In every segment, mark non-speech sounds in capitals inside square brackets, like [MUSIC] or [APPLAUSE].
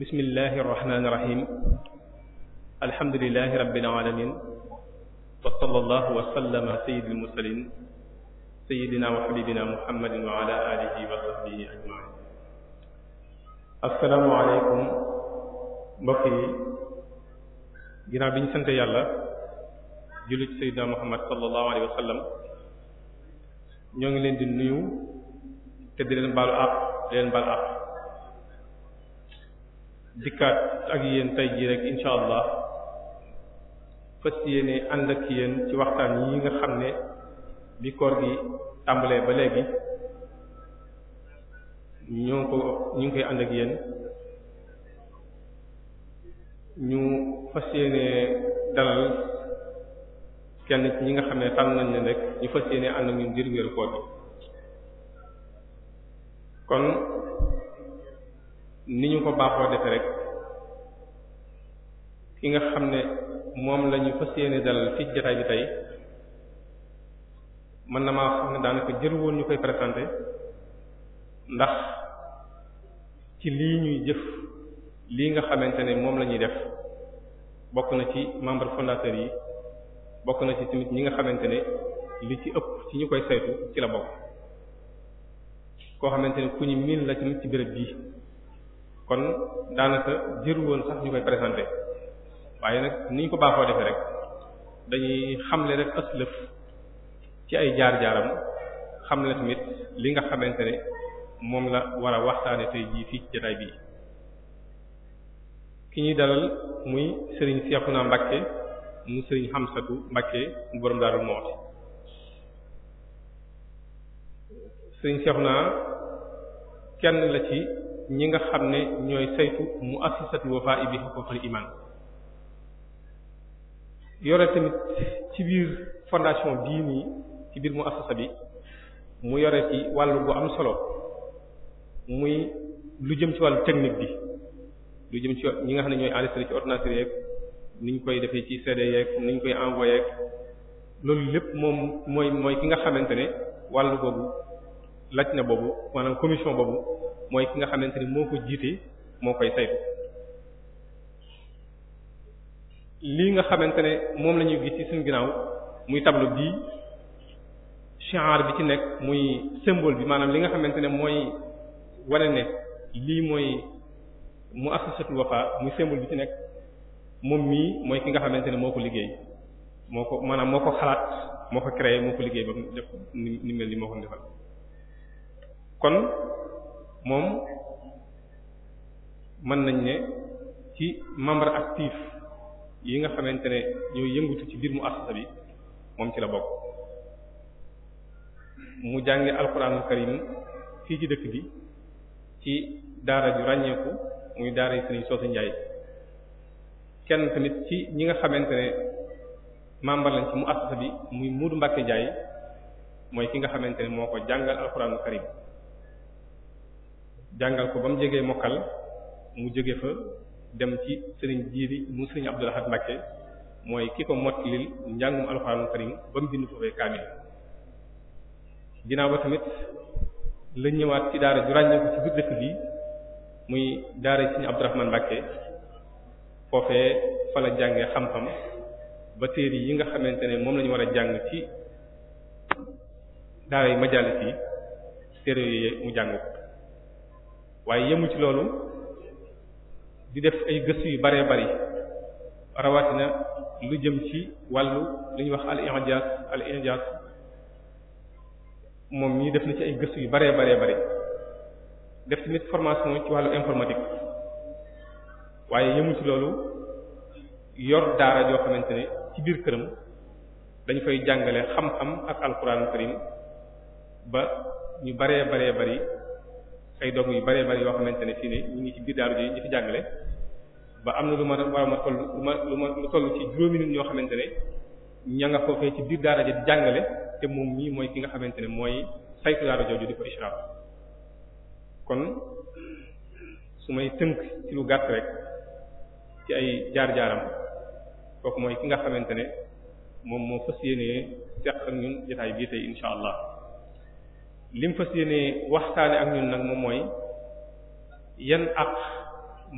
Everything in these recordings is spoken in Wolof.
bismillahi irrahmani irahim alhamdulilahi rabilalamin wasala allahu wasallama sayida almursalin sayidina wa habibina muhammadin wa ala alihi wa sahbihi ajmain asalaamualeykum mbokk yi ginnaaw bi ñu sant yàlla julli muhammad sallallahu alayhi wa sallam ñoo ngi leen di nuyu te di leen baalu àq di leen baalu àq dikkaat ak yéen tey jii rek incha allah fas yéene ànd ak yéen ci waxtaan yi nga xam ne bi koor gi tàmbalee ba léegi ñoo ngi ko ñu ngi koy ànd ak yéen ñu fas yéene dalal kenn ci ñi nga xam ne tànn nañ leen rek ñu fas yéene ànd ak ñun ngir wéeru koor gi kon ni ñu ko baaxoo defe rek ki nga xam ne moom lañuy ñu fas yéene dalal fii jotaay bi tey mën na maa xam ne daanaka jël woon ñu koy présenté ndax ci lii ñuy jëf lii nga xamante ne moom lañuy def bokk na ci membre fondateur yi bokk na ci tamit ñi nga xamante ne li ci ëpp ci ñu koy saytu ci la bokk koo xamante ne ku ñu miin la tamit ci béréb bii kon daanaka jëru woon sax ñu koy présenté waaye nag ni ñu ko baaxoo defee rek dañuy xamle rek aslëf ci ay jaar-jaaram xamle tamit li nga xamante ne moom la war a waxtaane tey jii fii ci jotaay bii ki ñuy dalal muy sëriñ Seexuna Mbàkke mu sëriñ Xamsatu Mbàkke mu boroom moo Muxti sëriñ naa kenn la ci ñi nga xam ne ñooy saytu muassasatu Wafa'i bi huquqil iman yore tamit ci biir fondation bii nii ci biir muassasa bi mu yore ci wàll bu am solo muy lu jëm ci wàll technique bi lu jëm ci ñi nga xam ne ñooy enregistré ci ordinateur yeeg ni ñu koy defee ci CD yeeg ni ñu koy envoyé loolu lépp moom mooy mooy ki nga xamante ne wàllu boobu laaj na boobu maanaam commission boobu mooy ki nga xamante ne moo ko jiite moo koy saytu lii nga xamante ne moom lañuy ñuy gis ci suñu ginnaaw muy tableau bii shi'ar bi ci nekk muy symbole bi maanaam li nga xamante ne mooy wane ne lii mooy mu assasatul Wafa muy symbole bi ci nekk moom mii mooy ki nga xamante ne moo ko liggéey moo ko maanaam moo ko xalaat moo ko créé moo ko liggéey ba mu def ni mel ni moo ko defal kon moom mën nañ ne ci membre actif yi nga xamante ne ñoo yëngutu ci biir mu assasa bi moom ci la bokk mu jànge alxuraanul karim fii ci dëkk bi ci daara ju ràññeeku muy daara yi sëriñ soosu njaay kenn tamit ci ñi nga xamante ne membre lañ ci mu assasa bi muy muur Mbàkke Njaay mooy ki nga xamante ne moo ko jàngal alxuraanul karim jàngal ko ba mu jógee mokkal mu jóge fa dem ci sëriñ jiili mu sëriñ Abdul Ahad mooy ki ko mottalil njàngum alxuraanul karim ba mu bind foofee kaamil ginnaaw tamit la ñëwaat bi muy daara sëriñ Abdurahmaan Mbakke foofee fa la jàngee xam-xam ba téere yi nga xamante ne moom lañu war a jàng ci daara yi majaalis yi téere yooyu mu jàng waaye yëmu ci loolu di def ay gëstu yu baree bari rawatina lu jëm ci wàllu lu ñuy wax al i'jaz al i'jaz moom mii def na ci ay gëstu yu baree baree bari def tamit formation ci wàllu informatique waaye yemu ci loolu yor daara joo xamante ne ci biir këram dañ koy jàngale xam-xam ak alquran karim ba ñu baree baree bari ay dong yu bëree bëri yoo xamante ne fii nii ñu ngi ci biir daaru ji ñu fi jàngale ba am na lu ma war ma toll lu ma lu ma lu ci juróomi nit ñoo xamante ne ña nga foofee ci biir daara ji di jàngale te moom mii mooy ki nga xamante ne mooy saytu daara su may tënk ci lu ci ay jaar-jaaram kooku mooy ki nga xamante ne moom moo fas yéenee seq ak ñun jotaay bii tey insha allah lim fas yéene waxtaane ak ñun nag moom mooy yan àq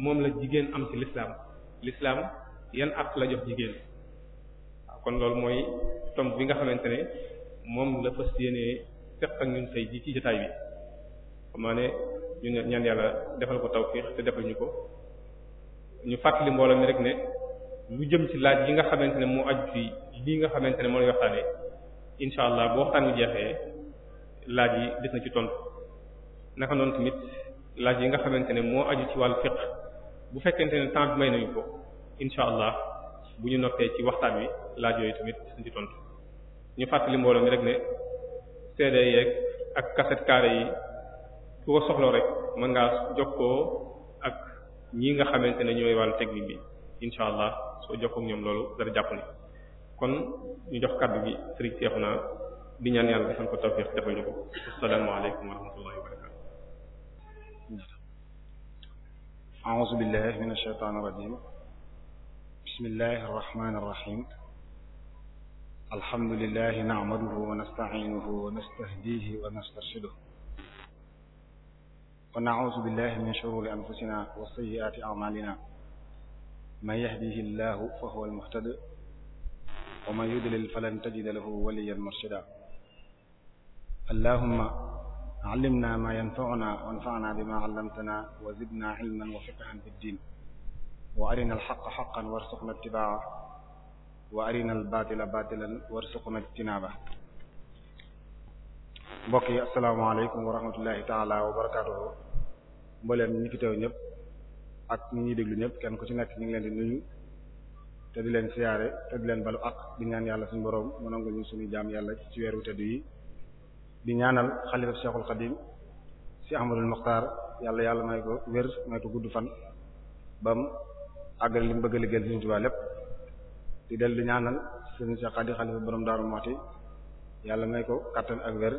moom la jigéen am ci lislaam lislaam yan àq la jox jigéen kon loolu mooy tomb bi nga xamante ne moom la fas yéene seq ak ñun tey ji ci jotaay bi xam naa ne ñu ñaan yàlla defal ko tawfiq te defal ñu ko ñu li mbooloo mi rek ne lu jëm ci laaj yi nga xamante ne moo aju fi lii nga xamante ne moo lay waxtaane insha allah boo waxtaan wi jeexee laaj yi des na ci tontu naka noonu tamit laaj yi nga xamante ne moo aju ci wàllu fiqh bu fekkente ne temps bi may nañu ko incha allah bu ñu noppee ci waxtaan wi laaj yooyu tamit des na ci tontu ñu fàttali mbooloo mi rek ne CD yeeg ak cassette carré yi ku ko soxloo rek mën ngaa ko ak ñi nga xamante ne ñooy wàll technique bi incha allah soo jokkoo ak ñoom loolu dara jàpp ne kon ñu jox kàddu gi Serigne Cheikhouna di ñaan yàlla defal ko tawfiq defal ñu ko assalaamu aleykum wa rahmatullahi wa barakatuh a'uuzu billahi min ash-shaytaani rajiim bismillahi arrahmaani arrahiim alhamdulillahi na'maduhu wa nasta'iinuhu wa nastahdiihi wa nastarshiduhu wa na'uuzu billahi min shuruuri anfusinaa wa sayyi'aati a'maalinaa man yahdihillahu fa huwal muhtadi wa man yudlil falan tajida lahu waliyyan murshidaa allahumma allimna ma yanfa'una wanfa'na bima 'allamtana wa zidna 'ilman wa fiqhan fid din wa arina al-haqqa haqqan warzuqna ittiba'ahu wa arina al-batila batilan warzuqna ijtinaba mbokk yi asalaamaaleykum wa rahmatullahi taala wa barakatuhu mbooleem ñi fi teew ñëpp ak ñi ñuy déglu ñëpp kenn ku ci nekk ñu ngi leen di nuyu te di leen siyaare te di leen balu ak di ñaan yàlla suñu boroom mu nangul ñu suñu jaam yàlla ci weeru tedd yi di ñaanal xalifa Cheikhul Xadim si Ahmadul Muxtaar yàlla yàlla may ko wér may ko gudd fan ba mu àggal li mu bëgg a liggéeyal Sëriñ Tuubaa lépp di dell di ñaanal Sëriñ Cheikh Xadim xalifa borom Daaru Muxti yàlla may ko kattan ak wér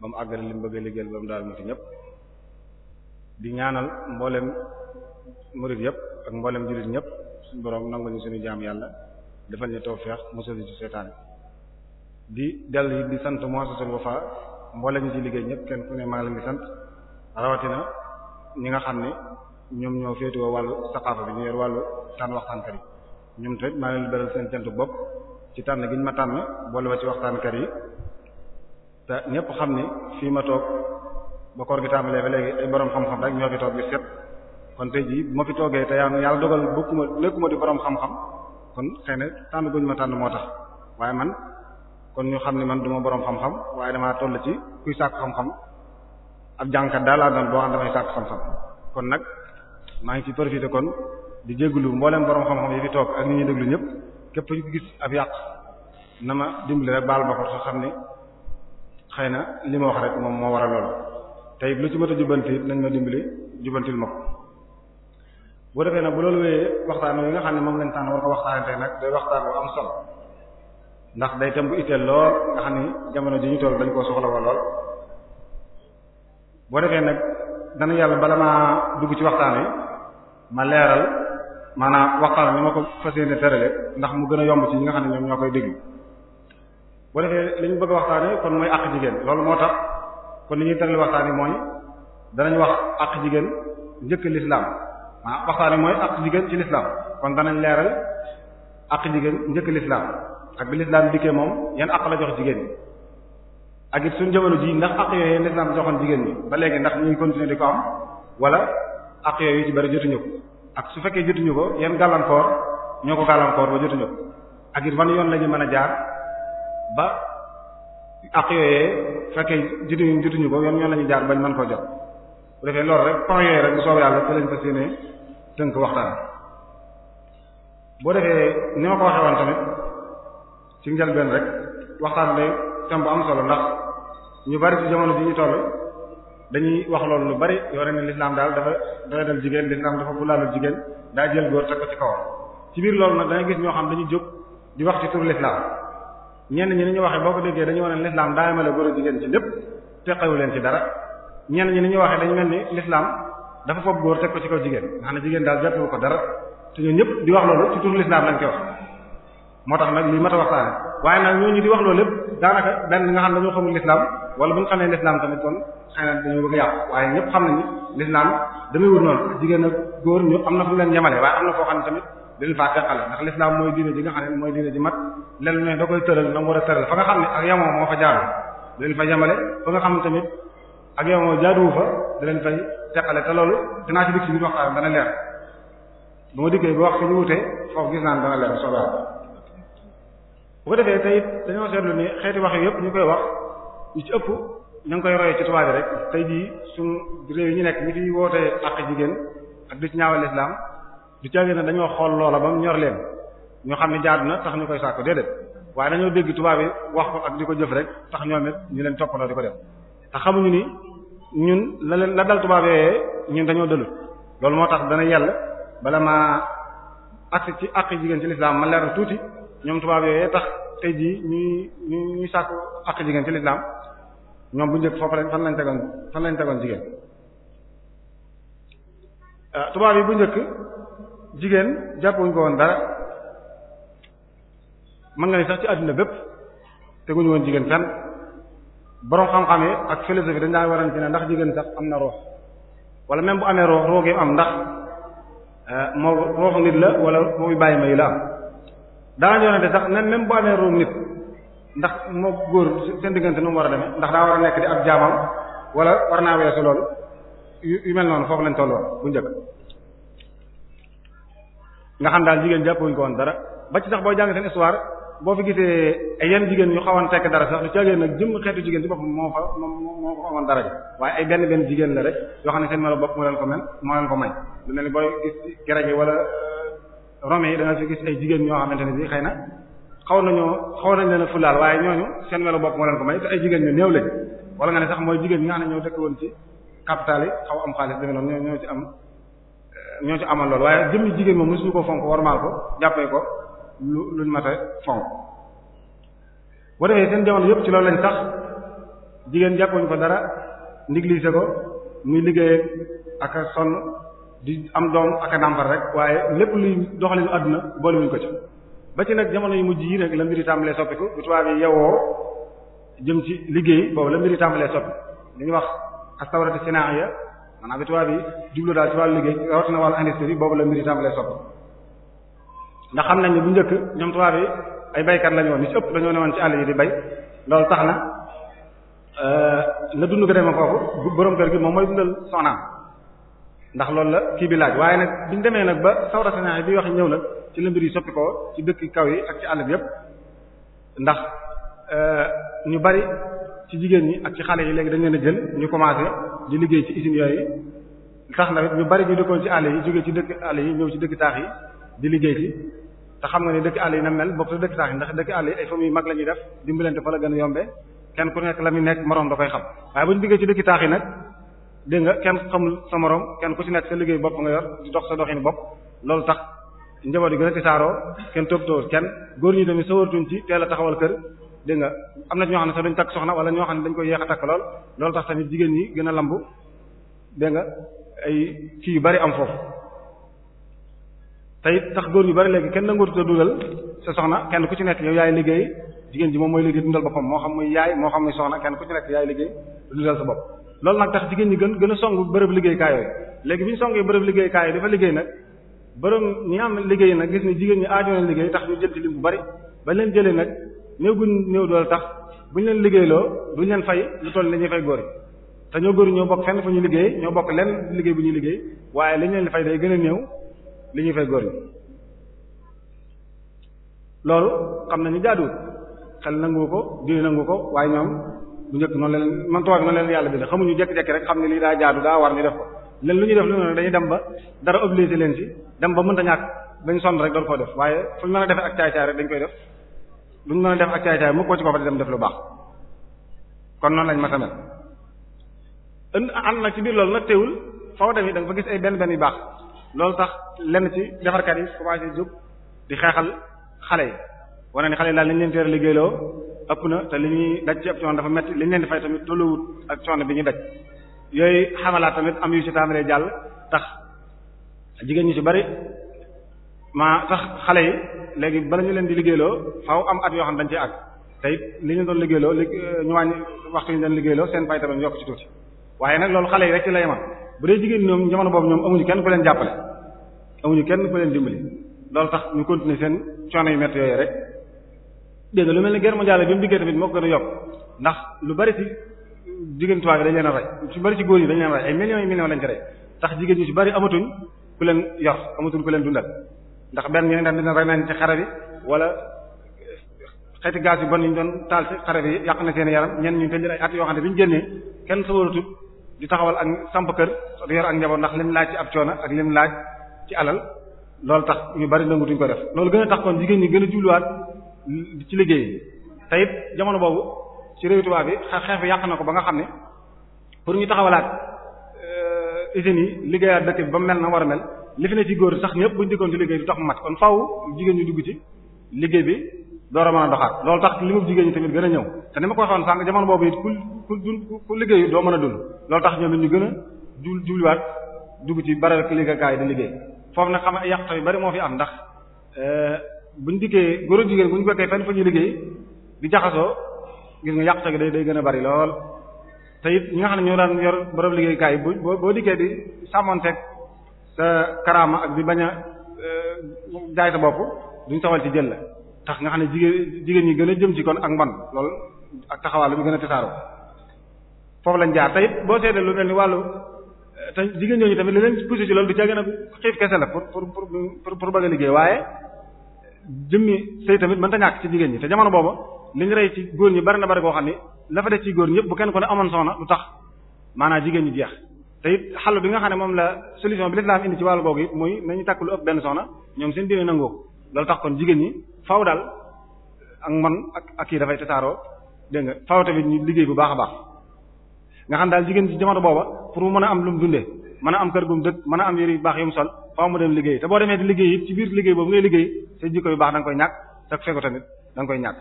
ba mu li mu bëgg a liggéeyal borom Daaru Muxti ñëpp ñaanal mboolem murid yëpp ak mboolem jullit ñëpp suñu borom nangu ñu suñu jaam yàlla defal ñu tawfeex mosul ñu ci seetaan di dellu yi di sant moo muassasatul Wafa mboolem ñi ci liggéey ñëpp kenn ku ne maa ngi leen sant rawatina ñi nga xam ne ñoom ñoo féetewoo wàllu saqaafa bi ñu yor wàllu tànn waxtaankat yi ñoom tamit maa ngi leen seen cant bopp ci tànn gi ñu ma tànn boole ba ci waxtaankat yi te ñëpp xam ni fii ma toog ba koor gi tàmbalee ba léegi ay borom xam-xam rek ñoo fi toog bi set kon tey jii bu ma fi toogee te yàlla dogal bokkuma nekkuma di borom xam-xam kon xëy na tànn guñ ma tànn moo kon ñu xam ne man duma boroom xam-xam waaye damaa toll ci kuy sàkku xam-xam ab jàngkat daal laa doon boo xam damay kon nag maa ngi ci profité kon di jégalu mbooleem boroom xam-xam yi fi toog ak ni ñuy déglu ñëpp képp ku ab yàq na ma dimbali rek baal ma ko soo xam ne xëy na li ma wax rek moom moo waral loolu tey lu ci mën a jubanti nañ ma dimbali jubantil ma ko. boo defee nag bu loolu wéyee waxtaan wi nga xam ne moom lañ tànn war ko waxtaanee tey nag day waxtaan bu am solo. ndax day tam bu itteel lool nga xam ni jamono ji ñu toll dañ koo soxla woon lool boo defee nag dana yàlla bala maa dugg ci waxtaan wi ma leeral maanaam waxtaan ni ma ko fas yéene terale ndax mu gën a yomb ci ñi nga xam ne ñoom ñoo koy déglu boo defee li bëgg a waxtaanee kon mooy àq jigéen loolu moo tax kon li ñuy terale waxtaan yi mooy danañu wax àq jigéen njëkk lislaam ah waxtaan yi mooy àq jigéen ci lislaam kon danañ leeral àq jigéen njëkk lislaam ak bi lislaam dikkee moom yan àq la jox jigéen ñi ak it suñu jamono ji ndax àq yooyu lislaam joxoon jigéen ñi ba léegi ndax ñu ngi continuer di ko am wala àq yooyu ci bari jotuñu ko ak su fekkee jotuñu ko yan gàllankoor ñoo ko gàllankoor ba jotuñu ko ak yoon la ñu mën a jaar ba àq yooyee fekkee jotuñu jotuñu ko yoon yoon la ñu jaar bañ mën koo jot bu defee loolu rek point yooyu rek bu soobee yàlla ci lañ fas yéenee tënk waxtaan boo defee ni ma ko waxee tamit ci njëlbeen rek waxtaan lay thème bu am solo ndax ñu bari ci jamono bi ñu toll dañuy wax loolu lu bari yore ne lislaam daal dafa dafa dal jigéen lislaam dafa bu laalal jigéen daa jël góor teg ko ci kawam ci biir loolu nag dangay gis ñoo xam dañu jóg di wax ci turu lislaam ñenn ñi ni ñu waxee boo ko déggee dañu wane ne lislaam daa yemale góor a jigéen ci lépp te xewu leen ci dara ñenn ñi ni ñu waxee dañu mel ni lislaam dafa foog góor teg ko ci kaw jigéen nga xam ne jigéen daal jàppewu ko dara te ñëpp di wax loolu ci turu lislaam lañ koy moo tax nag lii mat a waxtaane waaye nag ñu di wax loolu lépp daanaka benn nga xam ne dañoo xamul lislaam wala bu ñu xamee lislaam tamit kon na bëgg a yàqu waaye ñëpp xam nañu lislaam damay wër noonu jigéen ak góor ñu am na fu leen yemale waaye am na foo xam ne tamit dañu faa teqale ndax lislaam mooy diine ji nga xam ne mooy diine ji mat len ne da koy tëral na mu war a tëral ne moo fa jaadu da leen fa yemale fa nga xam ne ak yemoo jaaduwu fa da leen fay teqale te loolu dinaa ci dikk ci biir waxtaan dana leer bu ma dikkee bu wax fi ñu wutee foofu bu ko defee tey dañoo seetlu ni xeeti wax yooyu yëpp ñu koy wax ñu ci ëpp ñu ngi koy royee ci tubaab yi rek tey jii suñu réew yi ñu nekk ñi fi wootee ak jigéen ak du ci ñaawal islam du caagee na dañoo xool loola ba mu ñor leen ñoo xam ne jaadu na tax ñu koy sàkk déedéet waaye dañoo dégg tubaab yi wax ko ak di ko jëf rek tax ñoom it ñu leen toppandoo di ko def te xamuñu ni ñun la leen la dal tubaab yooyee ñun dañoo dëlul loolu moo tax dana yell bala maa agsi ci àq jigéen ci lislaam ma tuuti ñoom tubaab yooyee tax tey jii ñuy ñuy ñuy ak jigéen ci lislaam ñoom bu njëkk foofu lañ fan lañ tegoon fan lañ jigéen euh, tubaab yi bu njëkk jigéen jàppuñ ko woon dara mën nga ni sax ci àdduna bépp teguñu woon jigéen fenn boroom xam-xam yi ak philosophie dañ daan warante ne ndax jigéen sax am na ruux wala même bu amee ruux am ndax euh, moo ruuxu nit la wala ruuxu bàyyi ma la am danañ yoonante sax même même boo amee room nit ndax moo góor seen diggante nu mu war a demee ndax daa war a nekk di ab jaamam wala war naa weesu loolu yu mel noonu foofu lañ tolloon bu njëkk nga xam daal jigéen jàppuñ ko dara ba ci sax boo jàng seen histoire boo fi gisee ay yenn jigéen ñu xawoon tekk dara sax lu caagee nag jëm xeetu jigéen ci boppam moo fa moo moo fa amoon dara ji waaye ay benn benn jigéen la rek yoo xam ne seen melo bopp moo ko mel moo leen ko may lu Rome yi da nga fi gis ay jigéen ñoo xamante ne bii xëy na xaw na nañoo xaw nañ leen a fulaal waaye ñooñu seen melo bopp moo leen ko may te ay jigéen ñu néew lañ wala nga ne sax mooy jigéen ñi nga xam ne ñoo dëkk woon ci capital xaw am xaalis deme noonu ñoo ci am eh, ñoo ci amal loolu waaye jëmmi jigéen moom mosuñu ko fonk maal ko jàppee ko lu luñ mat a fonk boo defee seen jamono yëpp ci loolu lañ sax jigéen jàppuñ ko dara négligé ko muy liggéey ak sonn di am doom ak a nàmpal rek waaye lépp luy doxalinu àdduna boole wuñ ko ba ci nag jamono yu mujj yi nag la mbiri tàmbalee soppiku bu tubaab yi yewoo ci liggéey la mbiri tàmbalee soppi li ñuy wax astawrati sinaaya maanaam bi tubaab yi jublu daal ci wàllu liggéey rawatina wàllu industrie boobu la mbiri tàmbalee soppi ndax xam nañ ne bu njëkk ñoom tubaab yi ay baykat lañu woon ni ci ëpp dañoo newoon ci àll yi di bay loolu tax na na euh, dund ko demee foofu borom kër gi moom mooy dundal soxnaam ndax loolu la kii bi laaj waaye nag bi ñu demee nag ba sawra sanaayi bi wax ñëw nag ci la mbir yi soppi ko ci dëkk kaw yi ak ci àll bi yépp ndax euh, ñu bari ci jigéen ñi ak ci xale yi léegi dañ leen a jël ñu commencé di liggéey ci usines yooyu tax na ñu bari ñu dëkkoon ci àll yi jógee ci dëkk àll yi ñëw ci dëkk taax yi di liggéey ci te xam nga ne dëkk àll yi na mel bokk dëkk taax yi ndax dëkk àll yi ay famille mag la ñuy def dimbalante fa la gën a yombe kenn ku nekk la muy nekk moroom da koy xam waaye bu ñu ci dëkk taax yi dégg nga kenn xamul sa morom kenn ku ci nekk sa liggéey bopp nga yor di dox sa doxin bopp loolu tax njaboot yi gën a tisaaroo kenn kenn góor ñi tamit sawartuñ ci teel a taxawal kër dégg nga am na ñoo xam ne sax duñ takk soxna wala ñoo xam ne dañ koy yeex a takk loolu tax tamit jigéen ñi gën a lambu dégg nga ay yu bari am foofu tax góor ñu bari léegi kenn nanguututa dugal sa soxna kenn ku ci nekk yow yaay liggéey jigéen ji moom mooy liggéey dundal boppam moo xam muy yaay moo xam muy soxna kenn ku ci nekk yaay liggéey dundal sa bopp loolu nag tax jigéen ñi gën gën a song bërëb liggéeykaay yooyu léegi bi ñu songee bërëb liggéeykaay yi dafa liggéey nag bërëb ñi am liggéey nag gis ni jigéen ñi aajo liggéey tax ñu jël ci bari ba leen jëlee nag néew guñ néew doole tax buñ leen liggéeyloo duñ leen fay lu toll ni ñuy fay góor yi te ñoo góor yi ñoo liggéey ñoo bokk lenn liggéey bu ñuy liggéey waaye li ñu leen day gën a néew li ñuy fay góor yi loolu xam nañu jaaduwul xel nangu ko diine nangu ko waaye ñoom bu njëkk noonu leen man tubaab noonu leen yàlla bi de xamuñu jekki-jekki rek xam ne lii daa jaadu daa war ñu def ko leen lu ñu def lu ne dañuy dem ba dara obligé leen ci dem ba mënta ñàkk dañ sonn rek doon koo def waaye fu ñu def ak caay-caay rek dañ koy def lu ñu mën a def ak caay-caay mu ko ci ko fa di dem def lu baax kon noonu lañ ma tamel ànd nag ci biir loolu nag teewul faw tamit da nga fa gis ay benn benn yu baax loolu tax lenn ci defarkat yi commencé jóg di xeexal xale yi wane ni xale yi daal nañ leen teer ëpp na te li ñuy daj ci ëpp coono dafa metti li ñu leen di fay tamit tolluwut ak coono bi ñu daj yooyu xamalaat tamit am yu ci tàmbalee jàll tax jigéen ñi ci bari maa tax xale yi léegi bala ñu leen di liggéeyloo faaw am at yoo xam dañ ci àgg te li ñu doon liggéeyloo li euh, ñu wàññi waxtu ñu doon liggéeyloo seen fay tamit yokk ci tuuti waaye nag loolu xale yi rek ci lay man bu dee jigéen ñoom jamono boobu ñoom amuñu kenn ku leen jàppale amuñu kenn ku leen dimbali tax ñu continuer yu metti yooyu rek dégg nga lu mel ne guerre mondiale bi mu diggee tamit moo ko gën a yokk ndax lu bari ci jigéen tubaab yi dañ leen a rey su bari ci góor yi dañ leen a rey ay millions yi millions lañ ci rey tax jigéen ñi ci bari amatuñ leen yor amatuñ ndax benn ñeneen dañ leen rey nañ ci xare bi wala xeeti gaz yu doon taal ci xare yàq na seen yaram ñen ñu tëj ay at yoo ne bi ñu génnee kenn sawaratu di taxawal ak samp yor ak ndax lim laaj ci ab coono ak lim laaj ci alal loolu tax ñu bari nangutuñ ko def loolu gën a tax kon jigéen ñi gën a jubluwaat ci liggéey te it jamono boobu ci réew tubaab bi xeex bi yàq na ko ba nga xam ne pour ñu taxawalaat euh, usines yi liggéeyaat dëkk bi ba mel na war a mel li fi ne ci góor sax ñëpp bu diggoon ci liggéey du mu mat kon jigéen ñu dugg ci liggéey bi door a mën a doxaat loolu tax li mu jigéen ñi tamit gën a ñëw te ni ma ko waxoon sànq jamono boobu it ku ku ku liggéeyu doo mën a dund loolu tax ñoom it ñu gën a jul juliwaat dugg ci baral liggéeykaay di liggéey foofu nag xam yàq yu bari moo fi am ndax euh, bu buñ dikkee góor jigéen buñ fekkee fenn fu ñu liggéey di jaxasoo gis nga yàqute gi day day gën a bari lool te it ñi nga xam ne ñoo daan yor borom liggéeykaay bu boo dikkee di sàmmonteeg sa karaama ak di bañ a euh, jaay sa bopp duñ sawal ci jël la tax nga xam ne jigéen jigéen ñi gën a jëm ci kon ak mbon lool ak taxawaal bi gën a tasaaroo foofu lañ jaar te it boo seetee lu mel ni wàllu te jigéen ñooñu tamit li leen poussé ci loolu du caa gën a pour pour pour pour a liggéey waaye jëmmi sëy tamit mënta ñàkk ci jigéen ñi te jamono booba li ñu rey ci góor ñi barina bari koo xam ne la fa def ci góor ñëpp bu kenn ko ne amoon soxna lu tax maanaam jigéen ñi jeex te it xalu bi nga xam ne moom la solution bi lislaam indi ci wàllu googu it muy nañu takk lu ëpp benn soxna ñoom seen diine nangoo loolu tax kon jigéen ñi faaw daal ak man ak ak kii dafay tasaaroo dégg nga faw tamit ñu liggéey bu baax a baax nga xam daal jigéen ci jamono booba pour mu mën a am lu mu dundee mën a am kër gum dëkk mën a am yére yu baax yu mu sol faaw mu dem liggéey te boo demee di liggéey it ci biir liggéey boobu ngay liggéey sa jikko yu baax da koy ñàkk sa fegu tamit da koy ñàkk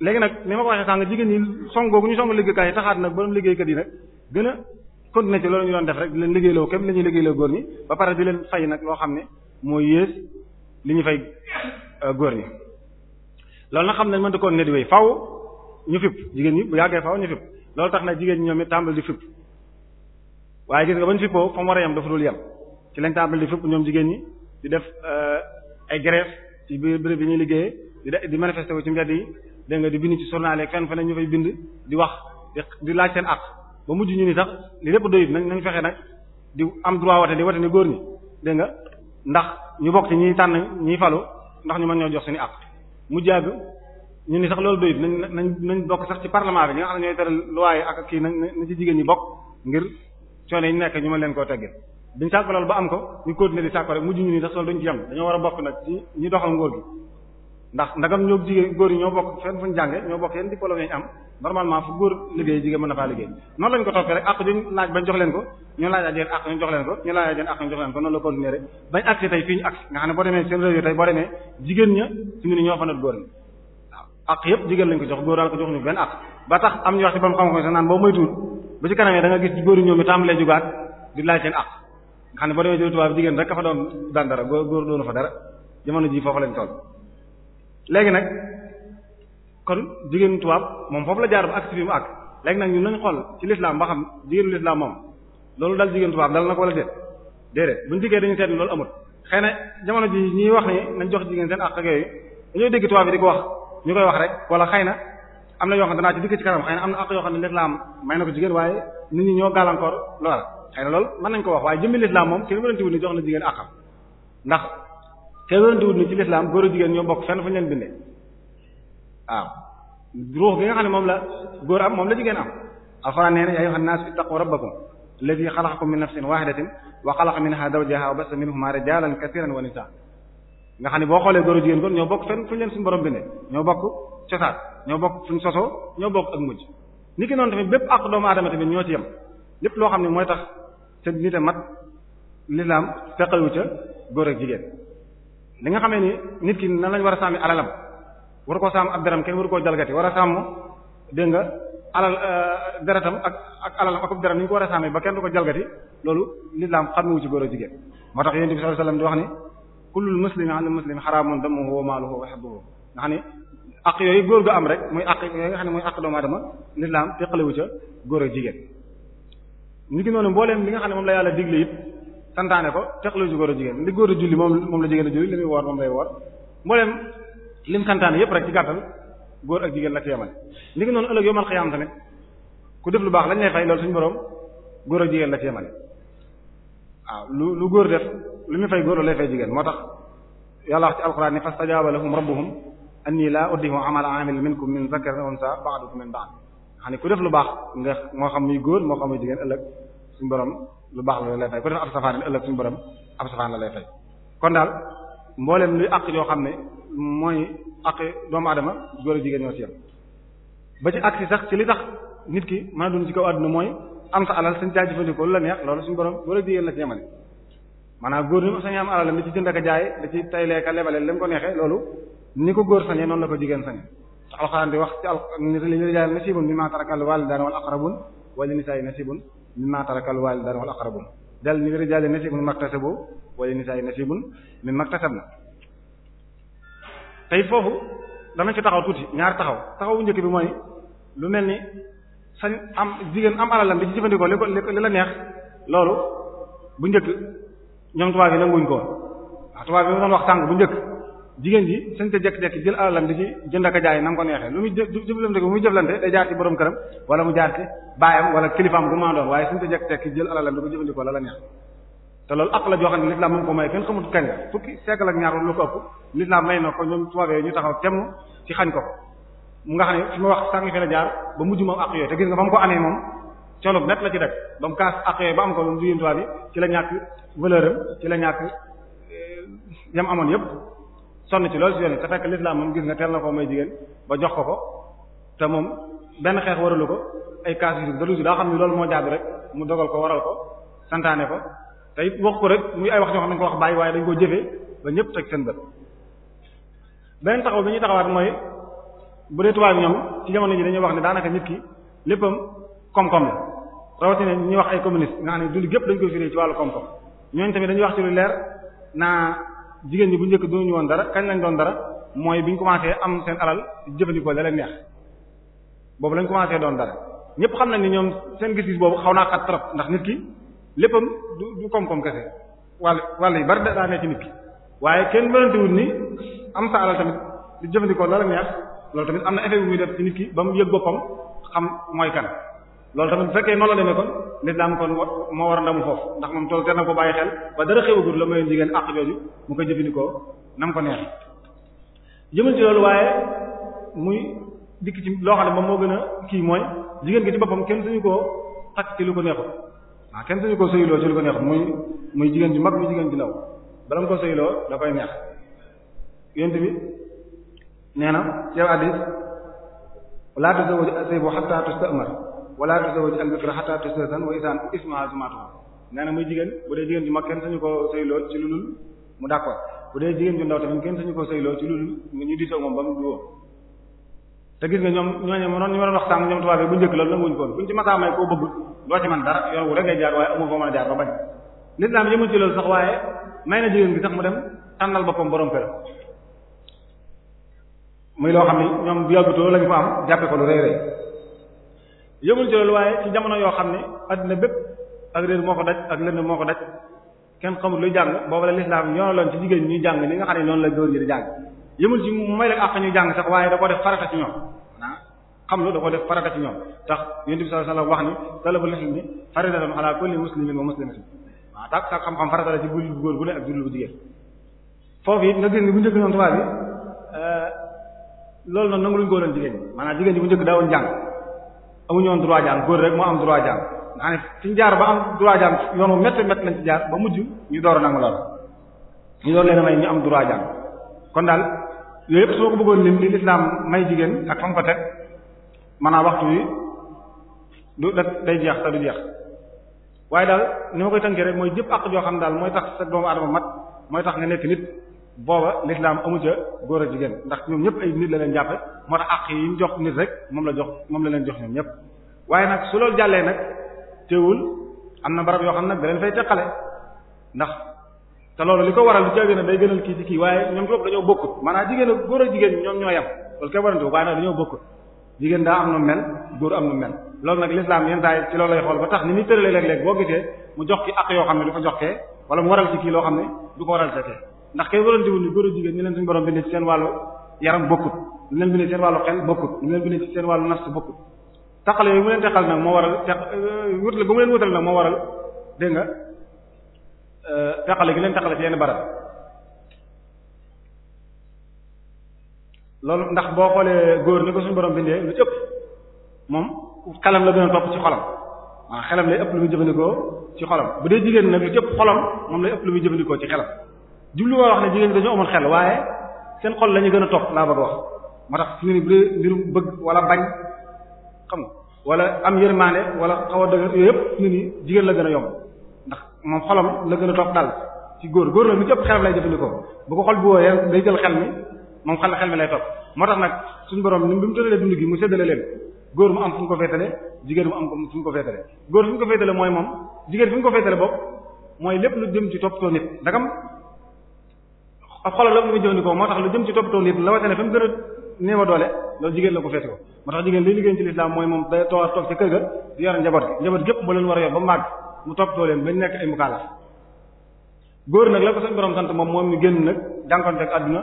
léegi nag ni ma ko waxee sànq jigéen ñi song googu ñu song liggéeykaay yi taxaat nag borom liggéeykat yi nag gën a continuer ci loolu ñu doon def rek di leen liggéeyloo képp li ñuy liggéeyloo góor ñi ba pare di leen fay nag loo xam ne mooy yées li ñu fay euh, góor ñi loolu xam ne mën da koon ne di wéy faaw ñu fipp jigéen ñi bu yàggee faaw ñu fipp loolu tax na jigéen ñoom it tàmbal di fipp waaye gis nga bañ po fa mu war a yem dafa dul yem ci lañ tàmbali di fipp ñoom jigéen ñi di def euh, ay grève ci biir béréb bi ñuy liggéeyee di de di manifester wu ci mbedd yi dégg nga di bind ci journal ak fenn a ñu fay bind di wax di di laaj seen àq ba mujj ñu ni sax li lépp nañ nañ fexe nag di am droit wote di wote ni góor ñi dégg nga ndax ñu bokk ci ñiy tànn ñiy falu ndax ñu man ñoo jox suñu àq mu jàgg ñu ni sax loolu doyut nañ nañ nañ bokk sax ci parlement bi ñi nga xam ne ñooy tere loi ak kii nañ na ci jigéen ñi bokk ngir coono yi nekk ñu ma leen koo teggee biñ sàkku loolu ba am ko ñu continuer di sàkku rek mujj loolu dañ a bokk nag ci ñi doxal ngóor gi ñoo jigéen góor yi ñoo ñoo bokk yeen diplôme yi am normalement fu góor ko ñu a jeen àq ñu ko ñu laaj a jeen jox leen ko noonu la continuer rek bañ agsi tey fii ñu agsi nga xam ne boo demee seen réew yi tey boo demee jigéen ña suñu ni ñoo fa nat góor ñi waaw àq jigéen lañ ko jox góor daal ko jox ñu benn àq ba tax am ñu wax ci bam xam-xam sax naan boo moytuwul bu ci kanamee da nga gis góor ñoom ñu tàmbalee jugaat di laaj seen àq nga xam ne boo demee ci tubaab jigéen rek ka fa doon daan dara góor góor doonu fa dara jamono ji foofu lañ toll léegi nag kon jigéenu tubaab moom foofu la jaar ba ak si fi mu àgg léegi nag ñun nañ xool ci lislaam ba xam jigéenu lislaam moom loolu dal jigéen tubaab dal na ko wala déet déedéet buñu jigéen dañu seetlu loolu amut xëy na jamono ji ñuy wax ni nañ jox jigéen seen àq ak yooyu dañoo dégg tubaab yi di ko wax ñu koy wax rek wala xëy na am na yoo xam danaa ci am na ak yoo xam ne lislaam may na ko jigéen waaye nit ñi ñoo gàllankoor loola xëy na loolu mën nañ ko wax waaye jëmmi lislaam moom kenn wérantiwul ni jox na jigéen akam ndax kenn wérantiwul ni ci lislaam góor a jigéen ñoo bokk fenn fu ñu leen bindee waaw nga xam ne moom la góor am moom la jigéen am alxuraan nee na yaa ayyuhan naas ittaqu rabbakum alladhi xalaqakum min nafsin wahidatin wa xalaqa minha zawjaha wa bassa minhuma rijalan katiran wa nisaa nga xam ne boo xoolee góor a jigéen kon bokk fenn fu ñu leen suñu borom bindee ñoo bokk cosaan ñoo bokk suñ sosoo ñoo bokk ak mujj ni ki noonu tamit bépp àq doomu aadama tamit ñoo ci yem lépp loo xam ne mooy tax sa nite mat lislaam feqalu ca góor ak jigéen li nga xamee ni nit ki nan lañ war a sàmmi war koo sàmm ab deram kenn waru koo jalgati war a sàmm dégg nga alal euh, deretam ak ak alalam ak deram ni ñu ko war a ba kenn du ko jalgati loolu lislaam xamewu ci góor ak jigéen moo tax yonent bi sallallahu alayhi wasallam di wax ni kullul muslimi ala muslimi haramun damuhu wa maaluhu wa hibbuhu nga xam ne aq yooyu góor gu am rek muy aq yooyu nga xam ne muy aq doomu aadama lislaam teqalewu ca góor ak jigéen ñu ngi noonu mbooleem li nga xam ne moom la yàlla digle it santaane ko teqalewu ci góor ak jigéen li góor a julli moom moom la jigéen a julli li muy woor moom lay woor mbooleem lim santaane yépp rek ci gàttal góor ak jigéen la ci yemale li ngi noonu ëllëg yomal xiyaam tamit ku def lu baax lañ lay fay loolu suñu borom góor ak jigéen la ci yemale waaw lu lu góor def lu muy fay góor lay fay jigéen moo tax yàlla wax ci alxuraan ni fastajaaba anni laa uddihu amala amil minkum na zakarin aw unsa ba'dukum min ba'd xam ne ku def lu baax nga moo xam muy góor moo xam muy jigéen ëllëg suñu borom lu baax la lay fay ku def ab safaan ëllëg suñu kon daal mboolem luy àq yoo xam ne mooy àq doomu adama góor a jigéen ñoo ba ci àq si sax ci li tax nit ki mën a dund ci kaw àdduna mooy am alal sañ caa jëfandikoo la neex loolu suñu borom góor a jigéen la ci yemale maanaam góor ñi sañu am alal la jënd ak jaay da ci tay leeka lebale li mu ko neexee loolu ni ko góor sañee noonu la ko jigéen sañee te alxuraan di wax ci al lirijal nasibun mimma tarakal walidaan wal aqrabun wala nisaay nasibun mimma tarakal walidaan wal aqrabun dal ni lirijal nasibun maktasabu wala nisaay nasibun mimma maktasabna tey foofu dama ci taxaw tuuti ñaar taxaw taxaw bu njëkk bi mooy lu mel ni sañ am jigéen am alalam di ci jëfandikoo li ko li la neex loolu bu njëkk ñoom tubaab yi nanguwuñ ko woon tubaab yi mu doon wax tàng bu njëkk jigéen ji suñ te jekk-jekk jël alalam di ci jënd ak jaay na ko neexee lu muy jëflante muy jëflante day jaar ci borom këram wala mu jaar ci baayam wala kilifaam gu ma doon waaye suñ te jekk-jekk jël alalam di ko jëfandikoo la la neex te loolu àq la joo xam ne lislaam mu ngi ko may kenn xamut kañ la fukki ko ëpp lislaam may na ko ñoom tubaab ñu taxaw temm ci xañ ko mu nga xam ne fi ma wax sànq fi la jaar ba mujj moom àq yooyu te gis nga ba mu ko amee moom coono net la ci def ba mu kaas àq yooyu ba am la ñàkk valeur am la ñàkk euh, yam amoon yëpp sonn ci loolu ci yoon yi te fekk lislaam moom gis nga teel na koo may jigéen ba jox ko ko te moom benn xeex waralu ko ay kaas yu daa xam loolu moo jaadu mu dogal ko waral ko santaane ko te it wax ko rek muy ay wax ñoo nañ ko wax bàyyi dañ koo jëfee ba ñëpp teg seen bët beneen taxaw bi ñuy taxawaat mooy bu dee ñoom ci jamono dañuy wax ne daanaka nit ki léppam koom-koom la rawatina ñuy wax ay communiste nga xam ne dund gépp dañ koy firé ci wàllu koom-koom ñooñu tamit dañuy wax ci lu leer naa jigéen ñi bu njëkk ñu woon dara kañ lañ doon dara mooy bi ñu commencé am seen alal jëfandikoo la leen neex boobu lañ commencé doon dara ñëpp xam nañ ni ñoom seen gis-gis boobu xaw naa xat trop ndax nit ki léppam du du koom-koom kese walla wàll yi bari daa nekk ci nit ki waaye kenn mënatiwul ni am sa alal tamit di jëfandikoo la la neex loolu tamit am na effet bu muy def ci nit ki ba mu yëg boppam xam mooy kan loolu tamit bu fekkee noonu la demee kon lislaam kon moo war a ndamu foofu ndax moom tool te na ko bàyyi xel ba dara xewagul la mayoon jigéen àq jooju mu koy jëfandikoo nam ko neex jëmal ci loolu waaye muy dikk ci loo xam ne moom moo gën a kii mooy jigéen gi ci boppam kenn suñu koo takk ci lu ko neexul waaw kenn suñu koo sëyloo ci lu ko neexul muy muy jigéen ju mag muy jigéen ju ndaw bala nga ko sëyloo da koy neex yént bi nee na ci hadith la tazawwaj sayyibu hatta tustamar wala tazawwaj al-bikra hatta tastazan wa isan na muy jigéen bu dee jigéen ju mag kenn ko sëyloo mu d'accord jigéen ju ndaw tamit kenn sañu ko sëyloo ci lulul ñu di te gis nga ñoom ñooñu mënoon ñu mënoon wax sànq ñoom tubaab bu njëkk loolu nanguwuñu ko buñ ci masaa man dara yoon wu rek ngay jaar waaye amu foo mën a jaar ba bañ l'islam yëmul ci loolu sax waaye may na jigéen gi sax mu dem tànnal boppam borom kër muy loo xam ne ñoom yàggutoo lañu ko am jàppe ko lu rëy rëy yëmul ci loolu waaye ci jamono yoo xam ne adduna bépp ak réer moo ko daj ak lënd moo ko daj kenn xamul luy jàng boobu la lislaam ñoo loon ci jigéen ñuy jàng ni nga xam ne noonu la góor ñi di jàng yëmul ci may rek àq ñuy waaye da ko def farata ci ñoom da ko tax yonent bi sallallahu alayhi wax ni talabul ilmi faridatun ala kulli bu góor bu ak jullit bu jigéen foofu it nga njëkk noonu tubaab bi euh, loolu noonu nangu luñu góoroon jigéen ñi maanaam jigéen ñi njëkk daawoon jàng amuñu woon droit góor rek moo am droit jaan naa ne fi ñu jaar ba am droit jaan yoon wu métti métti lañ ci jaar ba mujj ñu door a nangu lool ñu door leen may ñu am droit jaan kon daal yooyu yëpp soo ko bëggoon lim li lislaam may jigéen ak fa mu ko teg maanaam waxtu wi du day jeex te du jeex waaye daal ni ma koy tënkee rek mooy jëpp àq joo xam daal mooy tax sa doomu aadama mat mooy tax nga nekk nit booba lislaam amu ca góor a jigéen ndax ñoom ñëpp ay nit la leen jàppe moo tax àq yi ñu jox nit rek moom la jox moom la leen jox ñoom ñëpp waaye nag su loolu jàllee nag teewul am na barab yoo xam nag da leen fay teqale ndax te loolu li ko waral lu caagin ne day gënal kii waaye ñoom ci bopp dañoo bokkut maanaam jigéen ak góor jigéen ñoom ñoo yem loolu koy warante waaye daa am nu mel góor am nu mel loolu nag lislaam yenn saa ci loolu lay xool ba tax ni muy tëralee léeg-léeg boo gisee mu jox ki àq yoo xam ne du ko jox kee wala mu waral ci kii loo xam ne du ko waral ca kee ndax kay warantiwul ni góor a jigéen ñu leen suñu borom bindee ci seen wàllu yaram bokkut ñu leen bindee seen wàllu xel bokkut ñu leen bindee ci seen wàllu nafs bokkut taxale yi mu leen texal nag moo waral tex euh, wutale ba mu leen wutale nag moo waral dégg nga euh, texale gi leen texale ci yenn barab loolu ndax boo xoolee góor ni ko suñu borom bindee lu ci ëpp moom xelam la gën a topp ci xolam waaw xelam lay ëpp lu muy jëfandikoo ci xolom bu dee jigéen nag lu ci ëpp xolam moom lay ëpp lu ci xelam jublu ma wax na jigéen ñi dañoo amul xel waaye seen xol la ñu gën a topp laa bëgg wax moo tax fi ne bu mbirum bëgg wala bañ xam nga wala am yërmande wala xaw a dëgg yëpp fi nii jigéen la gën a ndax moom xolam la gën a topp daal ci góor góor la mi ci ëpp xelam jëfandikoo bu xol bu wooyee day jël xel mi moom xel xel mi lay topp moo tax nag suñu borom ni mu tëralee dund gi mu séddale leen góor mu am fu mu ko féetale jigéen mu am fu mu ko féetale góor fu ko féetale mooy moom jigéen fu mu ko féetale bopp mooy lépp lu jëm ci toppatoo nit ndagam ab xolam la muy jëfandikoo moo tax lu jëm ci toppatoo nit la waxee ne fa mu gën a néew doole loolu jigéen la ko feeti ko moo tax jigéen liy liggéey ci lislaam mooy moom day toog toog ci kër ga di yor njaboot gi njaboot war a góor nag la ko suñu borom sant moom moom mi génn nag jànkonteeg àdduna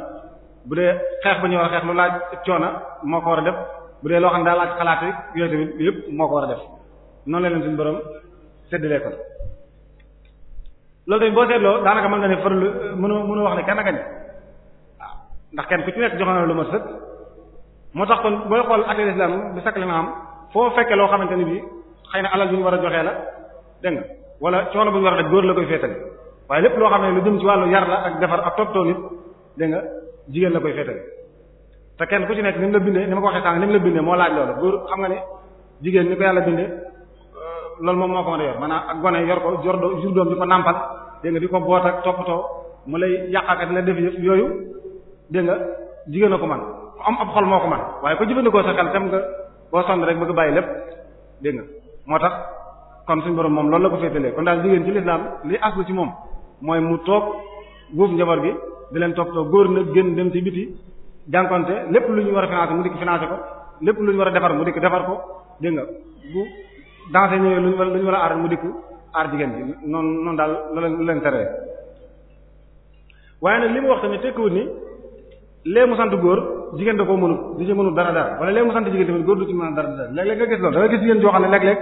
bu dee xeex ba ñu war a xeex lu laaj coona moo ko war a def bu dee loo xam daal daa xalaat yooyu tamit yëpp moo ko war a def noonu la leen suñu borom séddalee ko loolu tamit boo seetloo daanaka mën nga ne farlu mënu mënu wax ne kenn gañ waaw ndax kenn ku ci nekk joxe na lu ma sëkk moo tax kon booy xool ak l'islam bi sakk la na am foo fekkee loo xamante ni bi xëy na alal bi ñu war a joxee la dégg nga wala coono bu ñu war a def góor la koy féetale waaye lépp loo xam ne lu jëm ci wàllu yar la ak defar ak toppatoo nit dégg nga jigéen la koy féetale te kenn ku ci nekk ni la bindee ni ma ko waxee sànq ni la bindee moo laaj loolu góor xam jigéen ni ko yàlla bindee loolu moom moo ko mën a yor maanaam ak gone yor ko jor jur doom di ko nàmpal dégg nga di ko boot ak toppatoo mu lay yàqaaka di la def yëpp yooyu dégg nga jigéen a ko man ku am ab xol moo ko man waaye ko jëfandikoo sa xel tam nga boo sonn rek bëgg bàyyi lépp dégg nga moo tax kon suñu borom moom loolu la ko féetalee kon daal jigéen ci lislaam li aslu ci moom mooy mu toog guuf njaboot bi di leen toppatoo góor na génn dem ci biti jànkonte lépp lu ñu war a financer mu dikk financer ko lépp lu ñu a defar mu dikk defar ko dégg nga dansé ñëwee luñu war luñu war a aar mu dikku aar jigéen bi noonu noonu daal lu leen teree waaye nag li mu wax tamit tekkiwut ni lee mu sant góor jigéen da koo mënut di ci mënut dara dara wala lee mu sant jigéen tamit góor du ci mën dara dara léeg-léeg nga gis loolu da gis jigéen joo xam ne léeg-léeg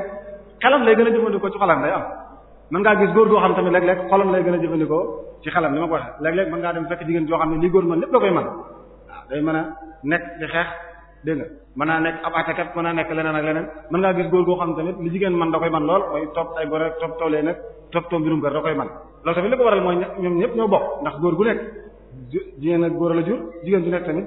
xelam lay a jëfandikoo ci xolam day am mën ngaa gis góor goo xam tamit léeg-léeg xolam lay gën a jëfandikoo ci xelam ni ma ko waxee léeg-léeg mën ngaa dem fekk jigéen joo xam ne lii góor mën lépp la koy mën day mën a nekk di xeex dégg nga mën naa nekk ab attakat mën naa nekk leneen ak leneen mën ngaa gis góor goo xam tamit li jigéen man da koy man lool mooy topp ay gore topp toolee topp too mbirum kër da koy man loolu tamit li ñoo bokk ndax góor gu nekk jigéen ak góor la jigéen du nekk tamit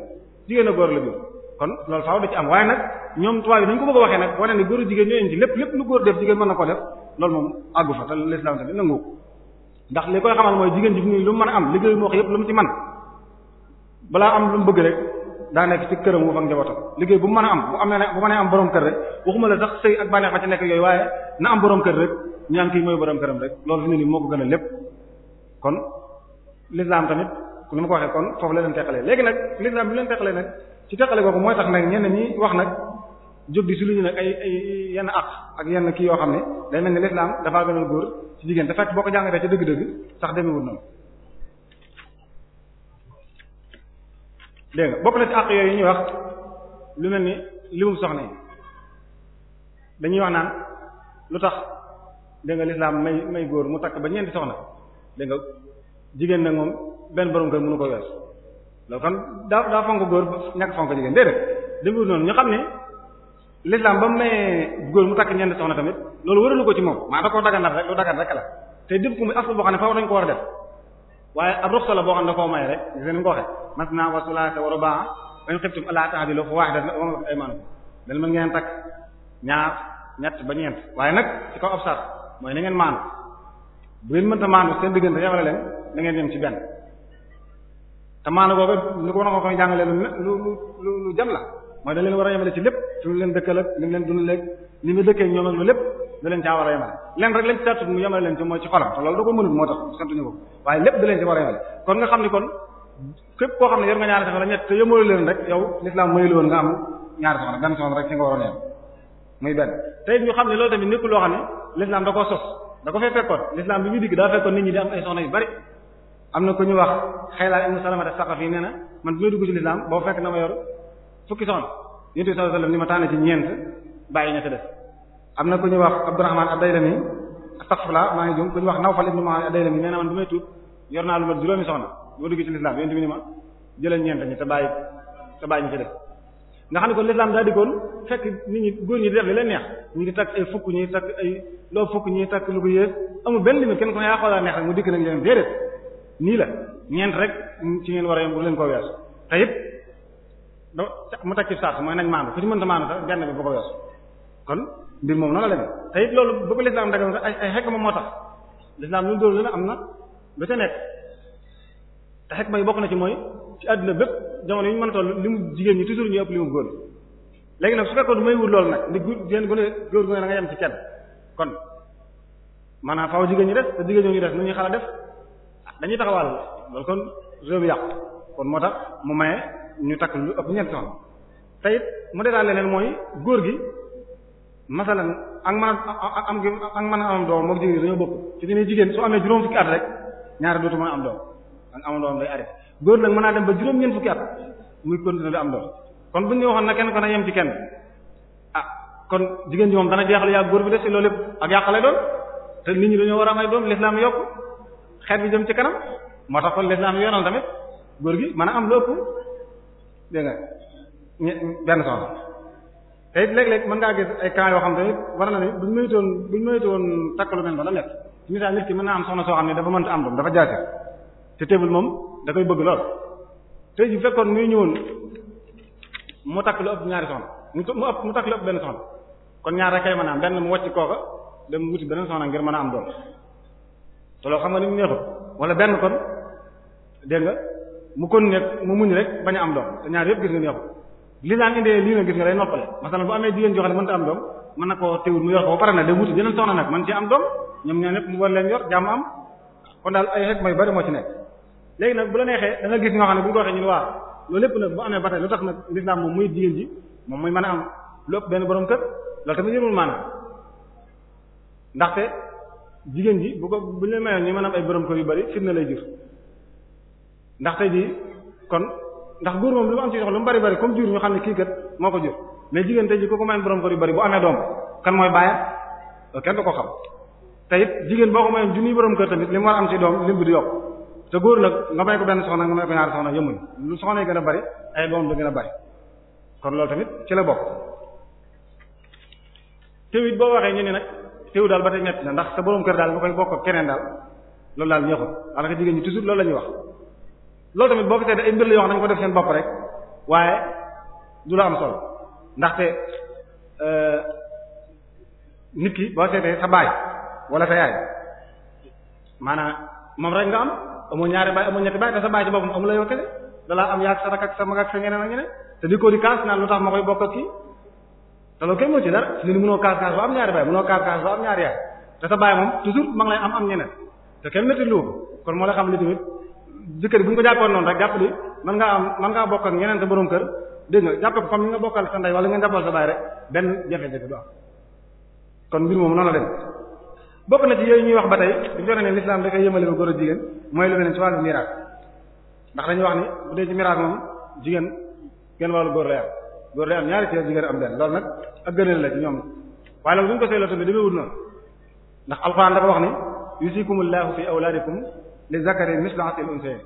jigéen ak góor la jur kon loolu faaw da ci am waaye nag ñoom tubaab yi nañu ko bëgg a waxee nag wane ne góor jigéen ñoo indi lépp lépp lu góor def jigéen mën na ko def loolu moom àggu fa te l'islam tamit nangu ndax li koy xamal mooy jigéen ji fi lu mu mën am liggéey mu wax yépp lu mu man balaa am lu mu bëgg rek daa nekk ci këram woo ak liggéey bu mën a am bu am bu a am borom kër rek waxuma la sax sëy ak bànneex ba ci nekk yooyu waaye na am borom kër rek ñaan kii mooy borom këram rek loolu fi ne nii moo ko gën a lépp kon l'islam tamit ni ma ko waxee kon foofu la leen teqalee léegi nag l'islam bi leen teqalee nag ci teqale googu mooy tax nag ñenn ñi wax nag jóg di ñu nag ay ay yenn at ak yenn kii yoo xam ne day mel ni l'islam dafaa gënal góor ci jigéen te fekk boo ko jàngatee ca dëgg-dëgg sax demewul noonu dégg nga bokk na ci àq yooyu ñuy wax lu mel ni limum soxna yi dañuy wax naan lu tax dégg nga lislaam may may góor mu takk ba ñeenti soxna dégg nga jigéen nag moom benn borom kër mënu ko wees loolu kon daa daa fonk góor ñàkk fonk jigéen déedéet déglu noonu ñu xam ne lislaam ba mayee góor mu takk ñeenti soxna tamit loolu wëralu ko ci moom maa da koo daganal rek lu dagan rek la te dëpp ko muy aftu boo xam ne faaw dañ ko war a def waaye ab ruxsa la boo xam ne koo may rek gis ngeen ko waxee masna wa sulaasa wa rubaa wa in xiftum allaa ta'dilu fa waahidatan aw ma malakat aymaanukum dañ mën ngeen takk ñaar ñett ba waaye nag ci kaw ab sar ngeen maandu bu ngeen mënta maandu seen diggante yemale leen na ngeen yem ci benn te koo boobu ni ko war a ko jàngalee lu lu lu lu jam la mooy da leen war a yemale ci lépp ci lu leen dëkkal ak li mu leen dundaleeg li mu dëkkee ñoom ak lu lépp da leen caa war a yemale leen rek lañ ci sartu mu yemale leen ci mooy ci xolam te loolu da ko mënut moo tax santuñu ko waaye lépp da leen ci war a yemale kon nga xam ni kon képp koo xam ne yor nga ñaari soxna ñett te yemale leen rek yow l'islam mayu woon nga am ñaari soxna benn soxna rek ci nga te it ñu xam ne loolu tamit nekkul loo xam ne l'islam da koo sos da ko fee fekkoon l'islam bi muy digg daa fekkoon nit ñi di am ay soxna yu bari am na ku ñu wax Xaylaan ibn Salama as-Saqafi nee na man bu may dugg ci l'islam boo fekk na ma yor fukki soxna yonent bi sallallahu alayhi wasallam ni ma tànn ci ñeent bàyyi ña ca def am na ku ñu wax Abdurrahman ad-Daylami astaghfirullah maa ngi jum ku ñu wax Nawfal ibn Muhammad ad-Daylami nee na man bu may tuub yor naa lu ma juróomi soxna boo dugg ci lislaam yéen tamit ma jëlal ñeent ñi te bàyyi te bàyyi ñu ci def nga xam ne kon lislaam daa dikoon fekk nit ñi góor ñi di def li leen neex ñu ngi takk ay fukk ñuy takk ay loo fukk ñuy takk lu ko yées amul benn limite kenn ku ne yaa xoolal neex rek mu dikk nag leen déedéet nii la ñeent rek ci ngeen war a yom bu leen ko wees te it mu takk ci sart mooy nañ maandu ku ci mënta maandu ta benn bi bu ko wees kon mbir moom noonu la demee te it loolu bu ko lislaam dagal ay ay xekk ma moo tax lislaam lu dóor lu ne am na lu ca nekk te xekk ma yi bokk na ci mooy ci àdduna bépp jamono yu ñu mën a toll li mu jigéen ñi toujours ñu ëpp li mu góor fekkoon may wut loolu nag ndi gu jigéen gune góor gu ne da nga yem ci kon maanaam faaw jigéen ñi des te jigéen ñooñu des nu ñuy xala def ah, dañuy taxawaal loolu kon réew mi kon moo tax mu maye ñu takk lu ëpp ñeent soxna te it mu dee leneen mooy góor gi masalan ak mën a am ak mën a am doom moog jigéen dañoo bokk ci dina jigéen soo amee juróom fukki at rek ñaari dootu mën a am doom ak amoon góor nag mën naa dem ba juróom ñeent fukki muy continuer di am kon bu ñu waxoon na ko na yem ci kenn ah kon jigéen ji moom dana jeexal yaa góor bi des ci loolu lépp ak yàqale doon te nit ñi dañoo war a am ay doom l'islam yokku xeet bi jëm ci kanam moo tax kon l'islam yoonal tamit góor gi mën a am lu ëpp dégg benn soxna te it léeg-léeg mën ngaa gis ay cas yoo xam te war na ne buñ moytoon buñ moytoon takk lu mel noonu la nekk suñu daal nit ki mën naa am soxna soo xam ne dafa mënta am doom dafa jaase te moom da bëgg lool tey ji mu takk lu ëpp ñaari soxna mu ëpp mu takk lu ëpp benn soxna kon ñaar rek kay mën a mu wàcc kooka dem wuti beneen soxna ngir mën a am doom te xam nga ni mu neexul wala benn kon dégg nga mu kon nekk mu muñ rek bañ a am doom te ñaar yëpp gis nga neexul lislaam indee lii na gis nga day noppale masalan bu amee jigéen joxale mënta am doom mën na ko teewul mu yor ko ba pare na day wuti yeneen soxna nag mën ci am doom ñoom ñoo ñëpp mu war leen yor jàmm am kon daal ay xeq may bari moo ci nekk léegi nag bu la neexee da gis nga xam ne bu ñu ko waxee ñun waa loolu lépp nag bu amee ba tey lu tax nag lislaam moom muy jigéen ji moom muy mën a am lu ëpp benn borom kër loolu tamit yëmul maanaam ndaxte jigéen ji bu ko bu ñu la ay borom kër yu bari fitna lay jur ndaxte ndax góor moom lu mu am ci jox lu mu bari bari comme jur ñu xam ne kii kat moo ko jur mais jigéen tey ji ko ko mayoon borom kër yu bari bu amee doom kan mooy bàyyam kenn ko xam te it jigéen boo ko mayoon junniy borom kër tamit li mu war am ci doom lim di yokk te góor nag nga may ko benn soxna nga may ko ñaari lu soxna yi a bari ay doom du gën a bari kon loolu tamit ci la bokk teew boo waxee ñu ne nag daal ba na ndax sa borom kër daal nga koy bokk ak daal loolu daal ñeexul alors que jigéen ñi toujours loolu la ñuy wax loolu tamit boo ko seetee ay mbir la yoo xam dañ ko def seen bopp rek waaye du la am solo ndaxte euh, nit ki boo seetee sa baay wala sa yaay maanaam moom rek nga am amoo ñaari baay amoo ñetti baay te sa baay sa rak ak sa mag ak sa te di ko di kaas naan lu tax ma koy bokk ak kii te loolu kenn moo ci dara nit ñi mënoo kaas kaas ba am ñaari baay mënoo kaas kaas ba am ñaari yaay te sa baay moom toujours ma ngi lay am am ñeneen te kenn netti lu ko kon moo la xam li jëkkër bu ñu ko jàppoon noonu rek jàpp ni man ngaa am man ngaa bokk ak ñeneen sa borom kër dégg nga jàppe ko fam nga bokkal sa ndey wala nga jàppal sa baay rek benn jafe-jafe du am kon mbir moom noonu la dem bokk na ci yooyu ñuy wax ba tey di fi ne l'islam da koy yëmale ko góor a jigéen mooy lu mel ne ci wàllu miraas ndax dañuy wax ni bu dee ci miraas moom jigéen genn wàllu góor lay am góor lay am ñaari cër jigéen am benn loolu nag ak gënal la ci ñoom waaye nag bu ñu ko seetloo tamit dameewul noonu ndax alxuraan dafa wax ni yusikumullahu li zakari mislu hasil unsayn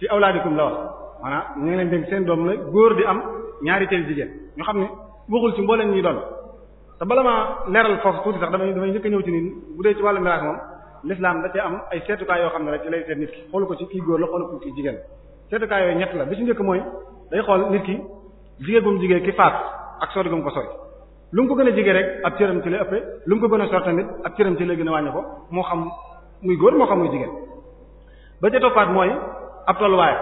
fi awlaadikum la wax maanaam ñu ngi leen dénk seen doom la góor di am ñaari teel jigéen ñu xam ne waxul ci mbooleen ñuy doon te bala maa leeral foofu tuuti sax damay damay njëkk ñëw ci nii bu dee ci wàllu miraas moom l'islam da cee am ay seetukaay yoo xam ne rek ci lay seet nit ki xoolu ko ci kii góor la xoolu ko ci jigéen seetukaay yooyu ñett la bi ci njëkk mooy day xool nit ki jigéen mu jigéen ki faat ak sori gum ko sori lu mu ko gën a jigéen rek ab cëram ci lay ëppee lu ko gën a sori tamit ab cëram ci lay gën a wàññi ko moo xam muy góor moo xam muy jigéen ba ca toppaat mooy ab tolluwaay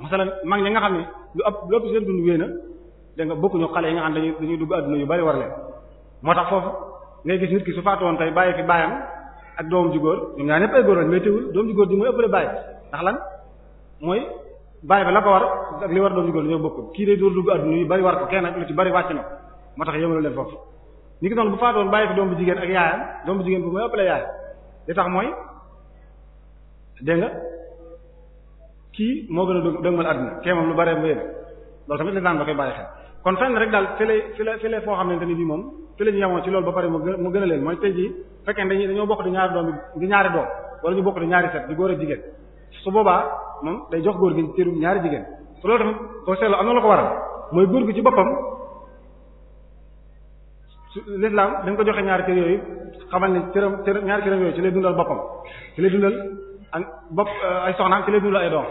masalan mag ñi nga xam ne lu ab lu ëpp seen dund wéy na da nga bokkuñu xale yi nga xam dañuy dañuy dugg adduna yu bari war leen moo tax foofu ngay gis nit ki su faatu woon tey bàyyi fi baayam ak doomam ju góor ñoom ñaar ñëpp ay góor lañ mais teewul doom ju góor ji mooy ëppale bàyyi ndax lan mooy bàyyi ba la ko war ak li war doom ju góor ñoo bokkul kii day door dugg adduna yu bari war ko kenn ak lu bari wàcc na moo tax yëmalo leen foofu ni ki noonu bu faatu woon bàyyi fi doom bu jigéen ak yaayam doom bu jigéen bu mooy ëppale yaayam li tax mooy dégg nga kii moo gën a dëgg dëgg àdduna kee moom lu bare mu yëg loolu tamit lislaam da koy bàyyi xel kon fenn rek daal fi lay fi lay fi lay foo xamante ni bii moom fi la ñu ci loolu ba pare mu gën mu a leen mooy tey jii fekkee dañuy dañoo bokk di ñaari doom di ñaari doom wala ñu bokk di ñaari set di góor ak jigéen su boobaa moom day jox góor gi cëru ñaari jigéen te loolu tamit boo seetloo am na la ko waral mooy góor gi ci boppam su lislaam dañ ko joxe ñaari cër yooyu xamal ne cëram cër ñaari cëram yooyu ci lay dundal boppa ak bopp eh, ay soxnaam ci lay dundal ay doom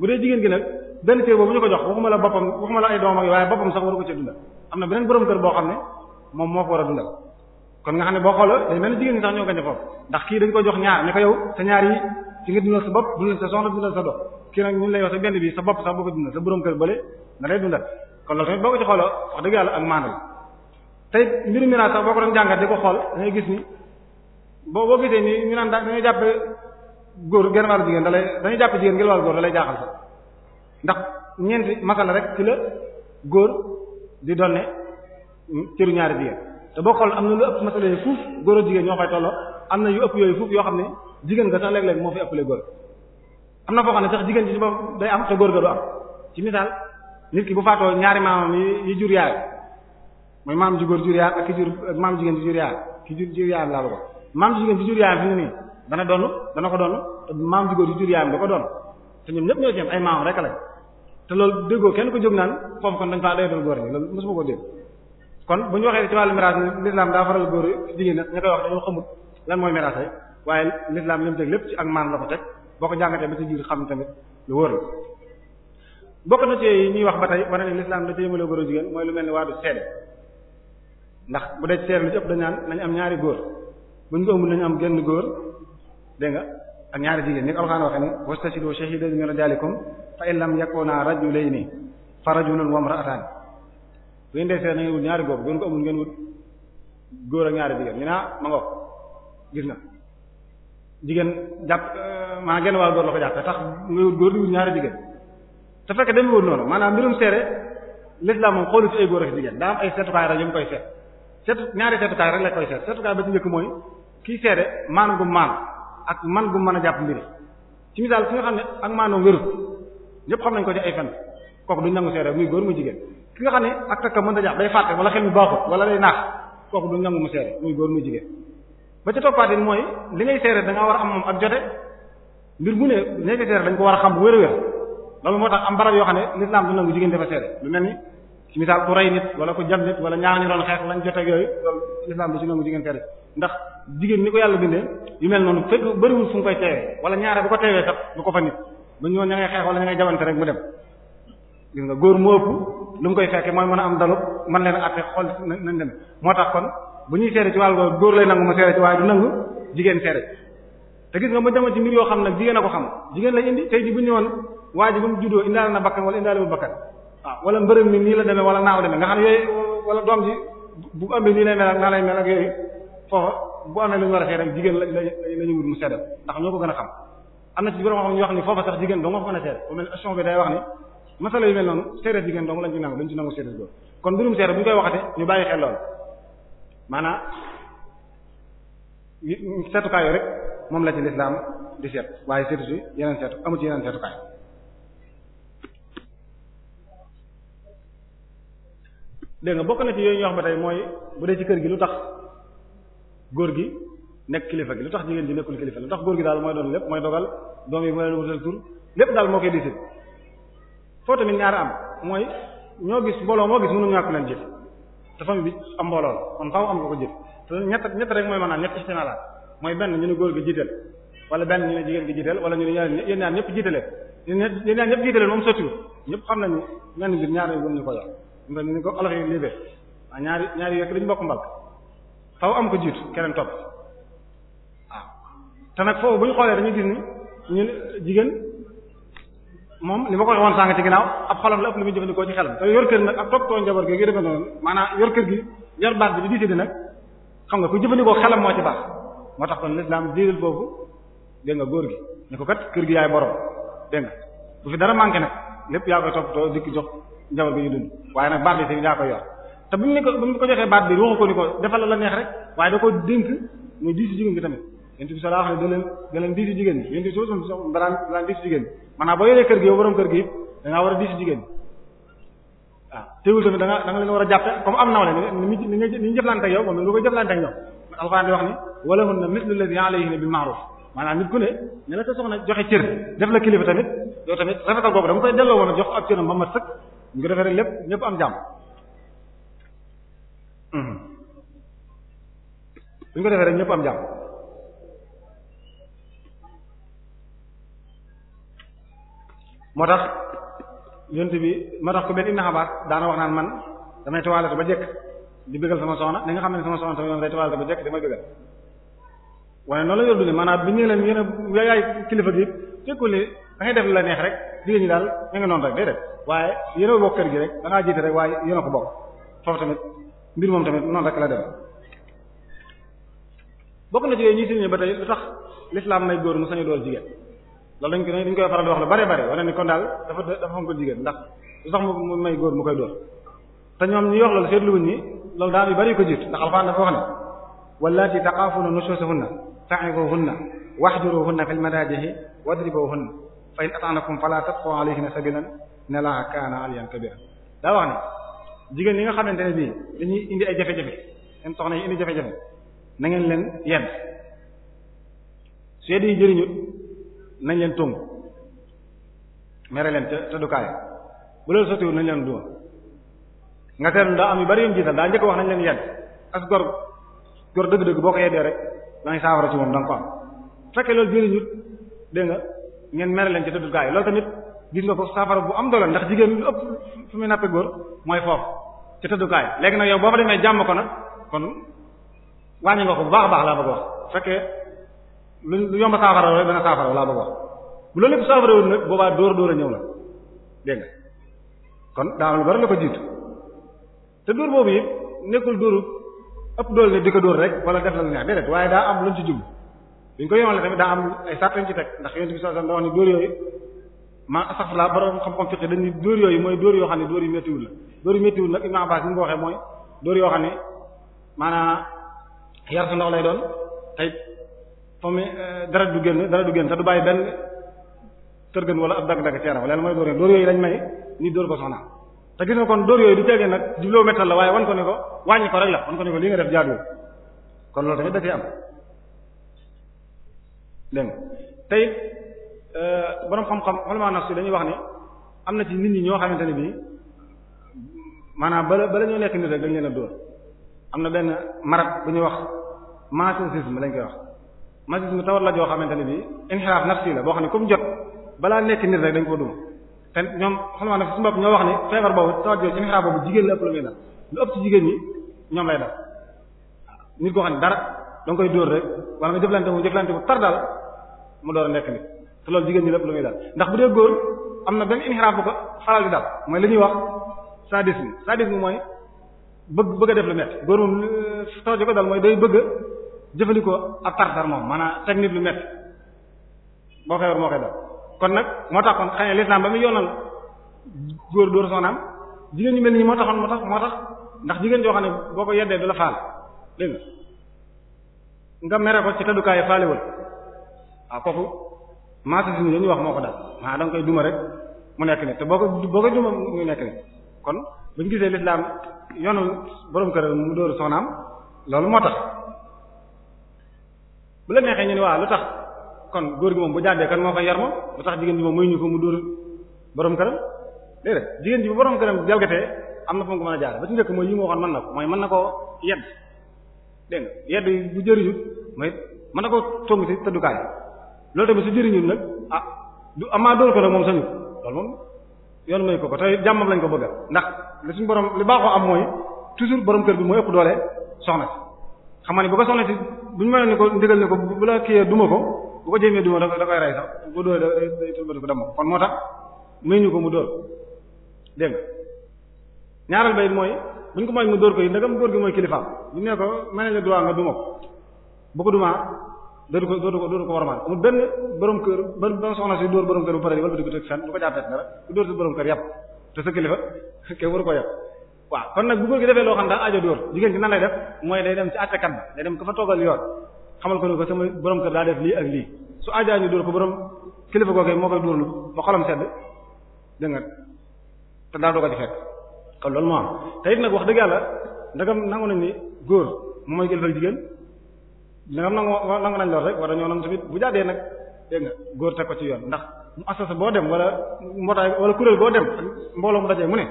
bu dee jigéen gi nag benn cër boobu ñu ko jox waxuma la boppam waxuma ay doom ak waaye boppam sax waru ko ci dundal am na beneen borom kër boo xam ne moom moo ko war dundal sa ñaar kii nag ñu lay wax sa benn bi sa bopp sax boo ko dundal sa borom kër bële na lay dundal kon loolu tamit boo ko ci xooloo wax dëgg yàlla ak maandal tey mbiru miraas sax boo ko doon jàngat di ko xool dangay gis góor genn wàllu jigéen da lay dañu jàpp jigéen genn wàllu góor da lay jaaxal sax ndax ñeenti masala rek ci la góor di doon ne cëru ñaari jigéen te boo xool am na lu ëpp masala yu fuuf góor a jigéen ñoo fay tolloo am na yu ëpp yooyu yoo xam ne jigéen nga sax léeg moo fi ëppale góor am foo xam ne sax jigéen ci bopp day am te góor ga du am ci misaal nit ki bu faatoo ñaari maamam yi jur yaay mooy maam ji góor jur yaay ak ki jur maam jur yaay ki maam jur yaay fi mu nii dana doon dana ko doon maam ju góor ci jur yaayam da ko doon te ñoom ñëpp ñoo ci am ay maam rek lañ te loolu déggoo kenn ko jóg naan foofu kon dañ faa doy doon góor ñi loolu mosuma ko dégg kon bu ñu waxee ci wàllu miraas ni l'islam daa faral góor jigéen nag ña koy wax dañoo xamul lan mooy miraas rek waaye l'islam li mu teg lépp ci ak maan la ko teg boo ko jàngatee ba ci biir xam tamit lu wóor la bokk na ci ñuy wax ba tey wane ne l'islam da ci yëmale góor jigéen mooy lu mel ni waadu seede ndax bu dee seede lu ci ëpp dañ naan nañ am ñaari góor bu ñu ko amul nañu am genn góor dégg nga ak ñaari jigéen ni ko alxaana waxee ni wastashhidu shahidayn min rijalikum fa in lam yakuna rajulayni fa rajulun bu ngeen defee na ngeen wut ñaari góor bu ngeen ko amul ngeen góor ak ñaari jigéen ñu ah, ma ngoog gis na jigéen jàpp eh, maa genn wàll ko jàppe tax nga wut góor di wut ñaari jigéen te fekk demee wut noonu maanaam mbirum seere l'islam moom xoolu ci ay góor ak jigéen daa am ay seetukaay rek yu mu koy seet seetukaay ba ci njëkk mooy kii seere maanu gu maanu ak man gu mën a jàpp mbir ci misaal ki nga xam ne ak maanoom wérut ñëpp xam nañ ko ci ay fen kooku duñ nangu seere muy góor mu jigéen ki nga xam ne ak takka mën a jàpp day fàtte wala xel mi baaxut wala day naax kooku duñ nangu mu seere muy góor mu jigéen ba ca toppaatin mooy li ngay seere da war a am moom ak jote mbir mu ne li ngay seere dañ ko war a xam bu wér a wér loolu moo tax am barab yoo xam ne l'islam du nangu jigéen dafa seere lu mel ni ci misaal ku rey nit wala ku jam nit wala ñaar ñu doon xeex lañ jot ak yooyu loolu lislaam bi ci nangu jigéen ni ko yàlla bindee yu mel noonu fekk bëriwul fu mu koy bu ko ko fa nit ba ñëwoon ña ngay xeex wala ña ngay jamante rek mu dem gis nga góor mu ëpp lu koy fekke mooy mën a am dalub man leen atte xool nañ dem moo tax kon bu ñuy seere ci góor lay nangu ma seere ci waaye du nangu jigéen seere te gis nga mu demoon ci mbir xam nag jigéen a ko xam jigéen lay indi tey ji bu ñëwoon waa ji ba mu juddoo indaale na bakkan wala indaale bu bakkan waaw ah, wala mbërëm mi nii la demee wala naaw demee nga xam yooyu wala doom ji bu ëmbee nii lay mel ak naa lay mel ak yooyu foofa bu amee lu ñu war a xëy jigéen la la ñu wut mu seddal ndax ñoo ko gën a xam am na ci borom wax ni foofa sax jigéen dong nga ko mën a seede bu mel ni action bi day wax ni masala yu mel noonu seede jigéen dong lañ ci nangu dañ ci nangu seede góor kon mbirum seede bu ñu koy waxate ñu bàyyi xel loolu maanaam seetukaay rek moom la ci lislaam di seet waaye seetu si yeneen seetu amu ci yeneen seetukaay dégg nga bokk na ci yooyu ñu wax ba tey mooy bu dee ci kër gi lu tax góor gi nekk kilifa gi lu tax jigéen ji nekkul kilifa lu tax góor gi daal mooy doon lépp mooy dogal doom yi mooy leen wutal tur daal moo koy décide foo tamit am mooy ñoo gis mbooloo moo gis mënu ñàkku leen jëf te bi am mbooloo kon faaw am ko ko jëf te ñett ñett rek mooy maanaam ñett mooy benn ñu ne góor gi jiital wala benn ñu ne jigéen gi wala ñu ne yéen ñaar ñëpp jiitale yéen ñaar ñëpp moom sottiwul ñëpp xam nañu menn mbir ñaar ñu ko yor mbal ni ko olof yi léebee waa ñaari ñaari yokk dañu bokk mbal faw am ko jiitu keneen topp waaw te nag foofu bu ñu xoolee dañuy gis ni ñu jigéen moom li ma ko woon sànq ci ginnaaw ab xolam la ëpp muy jëfandikoo ci xelam te yor kër nag ak toppatoo njaboot gi gi defee yor kër gi yor baat bi di nag xam nga ku jëfandikoo xelam moo ci baax moo tax kon l'islam diidal foofu dégg nga góor gi ni ko kat kër gi yaay borom dégg nga bu fi dara manqué nag lépp yaa koy toppatoo dikk jox njaboot gi ñu dund waaye nag baat bi tamit daa koy yor te bu ñu ne ko bu ñu ko joxee baat bi waxu ko ni ko defal la neex rek waaye da ko dénk muy diisu jigéen bi sala wax da leen da leen diisu jigéen bi yéntu bi so so danaan danaan diisu jigéen bi maanaam boo yoree kër gi yow borom kër gi it a da nga war a comme am nawle ni ñu jëflante ak yow moom lu ni wala hunna mislu alladhi alayhinna bil ma'ruf maanaam nit ku ne ne la sa soxna joxe cër def la kilifa tamit yow tamit rafetal boobu dama koy delloo woon a jox ak cëram ba ma sëkk Mm-hmm. ñu ko defee rek lépp ñëpp am jàmm suñ ko defee rek ñëpp am jàmm moo tax yont bi moo tax ku mel Ibn Abbas daana wax naan man damay toilette ba jekk di bëggal sama soxna ni nga xam ne sama soxna tamit noonu day toilette ba jëkk damay bëggal waaye noonu la yor dundee maanaam bi ñu leen a yaay kilifa gi tekkul ne da def la neex rek jigéen ñi daal ñu noonu rek waaye yéen bokk kër gi rek da ngaa jiite rek waaye yéen a ko bokk foofu tamit mbir moom tamit noonu rek la dem bokk na ci yooyu ñuy signé ba tey lu tax l'islam may góor mu sañu dool jigéen loolu dañ koy dañ koy faral di wax lu bari bari daal dafa dafa xam ko jigéen ndax lu tax mu may góor mu koy dool te ñoom ñi wax loolu seetlu wuñ ni loolu daal yu bari ko jiit ndax alxuraan dafa wax ne wallaati taqaafuna nushuzahunna fa'izuhunna wahjuruhunna fil madaaji'i wadribuhunna fa in ata'nakum fala taqu alayhinna sabilan ne laa kaana aliyan kabira daa wax ne jigéen li nga xamante ne bii dañuy indi ay jafe-jafe seen soxna yi indi jafe-jafe nangeen leen yenn su yedd yi jëriñut nañ leen tóngu mere leen te te dukaay bu loolu sotiwul nañ leen duma nga seetlu daa am yu bari yu jiital daa njëkk wax nañ leen yenn as gor gor dëgg-dëgg boo ko yeddee rek dangay saafara ci moom danga ko am fekkee loolu jëriñut dégg nga ngeen mere leen ci te dukaay loolu tamit gis nga ko saafara bu am doole ndax jigéen lu ëpp fu muy nappe góor mooy foofu ci tëddukaay léegi nag yow boo fa demee jàmm ko nag kon wàññi nga ko bu baax a baax laa bëgg wax fekkee lu yomb saafara rek dana saafara laa bëgg wax bu loolu lépp saafara woon boobaa dóor dóor a ñëw la kon daa am lu bari la ko jiitu te dóor boobu yëpp nekkul dóoru ëpp doole ne di ko dóor rek wala def la neex rek waaye daa am luñ ci jublu duñ ko yomale tamit daa am ay sàrt ci teg ndax yonent bi sallallahu alayhi yooyu ma astaxfirullah borom xam-xam fiqh dañuy dóor yooyu mooy dóor yoo xam ne dóor yu méttiwul la dóor yu méttiwul nag Ibn Abbas yoo xam ne maanaam yar sa lay doon tey foofu eh, dara du du génn te du bàyyi benn tërgën wala ab dagg-dagg ceera wala mooy dóor yooyu dóor may ni dóor ko soxna te kon dóor yooyu du teegee nag jubloo méttal la waaye wan ko ne ko wàññi ko rek la wan ko ne ko li nga kon loolu da cee am dégg tey Euh, borom xam-xam xolmaa naf si dañuy wax ne am na ci nit ñi ñoo xamante ne bii maanaam bala bala ñoo nekk nit rek dañ leen a dóor am na benn marat bu ñuy wax masochisme lañ koy wax masochisme tawat la joo xamante ne bii inhiraaf nafsi la boo xam ne comme jot balaa nekk nit rek dañ ko duma te ñoom xolmaa naf si su bopp ñoo wax ne feebar boobu tawat jooju inhiraaf boobu jigéen la ëpp la muy dal lu ëpp ci jigéen ñi ñoom lay dal nit koo xam ne dara danga koy dóor rek wala nga jëflante mu jëflante mu door nekk te loolu jigéen ñi lépp lu muy daal ndax bu dee góor am na benn inxiraaf bu ko faral di daal mooy li ñuy wax sadisme sadisme mooy bëgg bëgg a def lu métti góor moom euh, soo mooy day bëgg a jëfandikoo ab moom maanaam technique lu métti boo moo kon nag moo tax kon xëy na lislaam ba muy yoonal góor dóor soxnaam jigéen ñu mel nii moo taxoon moo tax moo tax ndax jigéen joo xam ne boo ko yeddee du la faal dégg nga mere ko ci tëddukaayu faaliwul waaw ah, kooku marchandise mi dañuy wax moo ko dal maanaam da nga koy duma rek mu nekk ne te boo ko boo ko duma mu nekk ne kon bu ñu gisee lislaam yoonu boroom kër mu dóoru soxnaam loolu moo tax bu la neexee ñu ne waa lu tax kon góor gi moom bu jàddee kan moo koy yar moom lu tax jigéen ji moom muy ñu ko mu dóor borom këram déedéet jigéen ji bu borom këram jalgatee am na fu mu ko mën a jaar ba ci njëkk mooy yi ma waxoon mën na ko mooy mën na koo yedd dégg nga yedd bu jëriñut mooy mën na koo tóngu ci tëddukaay loolu tamit su jëriñul nag ah du amaa ah, dool ko nag moom sañu loolu moom yoon may ko ko tey jàmmam lañ ko bëggal ndax li suñu borom lu baaxoo am mooy toujours borom kër bi mooy ëpp doole soxna si xam nga ni bu ko soxna si bu ñu mënoon ni ko bu la kiyee duma ko bu ko jéemee duma da koy da day tëlbati ko dama ko kon moo ko mu dóor nga ñaareel bay mooy buñ ko may mu dóor ko yi ndagam góor gi mooy kilifaam bu nekk nee ko mën nañ nga duma ko bu dumaa dootu ko dootu ko dootu ko warmaal amul benn borom kër benn soxna si dóor borom kër bu pare wala du ko teg fenn du ko jàppee dara du dóor si borom kër yàpp te [LAUGHS] waaw kon nag bu góor gi loo xam daa aajo dóor jigéen ci nan lay def mooy day dem ci àttekat bi day dem ko fa toogal yoon xamal ko ne ko sama borom kër daa def lii ak lii su aajo ñu ko borom kilifa kooku moo koy dóorlu ba xolam sedd dégg nga te daa doog a ci fekk kon loolu moo am te it nag wax dëgg yàlla ndagam nangu nañ ni góor mooy kilifa jigéen nga xam nangoo nangu nañ lool rek war ñoo nangu tamit bu jàddee nag dégg nga góor teg ko ci yoon ndax mu assasa boo dem wala mbootaay wala kuréel boo dem mbooloo mu dajee mu ne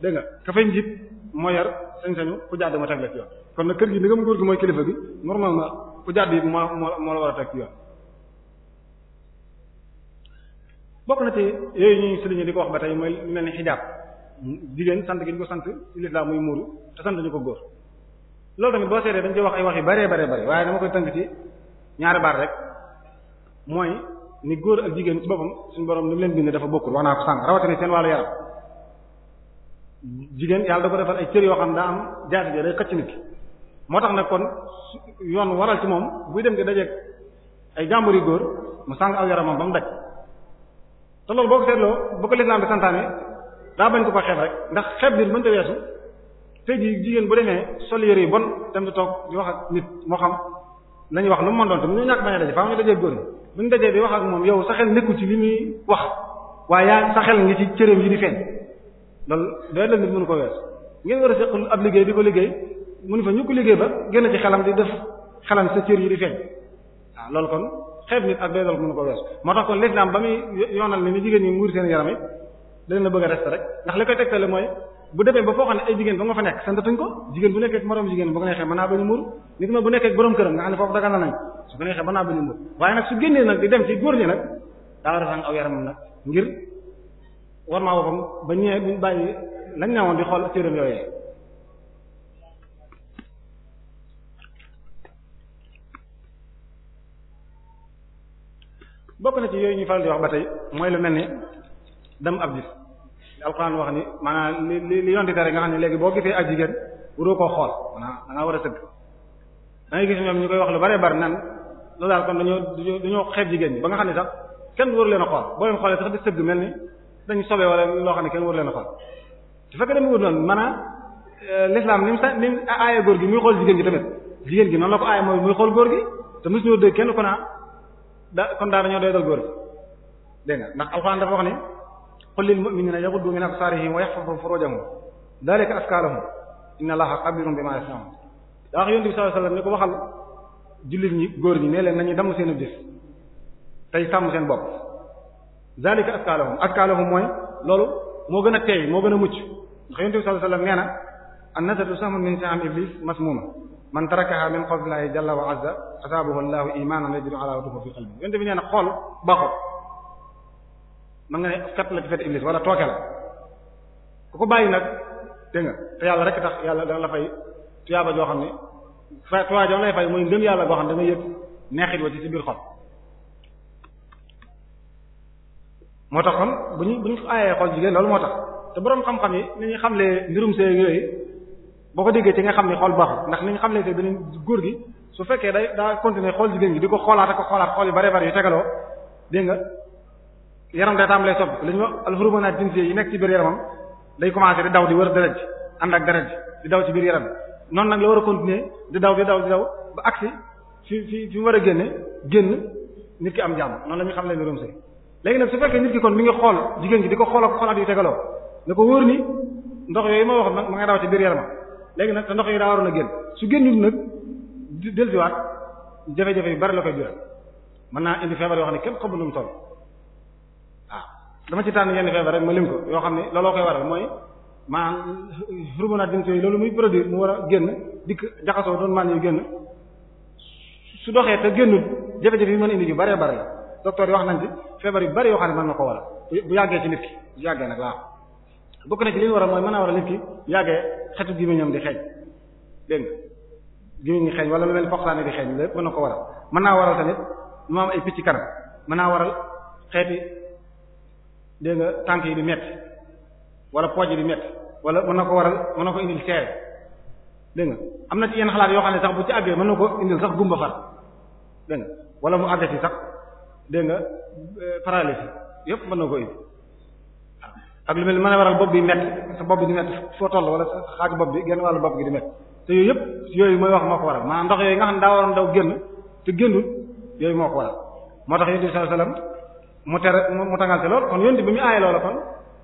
dégg nga ka fay njiit moo yar sañ-sañu ku jàdd ma teg la yoon kon na kër gi ni nga góor gi mooy kilifa gi normalement ku jàdd yi moo moo la war a teg ci yoon bokk na ci yooyu ñuy sëriñ di ko wax ba tey mooy mel ni xijaab jigéen sant gi ñu ko sant ci lislaam muy muuru te sant ko góor loolu tamit boo seetee dañ ci wax ay wax yu bëree bëree bëri waaye dama koy tënk ci ñaari baat rek mooy ni góor ak jigéen ci boppam suñu borom ni mu leen bind dafa bokkul wax naa ko sànq rawatina seen wàllu yaram jigéen yàlla da ko defal ay cër yoo xam daa am jaasi ji nit ki moo tax nag kon yoon waral ci moom buy dem di dajeeg ay jàmbur yu góor mu sàng aw yaramam ba mu daj te loolu boo ko seetloo bu ko lislaam bi santaane daa bañ ko ko xeeb ndax xeeb nit mënta tey jii jigéen bu demee sol yére yi bon dem di toog di wax ak nit moo xam lañuy wax lu mu mën doon te mu ñu ñàkk bañ a daje faa ñu dajee daje bi wax ak moom yow sa xel nekkul ci li muy wax waaye yaa sa xel ngi ci cëréem yi di feeñ loolu doy la nit mënu ko wees ngeen war a seq ab liggéey di liggéey mënu fa ñu ko liggéey ba génn ci xelam di def xelam sa cër yi di feeñ loolu kon xeeb nit ak doy loolu mënu ko wees moo tax kon l'islam ba muy yoonal ni ni jigéen ñi muur seen yaram yi dañ la bëgg a rester rek ndax li koy tegtale mooy bu demee ba foo xam ne ay jigéen ba nga fa nekk santatuñ ko jigéen bu nekkee ak moroom jigéen ba nga neexee mën naa bañ a muru nit ma bu nekkee ak borom këram nga xam ne foofu dagan nañ su ko neexee mën naa bañ nag su génnee dem ci góor ñi nag daa a sang aw yaramam nag ngir war maa ba ñëwee buñ bokk na ci yooyu ñuy faral di wax ba tey mooy lu mel ni dem ab gis alxuraan wax ni maanaam li li li yonti nga xam ne léegi boo gisee ak jigéen waroo koo xool maanaam da nga war a tëgg da ngay gis ñoom ñu koy wax lu bare bari nan loolu daal kon dañoo dañoo xeeb jigéen ñi ba nga xam ne sax kenn waru leen a xool boo leen xoolee sax di sëgg mel ni dañu sobee wala loo xam ne kenn waru leen a xool su fekkee dama wut noonu maanaam euh, l'islam ni mu sa ni mu góor gi muy xool jigéen gi tamit jigéen gi noonu la ko aaye mooy muy xool góor gi te mosuñoo kenn ko naa kon daa dañoo doy dal góor gi dégg nga ndax alxuraan dafa wax ni qul lil mu'minina yaghuddu min absarihim wa yahfazu furujahum dhalika azka lahum inna allaha khabirun bima yasna'un daa yonent bi sallallahu alayhi wasallam ni ko ñi góor ñi nee leen nañu damm seen gis tey sàmm seen bopp dhalika azka lahum azka lahum mooy loolu moo gën a teey moo gën a mucc ndax yonent bi sallallahu alayhi wasallam nee na an-nazratu sahmun min siham iblis masmuma man tarakaha min khawfillahi jalla wa azza asabahu allahu imanan yajidu ala fi qalbi yonent bi nee na xool baaxul man nga ne fett la ci fett iblis wala tooke la ku ko bàyyi nag dégg te yàlla rek tax yàlla dana la fay tuyaaba joo xam ne fa tuyaaba joo lay fay mooy ngëm yàlla goo xam ne da nga yëg neexit wa ci ci biir moo tax kon bu ñu bu ñu aayee xol jigéen loolu moo tax te boroom xam-xam yi ni ñu xamlee mbirum sëy yooyu boo ko déggee ci nga xam ne xool baaxul ndax ni ñu xamlee sëy beneen góor gi su fekkee day daa continuer xool jigéen gi di ko xoolaat ak ko xoolaat xool yu bare bare yu tegaloo dégg nga yaram day tàmbalee sopp li ñu wax alxurumanaat jinsiye yi nekk ci biir yaramam day commencé di daw di wër deret ji ànd ak deret ji di daw ci biir yaram noonu nag la war a di daw di daw di daw ba agsi fi fi fi mu war a génne génn nit ki am jàmm noonu la ñu xam ne mbirum léegi nag su fekkee nit ki kon mi ngi xool jigéen ji di ko xool ak xoolaat yu tegaloo na ko wóor ni ndox yooyu ma wax nag ma nga daw ci biir yaramam léegi nag te ndox yooyu daa waroon a génn su génnul nag dellusiwaat jafe-jafe yu bari la koy jural mën naa indi feebar yoo xam ne kenn xamu nu mu dama ci tànn yenn feebar rek ma lim ko yoo xam ne looloo koy waral mooy maanaam robinet dina sooy loolu muy produire mu war a génn dikk jaxasoo doon man yu génn su doxee te génn jafe-jafe yi mën indi yu bëree bëri la docteur yi wax nañ ci feebar yu bëri yoo xam ne mën na ko waral bu yàggee ci nit ki bu yàggee nag laa bokk na ci li ñu waral mooy mën naa waral nit ki yàggee xetu gémmiñam di xeeñ dégg nga gémmiñ xeeñ wala lu mel foxtaane di xeeñ lépp mën na ko waral mën naa waral tamit mu am ay picc kanam mën naa dégg nga tànk yi di mett wala pooj yi di metti wala mën na ko waral mën na ko indil seere dégg am na ci yenn xalaat yoo xam ne sax bu ci àggee mën na ko indil sax gumba far dégg nga wala mu àggati sax dégg nga euh, paralysie yépp mën na ko indi ak lu mel mën a waral bopp bi metti sa bopp bi di metti foo toll wala sa xaaju bopp bi genn wàllu bopp gi di metti te yooyu yëpp yooyu mooy wax moo ko waral maanaam ndox yooyu nga xam ne daa waroon daw génn te génnul yooyu moo ko moo tax yonent bi mu tere mu tangal ci lool kon yonte bi mu aaye loola kon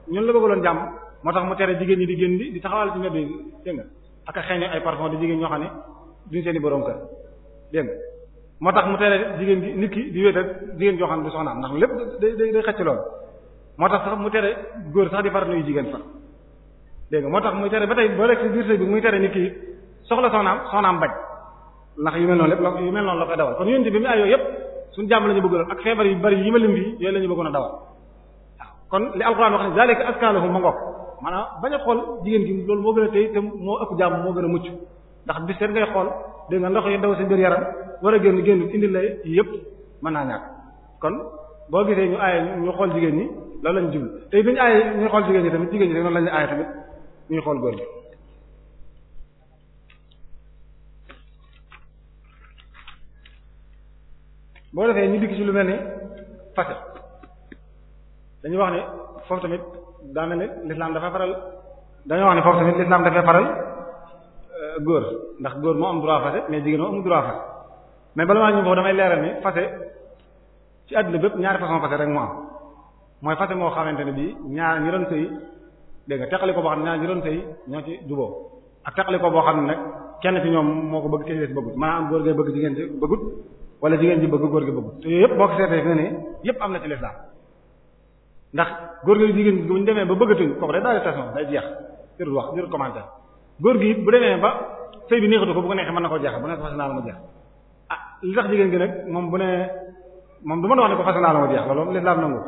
ñun la bëggaloon jàmm moo tax mu tere jigéen ñi di génn di di taxawal ci mbedd a xeeñoo ay parfum di jigéen ñoo xam ne duñ seen borom kër dégg moo tax mu tere jigéen gi nit ki di wéet ak jigéen joo xam ne du lépp day day day lool moo tax sax mu tere góor sax di far nuyu jigéen far dégg nga moo tax muy tere ba tey boo rek ci biir bi muy tere nit ki soxla soxnaam soxnaam bañ ndax yu mel noonu lépp yu mel noonu la koy dawal kon yonte bi mu aaye yooyu yépp suñu jàmm la ñu bëgg ak feebar yu bari yi ma lim bi yooyu la ñu bëggoon a dawal waaw kon li alxuraan wax ne zalika aska lahum ma ngoog a ba a xool jigéen gi loolu moo gën a tey te moo ëpp jàmm moo gën a mucc ndax bis seen ngay xool dégg nga ndox yi ndaw sa biir yaram war a génn génn indi la yëpp man naa ñàkk kon boo gisee ñu aaye ñu xool jigéen ñi loolu lañ jublu te bi aaye ñu xool jigéen ñi tamit jigéen ñi tamit noonu lañu aaye ñuy xool góor ñi boo defee ñu dikk ci lu mel ne fase dañu wax ne foofu tamit daa mel ne l'islam dafa faral dañu wax ne foofu tamit l'islam dafay faral euh, góor ndax góor moo am droit fase mais jigéen moo am droit fase mais bala maa ñu foofu damay leeral ni fase ci àdduna bépp ñaari façon fase rek moo am mooy fase moo xamante ne bii ñaar ñi doon sëy dégg nga teqali ko boo xam ne ñaar ñi doon ñoo ci juboo ak teqali ko boo xam ne nag kenn ci ñoom moo ko bëgg kenn des bëggut maanaam góor gay bëgg jigéen ci wala jigéen ji bëgg góor gi bëgg te yooyu yëpp boo ko seetee nga ne yëpp am na ci lislaam ndax góor gi jigéen bu ñu demee ba bëggatuñ kooku day daal di station jeex jërul wax góor gi bu demee ba sëy bi neexatu ko bu ko neexee mën na koo jeexal bu ne ko naa la ma jeex ah li tax jigéen moom bu ne moom du mën a wax ne ko fas naa la ma jeex loolu lislaam nangu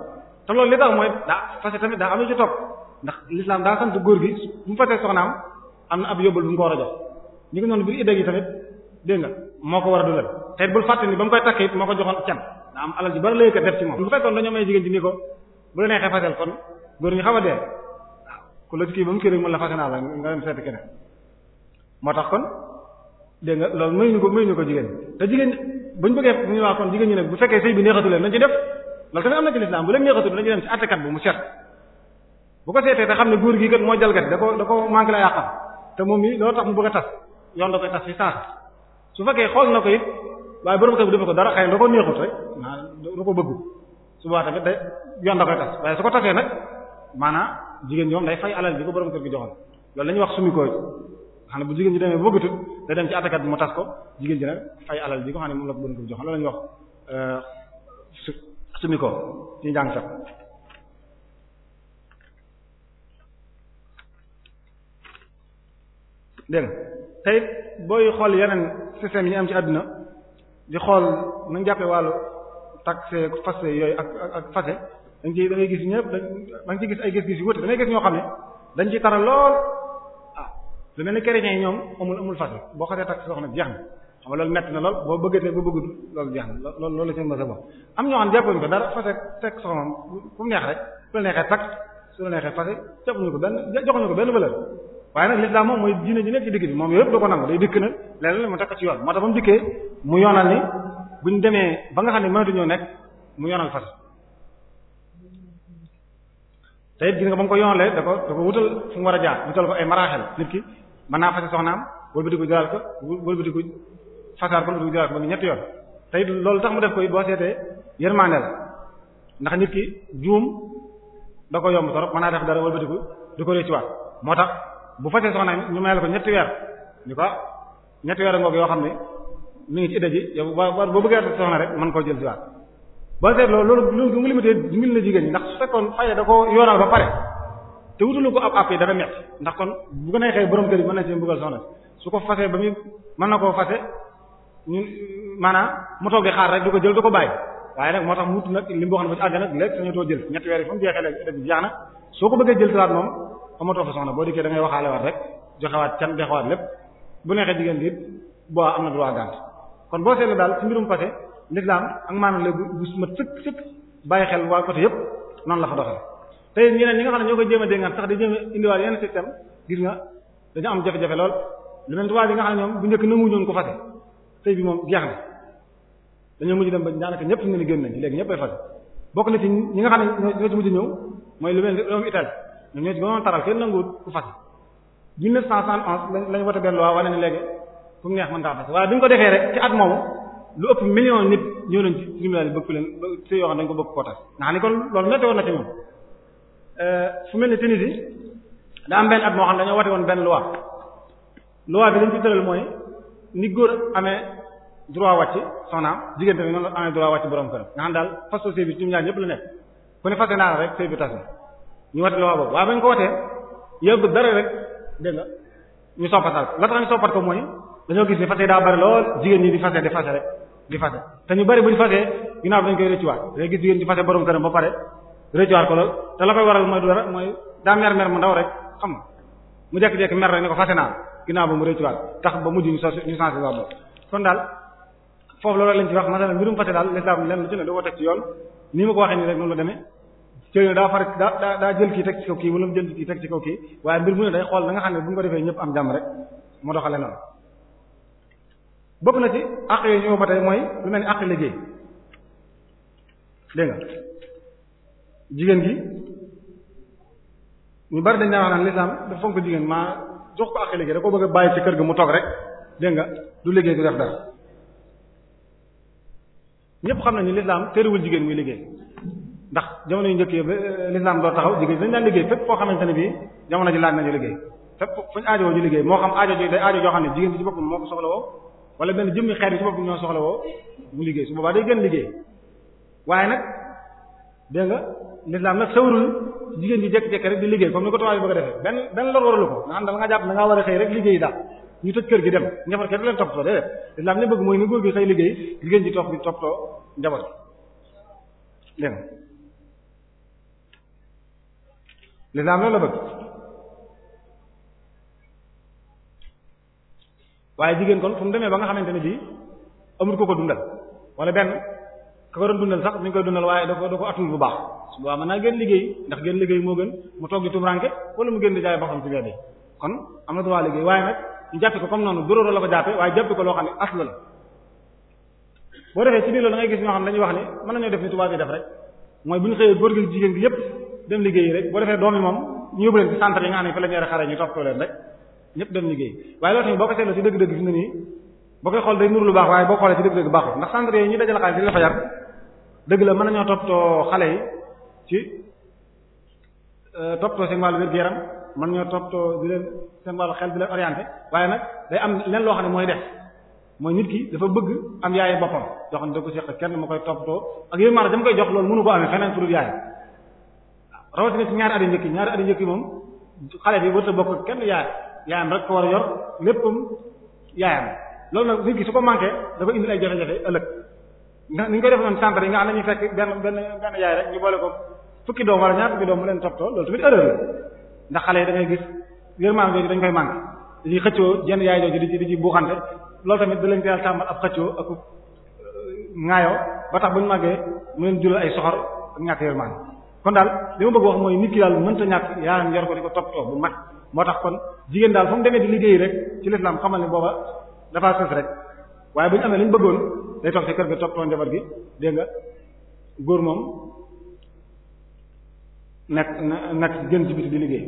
te loolu li tax mooy daa fase tamit daa am na ci topp ndax lislaam daa sant góor gi bu mu fasee soxnaam am na ab yóbbal bu mu ko war a jox ñu ngi noonu biir idda gi tamit dégg nga moo ko war a dundal te bul fàtte ni ba mu koy takk it moo ko joxoon can daa am alal ji bari lay ko def ci moom bu fekkoon dañoo may jigéen ji ni ko bu la neexee fasel kon góor ñu xaw a dee waaw ku la ci kii ba mu kii rek naa moo tax kon dégg nga loolu muy ñu ko muy ko jigéen te jigéen buñ bëggee ñu wax kon bu fekkee sëy bi neexatu leen nañ ci def loolu tamit am na ci lislaam bu leen neexatu dañu ci àttekat bu ko seetee te xam ne góor gi kat moo jalgati da ko da ko manqué la yàqam te moom mi loolu tax mu bëgg a tas yoon da koy tas fi saas su xool na ko it waaye borom kër gi defu ko dara xëy na da ko neexut rek maanaam ko bëggu suba tamit day yoon da koy tas waaye su ko tasee nag maanaam jigéen ñoom day fay alal bi ko borom kër gi joxoon wax sumi kooy xam ne bu jigéen ji demee bëggatul day dem ci attakat bi mu tas ko jigéen ji nag fay alal bi ko xam ne moom la ko borom kër gi joxoon loolu la ñuy wax euh, su nga tey booy xool yeneen système yi am ci àdduna di xool nañ jàppee wàllu taxe fase yooyu ak ak fase dañ ci da ngay gis ñëpp da nga ci gis ay gis-gis yu da gis ñoo xam ne dañ ci tara lool ah lu mel ni chrétiens yi ñoom amul amul fase boo xasee tax soxna jeex na xam nga loolu mett na lool boo bëggatee boo bëggut loolu jeex na loolu loolu seen mësa bopp am ñoo xam ne jàppuñu ko dara fase teg soxna ku neex rek su la neexee tax su la neexee fase jàppuñu ko benn joxuñu ko benn valeur waaye nag l'islam moom mooy diine ji nekk ci digg bi moom yooyu yëpp da ko nangu day dikk na leneen mu takk ci yoon moo tax ba mu dikkee mu yoonal ni bu ñu demee ba nga xam ne mënatuñoo nekk mu yoonal fas te it ko yoonalee da ko da mu war a jaar ay maraaxel nit ki mën naa fase soxnaam wëlbati ko jëlaat ko wëlbati ko fasaar yoon te loolu tax mu def koy boo seetee yërmande la ndax nit ki juum da ko yomb torop di ko réccuwaat moo tax bu fasee soxnaam ñu la ko ñetti weer ni ko ñetti weer ngoog yoo xam ne mu ngi ci idda ji yow boo bëggee soxna rek mën koo jël ci waat boo seetloo loolu loolu du nga limité dimbali na jigéen ñi ndax su fekkoon faye da ko yoonal ba pare te wutalu ko ab app yi dana metti ndax kon bu ko neexee borom kër yi mën na ci bëggal soxna su ko fasee ba muy mën na koo fase ñun maanaam mu toog di xaar rek du ko jël du ko bàyyi waaye moo tax mu wut nag li mu jël ñetti weer yi fu mu jeexee léegi idda bi soo ko bëggee jël ci waat moom amatoo fa soxna boo dikkee da ngay waxaale waat rek joxewaat can dexewaat lépp bu neexee jigéen bi it boo am na droit gànt kon boo seetlee daal ci mbirum passé l'islam ak maanaam léegi bu ma sëkk bàyyi xel waa côté yëpp noonu la fa doxale te ñeneen ñi nga xam ne ñoo ko jéem a déngaan sax di jéem a indiwaat yenn système gis nga dañu am jafe-jafe lool lu mel tubaab yi nga xam ne ñoom bu njëkk nangu ko fase tey bi moom jeex na dañoo mujj dem ba daanaka ñëpp ñu ne génn nañ ñëpp ay fase bokk na ci ñi nga xam ne mooy lu mel ni Italie ñoom ñoo ci gënoon taral kenn nanguwut ku fase 1971 lañ lañ wote benn loi wane ni léegi fu mu neex mën ngaa fase waaye bi ñu ko defee rek ci at moomu lu ëpp million nit ñëw nañ ci tribunal yi bëgg leen si yoo xam dañ ko bëgg koo tas ndax ni kon loolu métti woon na ci ñoom euh, fu mel ni Tunisie daa am benn at moo xam dañoo wote woon benn loi loi bi lañ ci tëral mooy ni góor amee droit wàcc soxnaam jigéen tamit noonu amee droit wàcc borom këram nga xam daal fas soo séy bi ñoom la nekk ku ne fase naa rek séy bi tas na ñu wat loi boobu waaye ba ñu ko watee yëggu dara rek dégg nga ñu soppatal la tax ñu soppat ko mooy dañoo gis ni fase daa bari lool jigéen ñi di fase di fase rek di fase te ñu bari bu ñu fasee ginnaaw bi dañ koy rëccuwaat dañuy gis jigéen di fase borom këram ba pare rëccuwaat ko lool te la koy waral mooy du dara mooy daa mer mer mu ndaw rek xam nga mu jekk-jekk mer rek ne ko fase naa ginnaaw ba mu rëccuwaat tax ba mujj ñu ñu sensé waa boobu kon daal foofu loolu lañ ci wax masalan mbirum fase daal l'islam lenn lu ci waxee nii rek noonu la demee cëriñ daa far daa daa jël kii teg ci kaw kii wala mu jël kii teg ci kaw kii waaye mbir mu ne day xool da nga xam ne bu ñu ko defee ñëpp am jàmm rek mu doxale noonu bokk na ci àq yooyu ñëw ba tey mooy lu mel ni àq liggéey dégg jigéen gi ñu bari dañ daan wax naan lislaam dafa fonk jigéen maa jox ko àq liggéey da ko bëgg bàyyi ci kër gi mu toog rek dégg nga du liggéey du def dara ñëpp xam nañu lislaam tëriwul jigéen muy liggéey ndax jamono yu njëkk yi euh, l'islam doo taxaw jigéen liggéey fépp foo xamante ne bii jamono ji laaj na ñu liggéey moo xam aajo ji day aajo joo xam ne jigéen bi ci boppam moo ko soxla woo wala benn jëmmi xeet bi ci boppam ñoo soxla woo mu liggéey su boobaa day gën liggéey waaye nag dégg nga l'islam nag sawrul jigéen ji jekk-jekk rek di liggéey comme ni ko tubaab yi bëgg a defee benn benn lor waralu ko nga xam da nga jàpp da war a xëy rek liggéey daal ñu tëj kër gi dem njaboot kenn du leen toppatoo déedéet l'islam ne bëgg mooy ni góor gi xëy liggéey jigéen ji topp bi toppatoo njaboot dégg nga lislaam loolu la bëgg waaye jigéen kon fu mu demee ba nga xamante ne bii amul ko ko dundal wala benn ka ko doon dundal sax mi ngi koy dundal waaye da ko da ko atul bu baax su boobaa mën naa gën liggéey ndax gën liggéey moo gën mu toog di tumranke wala mu gën di jaay boo xam ci mbedd kon am na droit liggéey waaye nag ñu jàppe ko comme noonu dóróora la ko jàppe waaye jàppe ko loo xam ne aslu la boo defee ci biir loolu da gis ñoo xam ne dañuy wax ne mën nañoo def ni tubaab yi def bu ñu xëyee góor gi dem liggéeyi rek boo defee doom yi moom ñu yóbbu leen ci centre yi nga xam ne fa la ñu yore koy xool day nuru lu baax waaye boo xoolee ci dëgg-dëgg la fa yar dëgg la mën nañoo toppatoo xale yi ci euh, toppatoo seen wàllu mën ñoo toppatoo di leen seen wàllu xel di leen orienté waaye nag day am leen loo xam ne mooy def mooy nit ki dafa bëgg am yaaye boppam yoo xam ne da ko seq kenn ma koy toppatoo ak yooyu maanaam dama koy jox loolu mënu ko amee feneen pour yaay rawatina ci ñaari at yu njëkk yi ñaari at yu njëkk yi moom xale bi warta bokk kenn yaay yaayam rek ko war a yor léppam yaayam loolu nag nit ki su ko manqué da ko indil ay jafe-jafe ëllëg ndax ni ñu koy def noonu yi nga xam ñu fekk benn benn benn yaay rek ñu boole ko fukki doom wala ñaar fukki doom mu xale yi da ngay gis yërmaande jooju dañ koy manqué dañuy xëccoo jenn yaay jooju di ci di ci buuxante loolu tamit da leen teel tàmbal ab xëccoo ak ŋaayoo ba tax buñu màggee mu leen jural ay soxor ak ñàkk yërmaande kon daal li ma bëgg wax mooy nit ki daal mënta ñàkk yaayam yor ko di ko bu mag moo tax kon jigéen daal fu mu demee di liggéey rek ci lislaam xamal ne booba dafa sës rek waaye bu ñu amee li bëggoon day toog ci kër ga toppatoo njaboot gi dégg nga góor moom nekk nekk gën ci biti di liggéey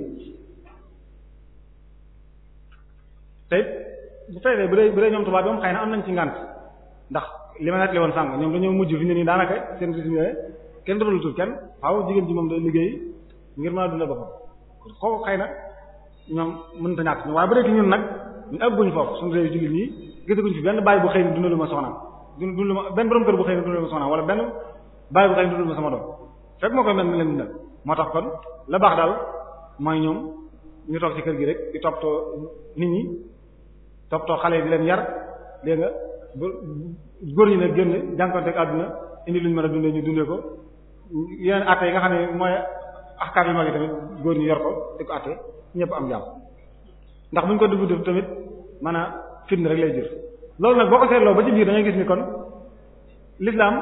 tey bu fekkee bu dee bu dee ñoom tubaab bi moom xëy na am nañ ci ngànt ndax li ma nekk li woon sànq ñoom dañoo mujj fi nii daanaka seen résumé kenn doonul kenn xaw jigéen ji moom day liggéey ngir mën a dundal boppam kooku xëy na ñoom mënut a ñàkk waaye bu dee ci ñun nag ñu àgguñu foofu suñu réew jigéen ñi gisaguñ fi benn bàyyi bu xëy ni dundalu ma soxnaam dund dundalu ma benn borom kër bu xëy ni dundalu ma soxnaam wala benn bàyyi bu xëy ni dundalu ma sama doom fekk moo koy mel ni leen dundal moo tax kon la baax daal mooy ñoom ñu toog ci kër gi rek di toppatoo nit ñi toppatoo xale yi yar dégg nga góor ñi nag génn jànkonteeg àdduna indi luñu mën a ko yeneen atte yi nga xam ne mooy axkaam yu mag yi tamit góor ñu yor ko di ko atte ñëpp am jàmm ndax buñ ko dugg def tamit man a fitna rek lay jur loolu nag boo ko seetloo ba ci biir da ngay gis ni kon l'islam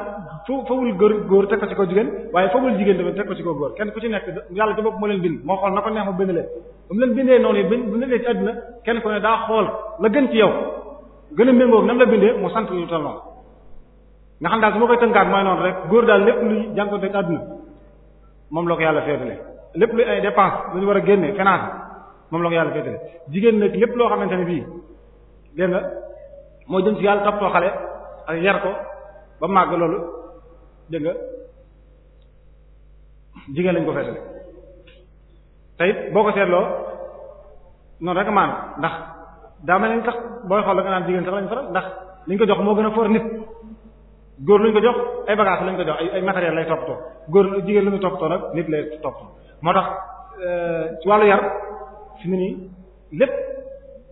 fu fawul góor góor teg ko ci kaw jigéen waaye fawul jigéen tamit teg ko ci kaw góor kenn ku ci nekk yàlla ci bopp moo leen bind moo xool na ko neex mu bind leen ba mu leen bindee noonu yi bu ne ci àdduna kenn ku ne daa xool la gën ci yow gën a méngóog nam la bindee mu sant lu toll noonu nga xam daal su ma koy tënkaat mooy noonu rek góor daal lépp luy jànkuwanteeg àdduna moom la ko yàlla féetale lépp luy ay dépense lu ñu war a génne finance moom la ko yàlla féetale jigéen nag loo xamante ne bii dégg nga moo jëm yàlla toppatoo xale ak yar ko ba màgg dégg nga jigéen lañ ko féetale te it boo ko seetloo noonu rek maan ndax daa mel ni sax booy xool nga naan jigéen sax lañ faral ndax liñ ko jox moo gën a for nit. góor luñ ko jox ay bagages lañ ko jox ay ay matériel lay toppatoo góor jigéen lu ñu toppatoo nag nit lay toppatoo moo tax euh, ci wàllu yar fi mu nii lépp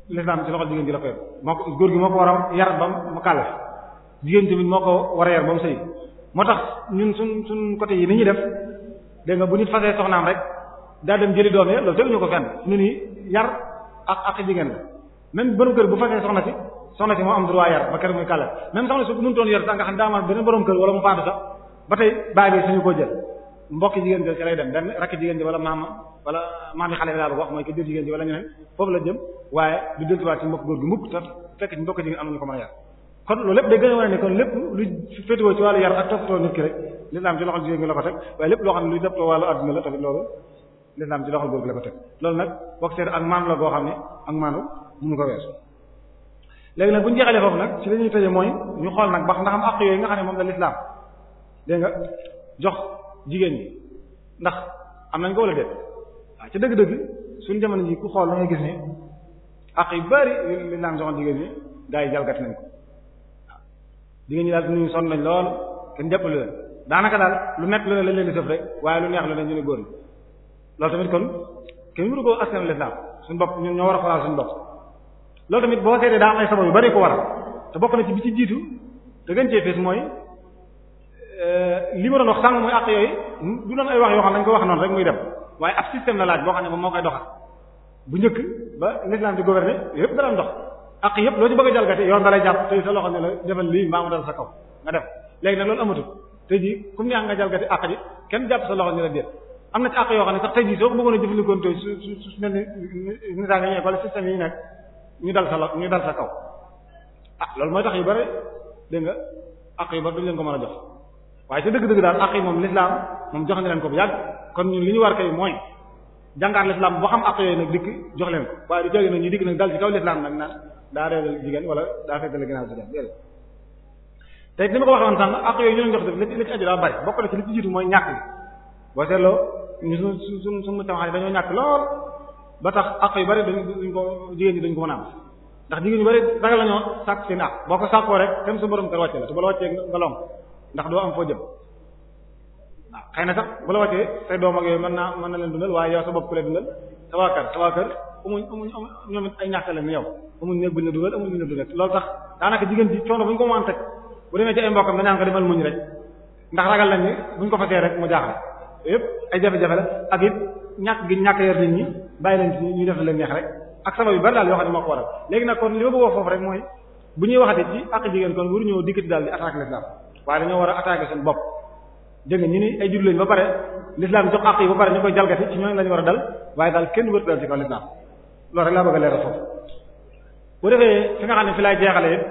l'islam ci loxol jigéen ji la koy moo ko góor gi moo ko war a yar ba mu kàll jigéen tamit moo ko war a yar ba mu sëy moo tax ñun suñ suñ côté yi ni ñuy def dégg nga bu nit fasee soxnaam rek daa dem jëli doom ya loolu teguñu ko fenn ñu ni yar ak ak jigéen la même borom kër bu fasee soxna si soxna si moo am droit yar ba kër muy kàlla même soxna si bu mënutoon yar sax nga xam daa ma beneen borom kër wala mu faatu sax ba tey baay bi suñu ko jël mbokki jigéen jël ci lay dem benn rakki jigéen ji wala maam wala maam yi xale laa wax mooy ko jël jigéen ji wala ñeneen foofu la jëm waaye du deltuwaat ci mbokk ci mbokk jigéen am nañu ko mën a yar kon lépp day gën a wane ne kon lépp lu féetewoo ci wàllu yar ak toppatoo nit ki rek loo xam ne luy toppatoo wàllu adduna la tamit loolu lislaam ci loxol la ko teg loolu nag bokk seet ak maanu la goo xam ne ak léegi nag bu ñu jeexalee foofu nag ci li ñuy tëjee mooy ñu xool nag bax ndax am àq yooyu nga xam ne moom la lislaam dégg nga jox jigéen ñi ndax am nañ ko wala déet waaw ci dëgg-dëgg suñ jamono ji ku xool dangay gis ni àq yu bari yu lislaam joxoon jigéen ñi gaa yi jalgati nañ ko waaw jigéen ñi daal ñu sonn nañ lool kenn jàppale leen daanaka daal lu nekk lu lañ leen di sëf rek waaye lu neex lu lañ ñu ne góor loolu tamit kon kenn mënu ko askan lislaam suñu bopp ñun ñoo war a xoolal suñu bopp loolu tamit boo seetee daa am ay sabab yu bari ko waral te bokk na ci bi ci jiitu te gën cee fees mooy euh, li ma doon wax sànq muy àq yooyu du doon ay wax yoo xam dañ ko wax noonu rek muy dem waaye ab système la laaj boo xam ne moom moo koy doxal bu njëkk ba l'islam di gouverner yëpp dara dox àq yëpp loo ci bëgg a yoon da jàpp tey sa loxo ne la defal lii mbaa a dal sa kaw nga def léegi nag loolu amatul tey jii comme ni nga jalgati àq ji kenn jàpp sa loxo ne la déet am na ci àq yoo xam ne sax tey jii soo ko bëggoon a jëfandikoon tey su su su mel ni nisaa nga ñëwee wala système yi nekk ñu dal sa la ñu dal sa kaw ah loolu mooy tax yu bari dégg nga àq yu bari duñ leen ko mën a jox waaye ci dëgg-dëgg daal àq yi moom lislaam moom jox nga leen ko bu yàgg kon ñun li ñu war kay mooy jàngaar lislaam boo xam àq yooyu nag dikk jox leen ko waaye du jógee nag ñu dikk nag dal ci kaw lislaam nag daa reegal jigéen wala daa fekkal ginnaaw jigéen déedéet te it ni ma ko waxee woon sànq àq yooyu ñu leen jox def li ci aju daa bari bokk na ci li ci jiitu mooy ñàkk bi boo seetloo ñu suñ suñ suñ mu tawaxayi dañoo ñàkk lool ba tax ak yu bari dañ duñ ko jigéen ñi dañ ko mën a am ndax jigéen ñu bari ragal lañoo sàkk seen àq boo ko sàkkoo rek kenn su borom kër wàcce la te bu la wàccee nga lonk ndax doo am foo jëm waaw xëy na sax bu la wàccee say doom ak yooyu mën naa mën na leen dundal waaye yow sa bopp ku leen dundal sa waa kër sa waa amuñ amuñ ay ñàkk lañ yow amuñ néeg buñ la dugal amuñ buñ la dugal loolu tax daanaka jigéen ji coono buñ ko mën a teg bu demee ci ay mbokkam dañaan ko demal muñ rek ndax ragal lañ ni buñ ko fasee rek mu jaaxal yépp ay jafe-jafe la ak it ñàkk gi ñàkk yar nit ñi bàyyi leen ci ñu def leen neex rek ak sabab yu bari daal yoo xam ne moo ko waral léegi nag kon li ma bëggoon foofu rek mooy bu ñuy waxati ci ak jigéen kon waru ñoo dikkati daal di attaquer l'islam waaye dañoo war a attaquer seen bopp dégg ñu ni ay jur lañ ba pare l'islam jox àq yi ba pare ñu koy jalgati ci ñooñu lañu war a dal waaye daal kenn wërtu dal ci kaw l'islam loolu rek laa bëgg a leeral foofu bu defee fi nga xam ne fi laay jeexale yépp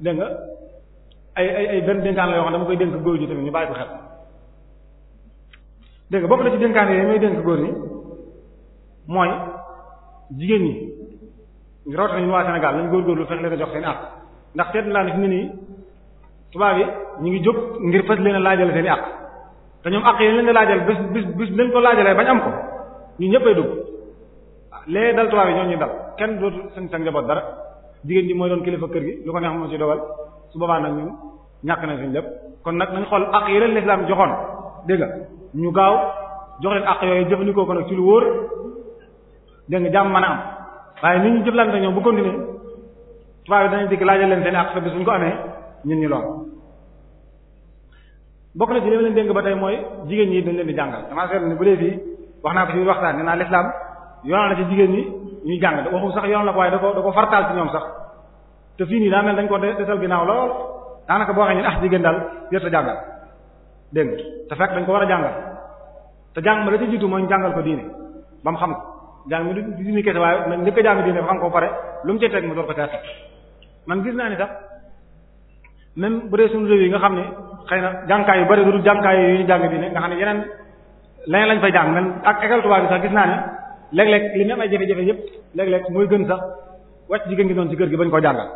dégg nga ay ay ay benn dénkaan la yoo xam ne koy dénk góor ji tamit ñu bàyyi ko dégg nga bokk na ci dénkaane yi may dénk góor ñi mooy jigéen ñi ñu rawatina ñu waa Sénégal nañ góorgóorlu fexe leen a jox seen àq ndax seetlu naa ne fi mu nii tubaab yi ñu ngi jóg ngir fas leen a laajal seen i àq te ñoom àq yi leen bañ am ko ñu ñëpp ay dugg lee dal tubaab yi ñoo ñuy dal kenn dootu seen sa njaboot dara jigéen ji mooy doon kilifa kër gi lu ko neex moo ci dogal su ñàkk nañ suñ lépp kon nag nañ xool àq yi leen lislaam joxoon dégg ñu gaaw jox leen àq yooyu jëfandikoo ko nag ci lu wóor dégg nga jàmm mën a am waaye nit ñu jëflante ñoom bu continuer tubaab yi dañuy dikk laajal leen seen àq sa bis bu ñu ko amee ñun ñu lool. bokk na ci li ma leen dénk tey mooy jigéen ñi dañ leen di jàngal damaa seetlu ne bu dee fii wax naa ko ci waxtaan nee naa l'islam yoonal na ci jigéen ñi ñuy jàng waxu sax yoonal la ko waaye da ko da ko fartaal ci ñoom sax te fii nii daa mel dañ ko desal ginnaaw lool daanaka boo waxee ñun ah jigéen daal yër sa jàngal dégg nga te fekk dañ ko war a jàngal te jàng ma la ci jiitu mooy jàngal ko diine ba mu xam ko jàng mi du diine kese waaye ni ko jàng diine ba xam ko lu mu ci teg man gis naa ni sax même bu dee suñu réew yi nga xam ne xëy na jànkaay yu bari du jànkaay yu ñu jàng diine nga xam ne yeneen leneen lañ fay jàng man ak école tubaab bi sax gis naa ne léeg-léeg li même ay jafe-jafe yëpp léeg-léeg mooy gën sax wàcc jigéen gi noonu ci kër gi bañ ko jàngal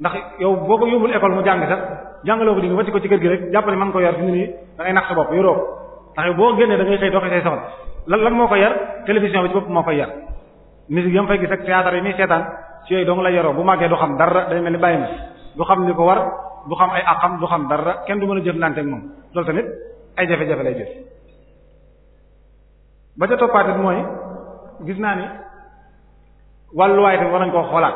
ndax yow boo ko yóbbul école mu jàng sax jàngaloo ko di nga wàcc ko ci kër gi rek jàpp man ko yar fi mu ne nii da ngay sa bopp yoroo ndax boo génnee da ngay xëy doxee say soxla lan la moo ko yar télévision bi ci bopp moo ko yar musique yam fay gis ak théâtre yi muy seetaan ci yooyu dong la yoroo bu màggee du xam dara day mel ni bàyyi ma du xam li ko war du xam ay xam du xam dara kenn du mën a jëflante ak moom loolu tamit ay jafe-jafe lay jëf ba ca toppaatit mooy gis naa ni wàllu luwaay tamit war nañ koo xoolaat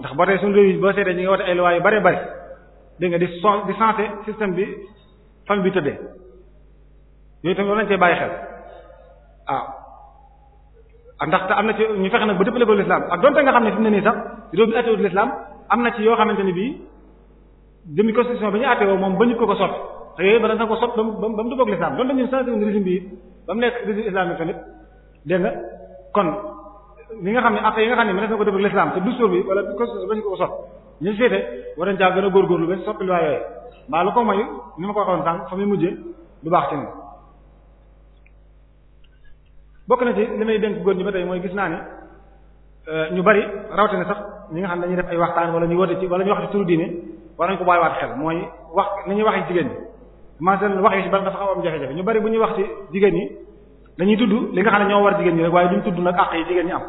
ndax ba tey suñu boo seetee ñu ngi woote ay luwaay yu bare bare dégg nga di sol di changer système bi famille bi tëddee yooyu tamit war nañu cee bàyyi xel waaw ah. ah, ndax te am na ci ñu fexe nag ba dëppale ko l'islam ak ah, donte nga xam ne fi mu ne nii sax réew bi àttewul l'islam na ci yoo xamante bii jëmi constitution bi ñu moom ba ñu ko ko sotti te yooyu ba dañ ko sotti ba mu ba mu donte ñun sensibiliser régime bi it ba mu nekk régime islamique tamit dégg nga kon li nga xam ne actes yi nga xam ne mënees na ko dëppale l'islam te douze jours bi wala constitution ba ñu ko ko sotti ñu féete war nañ caa gën a lu ba soppi luwaa yooyu mbaa lu ko moy ni ma ko waxoon sànq fa muy mujjee du baax ci ne bokk na ci li may dénk góor ñi ba tey mooy gis naa ne euh, ñu bari rawatina sax ñi nga xam ne dañuy def ay waxtaan wala ñu wala ñu wax ci turu diine war nañ ko bàyyiwaat xel mooy wax ni ñuy waxee jigéen ñi man seen wax yi ci bari dafa xaw am jafe-jafe ñu bari bu ñuy wax ci jigéen ñi dañuy tudd li nga xam ne ñoo war jigéen ñi rek waaye duñ tudd nag àq yi jigéen ñi am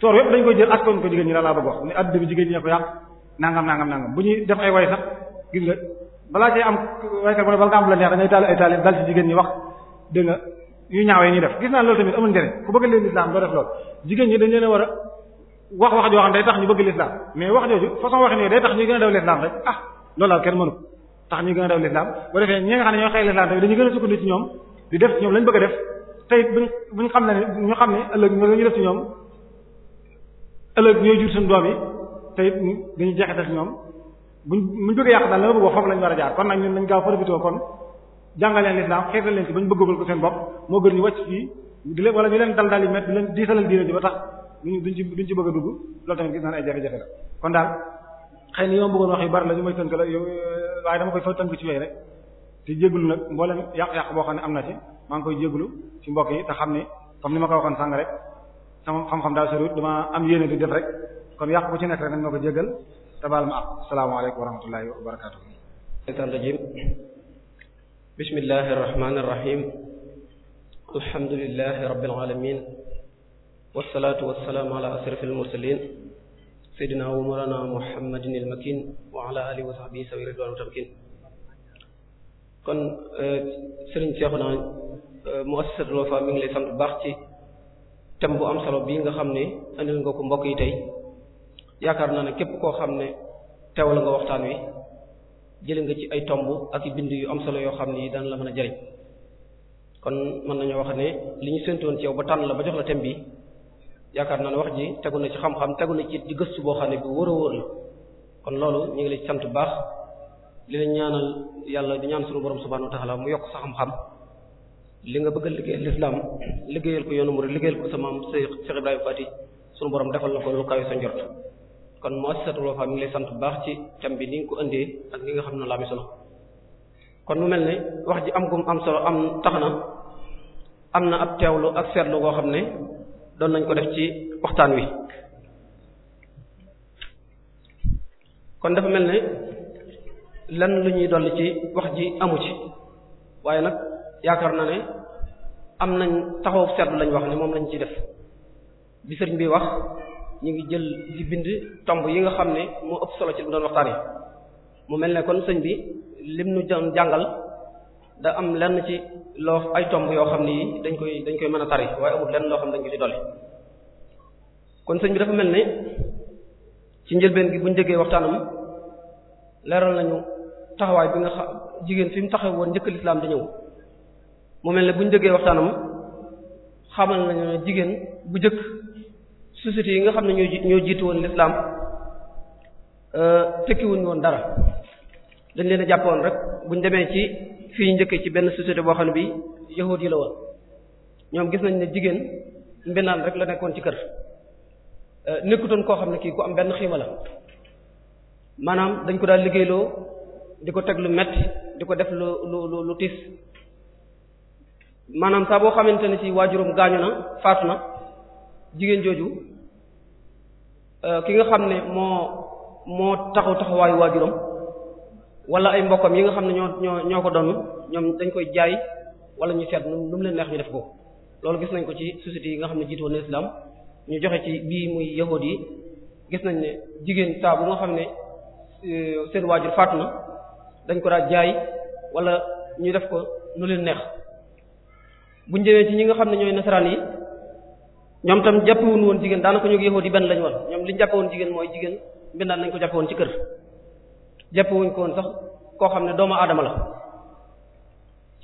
soor yépp dañ koy jël ak koñ ko jigéen ñi la laa nangam nangam nangam bu ñuy def ay way sax gis nga balaa cee am waykat bu ne bala nga am la neex dangay taal ay taal dal ci jigéen ñi wax dégg nga yu ñaawee ñuy def gis naa loolu tamit amul njëriñ ku bëgg leen lislaam doo def loolu jigéen ñi dañ leen war a wax wax joo xam day tax ñu bëgg lislaam mais wax jooju façon waxin yooyu day tax ñuy gën a daw lislaam rek ah loolu daal kenn mënu tax ñuy gën a daw lislaam bu defee ñi nga xam ne ñoo xëy lislaam tamit dañuy gën a sukkandiku ci ñoom di def ci ñoom lañ bëgg a xam ne ñu def ci ñoom ëllëg ñooy jur yi tey it dañuy jeexital ci ñoom buñ buñ bëgg yàq daal la bëgg foofu lañ war a jaar kon nag ñun dañ gaaw profité kon jàngaleen lislaam xeetal leen ci bañ bëggagul ko moo gën ñu wàcc fii di leen wala ñu leen dal dal yi met di leen diisalal diine ji ba tax duñ duñ ci bëgg a dugg loolu tamit gis naan ay jafe-jafe la kon daal xëy na yow bëggoon wax yi bari la ñu may tënk la yow eh, waaye dama koy fa tënk ci yooyu rek te lu nag mboolem yàq-yàq boo xam ne am na ci maa ngi koy jéglu ci mbokk yi te xam ne comme ni ma ko waxoon sàng rek sama xam-xam daal soriwut dama am yéene di def rek kon yàq bu ci nekk rek nag ma ko jégal te baal ma ak salaamaaleykum wa rahmatullahi wa barakaatu. shaytaan rajim bismillahi rahmaani rahim alhamdulillahi rabbil alamin wasalaatu wasalaamu ala asrafil mursalin sayyidina wa mawlana muhammadin al makin wa ala alihi wa sahbihi sawi ridwanu tamkin kon eh, sëriñ Seexuna eh, muassasatul Wafa mi ngi lay sant bu baax ci thème bu am solo bii nga xam ne andil nga ko mbokk yi tey yaakaar naa ne képp koo xam ne teewlu nga waxtaan wi jële nga ci ay tomb ak i bind yu am solo yoo xam ni dana la mën a jariñ kon mën nañoo wax ne li ñu séntoon ci yow ba tànn la ba jox la thème bi yaakaar naa ne wax ji tegu na ci xam-xam tegu na ci di gëstu boo xam ne bu wër a wër la kon loolu ñu ngi lay sant bu baax li la ñaanal yàlla di ñaan sunu borom subhanahu wa ta'ala mu yokk sa xam-xam li nga bëgg a liggéeyal lislaam liggéeyal ko yoonu murid liggéeyal ko sa maam Cheikh borom defal na ko lu sa njort kon mu Muassasatul Wafa mi ngi lay sant bu baax ci thème bi ni nga ko indee ak li nga xam ne la amee solo kon mu mel ne wax ji am gum am solo am tax na am na ab teewlu ak seetlu goo xam ne doon nañ ko def ci waxtaan wi kon dafa mel ne lan lu ñuy dolli ci wax ji amu ci waaye nag yaakaar na ne am nañ taxaw seetlu lañ wax ne moom lañ ciy def bi sëriñ bi wax ñu ngi jël di bind tomb yi nga xam ne moo ëpp solo ci li mu doon waxtaanee mu mel ne kon sëñ bi lim nu doon jàngal da am lenn ci loo ay tomb yoo xam ni dañ koy dañ koy mën a tari waaye amul lenn loo xam ne dañ ko ci dolli. kon sëñ bi dafa mel ne ci njëlbeen gi bu ñu déggee waxtaanam leeral nañu taxawaay bi nga xam jigéen fi mu taxaw woon njëkk lislaam di ñëw mu mel ne bu ñu déggee waxtaanam xamal nañu ne jigéen bu njëkk. sociétés yi nga xam ne ñoo ji ñoo jiitu woon l'islam euh, tekkiwuñu woon dara dañ leen a jàppoon rek buñ demee ci fii njëkkee ci benn société boo xam ne bi yahuud yi la woon ñoom gis nañ ne jigéen mbinaan rek la nekkoon ci kër euh, nekkutoon koo xam ne kii ku am benn xiima la maanaam dañ ko daal liggéeyloo di ko teg lu metti di ko def lu lu lu tiis maanaam saa boo xamante ne ci waajuram gaañu na faatu na jigéen jooju Euh, ki nga xam ne moo moo taxaw taxawaayu waajuram walla ay mbokkam yi nga xam ne ñoo ñoo ñoo ko doon ñoom dañ koy jaay wala ñu seet nu mu leen neex ñu def ko loolu gis nañ ko ci société yi nga xam ne jiitu woon na islam ñu joxe ci bii muy yahudi yi gis nañ ne jigéen saa bu nga xam ne euh, seen waajur faatu na dañ ko daa jaay wala ñu def ko nu leen neex buñ jëmee ci ñi nga xam ne ñooy nasaraan yi ñoom tam jàppewuñ woon jigéen daanaka ñu yëxoot yi benn lañu woon ñoom liñ jàppewoon jigéen mooy jigéen naa nañ ko jàppewoon ci kër jàppewuñ ko woon sax koo xam ne doomu aadama la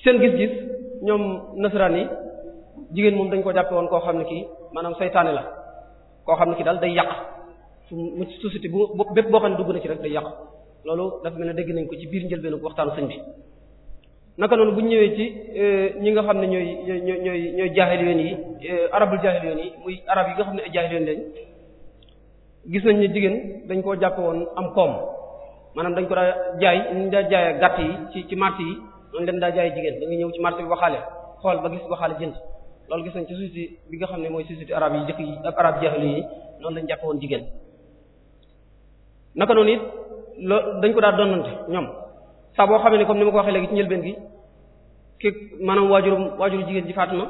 seen gis-gis ñoom nasaraan yi jigéen moom dañ ko jàppe woon koo xam ne kii maanaam seytaane la koo xam ne kii daal day yàq su mu société bu bépp boo xam ne dugg na ci rek day yàq loolu dafa mel ne dégg nañ ko ci biir njëlbeenu waxtaanu sëñ bi naka noonu bu ñëwee ci euh, ñi nga xam ne ñooy ñooy ñooy ñooy jaahiliyoon yi euh, arabul jaahiliyoon yi muy arab yi nga xam ne ay jaahiliyoon lañ gis nañ ne jigéen dañ koo jàpp woon am koom maanaam dañ ko daa jaay ñu daa jaay gàtt yi ci ci marché yi noonu leen daa jaay jigéen da nga ñëw ci marché bi waxaale xool ba gis waxaale jënd loolu gis nañ ci société bi nga xam ne mooy société arab yi jëkk yi ak arab jaahiliyoon yi noonu lañ jàpp woon jigéen naka noonu it dañ ko daa donante ñoom saa boo xamee ne comme ni ma ko waxee léegi ci njëlbeen gi ki maanaam waajurum waajuru jigéen ji faatu na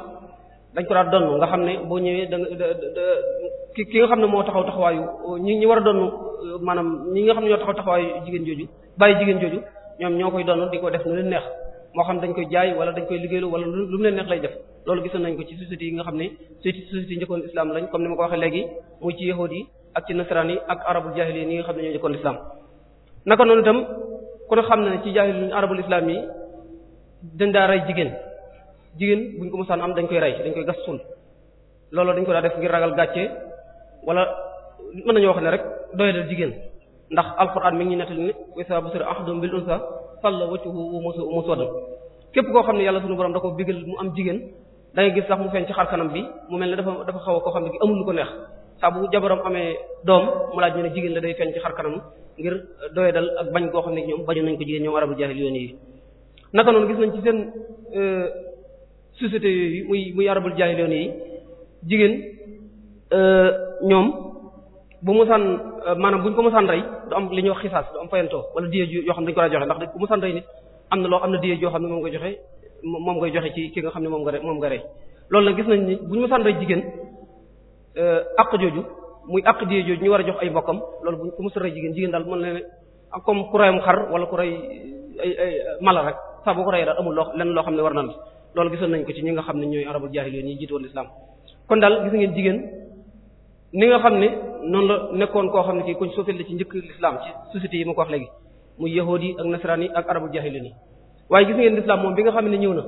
dañ ko daan donn nga xam ne boo ñëwee da nga ki ki nga xam ne moo taxaw taxawaayu ñi ñi war a donn maanaam ñi nga xam ne ñoo taxaw taxawaayu jigéen jooju bàyyi jigéen jooju ñoom ñoo koy donn di ko def nu leen neex moo xam dañ koy jaay wala dañ koy liggéeylu wala lu mu leen neex lay def loolu gisoon nañ ko ci sociétés yi nga xam ne sociétés njëkkoon islam lañ comme ni ma ko waxee léegi muy ci yahuud yi ak ci nasaraan yi ak arabul jaahili yi nga xam ne ñoo njëkkoon islam naka noonu ku ne xam na ne ci jaahil arabul islam yi dañ daa rey jigéen jigéen buñ ko mosaan am dañ koy rey dañ koy gas suul looloo dañ ko daa def ngir ragal gàcce wala mën nañoo wax ne rek doyadal jigéen ndax alxuraan mi ngi nettali ne wa izaa bushira ahadum bil unsaa salla wajhuhu muswaddan képp koo xam ne yàlla sunu borom da ko bigal mu am jigéen da gis sax mu feeñ ci xar kanam bi mu mel ne dafa dafa xaw a koo xam ne amul lu ko neex saa bu jabaram amee doom mu laaj ñu jigéen la day feeñ ci xar kanam ngir doyadal ak bañ goo xam ne ñoom bañu nañ ko jigéen ñoom arabul jaahil yoon yi naka noonu gis nañ ci seen euh, société yooyu muy muy arabul jaahil yoon yi jigéen euh, ñoom bu musaan euh, maanaam bu ñu ko musaan rey du am li ñuy wax xisaas du am fayantoo wala diye yoo xam ne dañu ko daa joxe ndax dañ ko musaan rey nit am na loo am na diye yoo xam ne moom koy joxe moom koy joxe ci ki nga xam ne moom nga moom nga rey loolu na gis nañ ni bu ñu rey jigéen Euh, àq jooju muy àq die jooju ñu war a jox ay mbokkam loolu bu ku mu sore jigéen jigéen daal mën na ne comme ku reyam xar wala ku rey ay ay mala rek saa boo ko rey daal amul loo lenn loo xam ne war na la loolu gisoon nañ ko ci ñi nga xam ne ñooy arabul jaahiliya ñi jiitoon lislaam kon daal gis ngeen jigéen ni nga xam ne noonu la nekkoon koo xam ne kii koñ soofeel la ci njëkk lislaam ci sociétés yi ma ko wax léegi muy yahood yi ak nasaraan yi ak arabul jaahiliya yi waaye gis ngeen lislaam moom bi nga xam ne ñëw na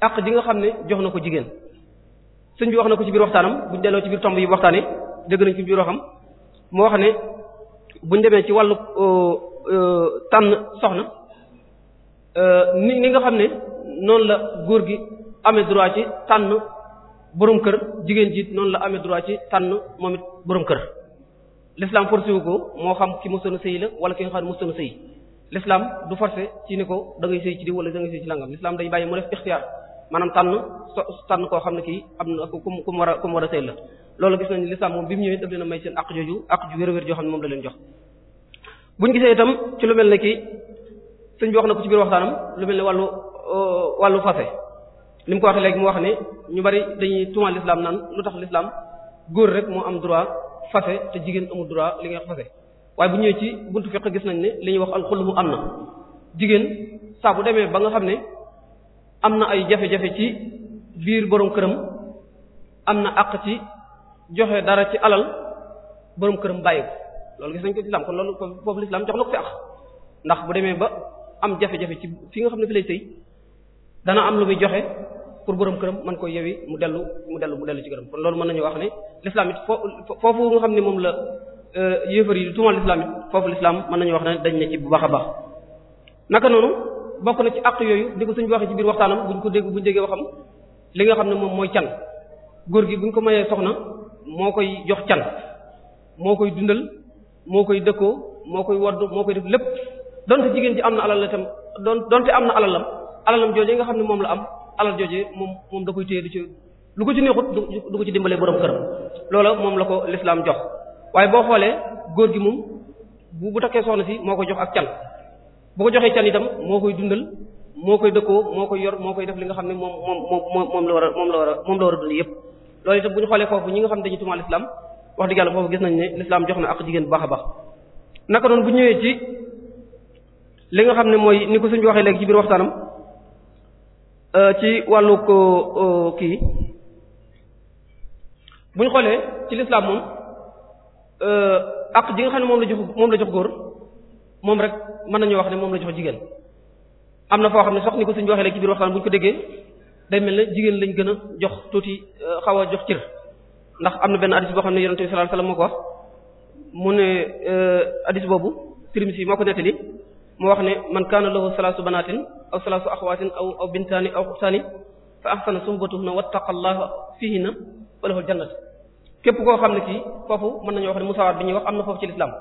àq ji nga xam ne jox na ko jigéen suñ bi wax na ko ci biir waxtaanam buñ delloo yi waxtaanee dégg nañ ci biir waxam moo wax ne demee ci wàllu euh, euh, tànn soxna euh, ni ni nga xam ne noonu la góor gi amee droit ci tànn borom kër jigéen jiit noonu la amee droit ci tànn moom it borom kër l'islam forcé wu ko moo xam ki mësoon a sëy la wala ki nga xam ne mësoon a sëy l'islam du forcé ci ni ko da ngay sëy ci diw wala da ngay sëy ci langam l'islam day bàyyi mu def ixtiyaar maanaam tànn tànn koo xam ne kii am na ku mu ku war a ku war a sëy la loolu gis nañu lislaam moom bi mu ñëwee daf leen a may seen àq jooju àq ju wér-wér joo xam ne moom da leen jox buñ gisee itam ci lu mel ne kii sëñ bi wax na ko ci biir waxtaanam lu mel ne wàllu euh, wàllu fase li mu ko waxee léegi mu wax ne ñu bari dañuy tuumal lislaam naan lu tax lislaam góor rek moo am droit fase te jigéen amul droit li ngay fase waaye bu ñëwee ci buntu fiqh gis nañ ne li ñuy wax alxulbu am na jigéen saa bu demee ba nga xam ne am na ay jafe-jafe ci biir borom këram am na àq ci joxe dara ci alal borom këram bàyyi loolu gis nañ ko lislaam kon loolu foofu lislaam jox na ndax bu demee ba am jafe ci fi nga xam ne fi lay dana am lu muy joxe pour borom këram mën ko yewi mu dellu mu dellu mu dellu ci këram kon loolu mën nañu wax ne lislaam it foofu nga xam ne moom la euh, yéefar yi tuumal lislaam it foofu lislaam mën nañu wax ne dañ ne ci bu baax baax naka noonu bokk na ci àq yooyu li ko suñ bi waxee ci biir waxtaanam buñ ko dégg buñ déggee li nga xam ne moom mooy can góor gi buñ ko mayee soxna moo koy jox can moo koy dundal moo koy dëkkoo moo koy wadd moo koy def lépp donte jigéen ji am na alal la tam doon donte am na alalam alalam jooje nga xam ne moom la am alal jooje moom moom da koy téye du ci lu ko ci neexut du ko ci dimbalee borom këram loola moom la ko lislaam jox waaye boo xoolee góor gi moom bu bu takkee soxna si moo ko jox ak can boo ko joxee can itam moo koy dundal moo koy dëkkoo moo koy yor moo koy def li nga xam ne moom moom moom moom moom la war a moom la war a dund yëpp loolu itam bu ñu xoolee foofu ñi nga xam ne dañuy tumaal islam wax dëgg yàlla foofu gis nañ ne l'islam jox na ak jigéen bu baax a baax naka noonu bu ñëwee ci nga xam ne mooy ni ko waxee léegi ci biir waxtaanam euh, ci wàllu euh, ci l'islam moom euh, ak ji nga moom la jox moom la jox góor moom rek mën nañu wax ne moom la jox jigéen am na foo xam ne sax ni ko suñu waxee léegi ci biir waxtaan bu ñu ko déggee day mel ne jigéen lañ gën a jox tuuti euh, xaw a jox cër ndax am na benn hadith boo xam ne yonent bi sallallahu alayhi moo ko wax mu ne euh, hadith boobu Tirmidhi moo ko nettali mu wax ne man kaana lahu salaasu banaatin aw salaasu axawaatin aw aw bintaani aw xubtaani fa ahsana suhbatuhunna wattaqallaha fihinna falahu aljannat képp koo xam ne kii foofu man nañu wax ne musawaat bi ñuy wax am na foofu ci lislaam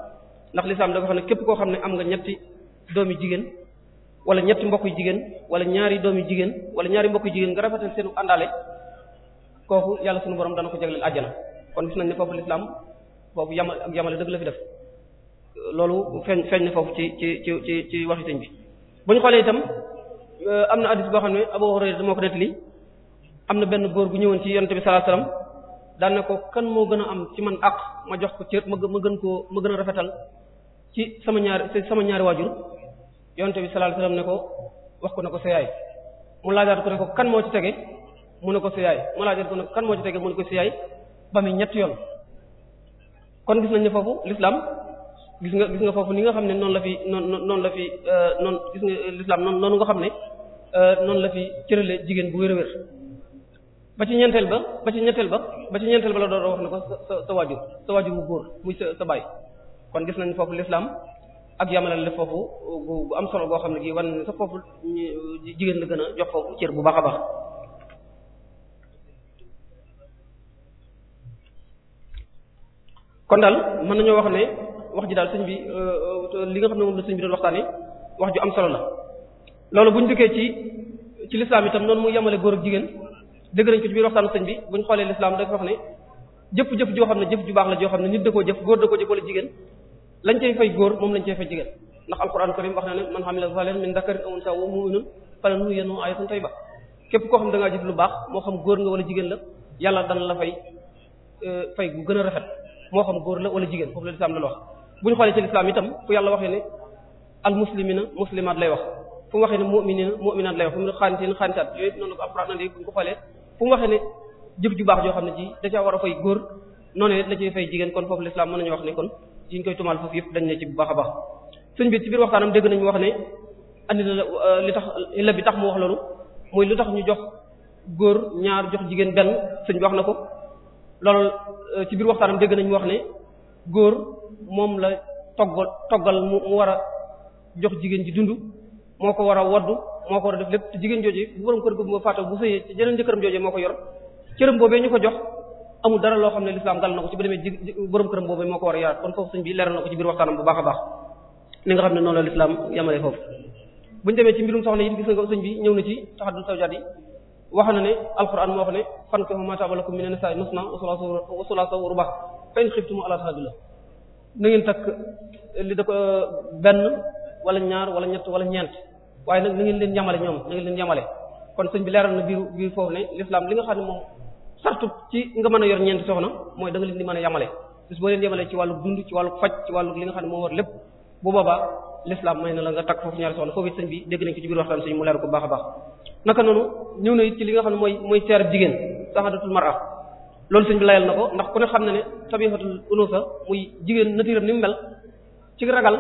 ndax lislaam da ko ne képp koo xam ne am nga ñetti doomi jigéen wala ñetti mbokk jigéen wala ñaari doomi jigéen wala ñaari mbokku jigéen nga rafetal seenu àndaale kooku yàlla sunu borom dana ko jagleel àjjana kon gis nañ ne foofu lislaam foofu yamal ak yamale dëgg la fi def loolu feeñ feeñ na foofu ci ci bi bu ñu xoolee itam euh, am na addis boo xam ne Abu Hurayra moo ko nettali am na benn góor gu ñëwoon ci yonent bi sallallahu alayhi wasallam na ko kan moo gën a am ci man àq ma jox ko cër ma gën koo ma gën a rafetal ci sama ñaari sama ñaari waajur yonte bi sallallahu alayhi wasallam ne ko wax ko ne ko sa yaay mu laajaat ko ne ko kan moo ci tege mu ne ko sa yaay mu laajaat kan moo ci tege mu ne ba muy ñetti yoon kon gis nañ ne foofu l'islam gis nga gis nga foofu ni nga xam ne noonu la fi noonu noonu la fi euh, noonu gis nga l'islam noonu noonu nga xam ne euh, noonu la fi cërale jigéen bu wér-wér ba ci ñeenteel ba ba ci ñeenteel ba ba ci ñeenteel ba la doon wax ne ko sa sa waajur sa waajur bu góor muy sa sa baay kon gis nañ foofu l'islam ak yamalal la foofu gu am solo goo xam ne gi wan sa foofu jigéen la gën a jox foofu bu baax a baax daal mën nañoo wax ne ji daal sëñ bi euh, euh, li nga xam ne moom la sëñ bi doon wax ju am solo la loolu buñu dikkee ci ci l'islam itam noonu mu yemale góor ak jigéen dëgg nañ ko ci biir waxtaanu sëñ bi buñ xoolee l'islam dafa wax ne jëf-jëf joo xam ne jëf ju baax la joo xam ne nit da koo jëf góor da koo jëf wala jigéen lañ cay fay góor moom lañ cay fay jigéen ndax alquran karim wax na ne man hamila salihan min dhakarin aw képp koo xam da ngaa lu baax moo xam góor nga wala jigéen la yàlla dana la euh, fay gu gën a rafet moo xam góor la wala jigéen foofu la lislaam la wax bu ñu xoolee ci lislaam waxee ne al muslimina muslimaat lay mu waxee ne mu'minina mu'minaat lay wax fu mu ne xaanitiin xaanitaat yooyu noonu la ko alquran andi bu ñu ko xoolee fu mu baax joo xam ne ci da ca war a fay góor noonu la cay fay jigéen kon foofu lislaam mën nañu wax ne kon yi ñu koy tumaal foofu yëpp dañ ne ci bu baax a baax sëñ bi ci biir waxtaanam dégg nañu wax ne andi euh, li tax illa bi tax mu wax loolu mooy lu tax ñu jox góor ñaar jox jigéen benn sëñ bi wax na ko loolu euh, ci biir waxtaanam dégg nañu wax ne góor moom la toggal toggal mu war a jox jigéen ji dund moo ko war a wodd moo ko war a def lépp te jigéen jooje bu borom kër gi bu ma fàtte bu sëyee ci jeneen jëkkëram jooje moo ko yor cëram boobee ñu ko jox amul dara loo xam ne lislaam dal na ko ci ba demee ji borom këram boobu moo ko war a yaat kon foofu sëñ bi leeral na ko ci biir waxtaanam bu baax a baax li nga xam ne noonu la lislaam yamale foofu buñu demee ci mbirum soxna yi gis nga ne alquran moo wa sulaasa wa ruba fa in xiftum ala ta'dil na ngeen takk li da ko benn wala ñaar wala ñett nga xam ne moom sartu ci nga mën a yor ñeenti soxna mooy da nga leen di mën a yamale bis boo leen yamale ci wàllu dund ci wàllu faj ci wàllu li nga xam ne moo war lépp bu boobaa l'islam may na la nga takk foofu ñaari soxna foofu it sëñ bi dégg nañ ko ci biir waxtaan sëñ mu leer ko baax a baax naka noonu ñëw na it ci li nga xam ne mooy mooy seerab jigéen sahadatul mar'a loolu sëñ bi layal na ko ndax ku ne xam ne ne tabihatul unusa muy jigéen nature ni mu mel ci ragal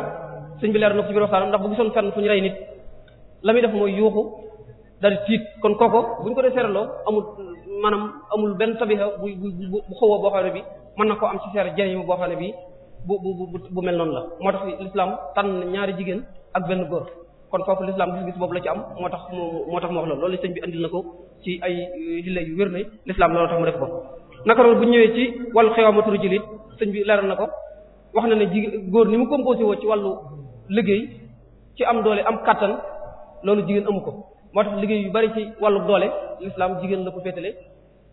sëñ bi leer na ko ci biir waxtaan ndax bu gisoon fenn fu ñu rey nit la muy def mooy yuuxu dal tiit kon kooko buñ ko dee seeraloo amul maanaam amul benn tabiha bu bu xaw a boo xam bi mën na ko am ci seer jëriñu boo xam bi bu bu bu mel noonu la moo tax l'islam tànn ñaari jigéen ak benn góor kon kooku l'islam gis-gis boobu la ci am moo tax moo tax mu wax loolu loolu sëñ bi indi na ko ci ay xilla yu wér na l'islam loolu tax mu naka noonu bu ñëwee ci wàllu xewaamatu rijil it sëñ bi leeral na ko wax na ne jigéen góor ni mu composé woo ci wàllu liggéey ci am doole am kattan loolu jigéen amu ko moo tax liggéey yu bari ci wàllu doole l'islam jigéen la ko féetale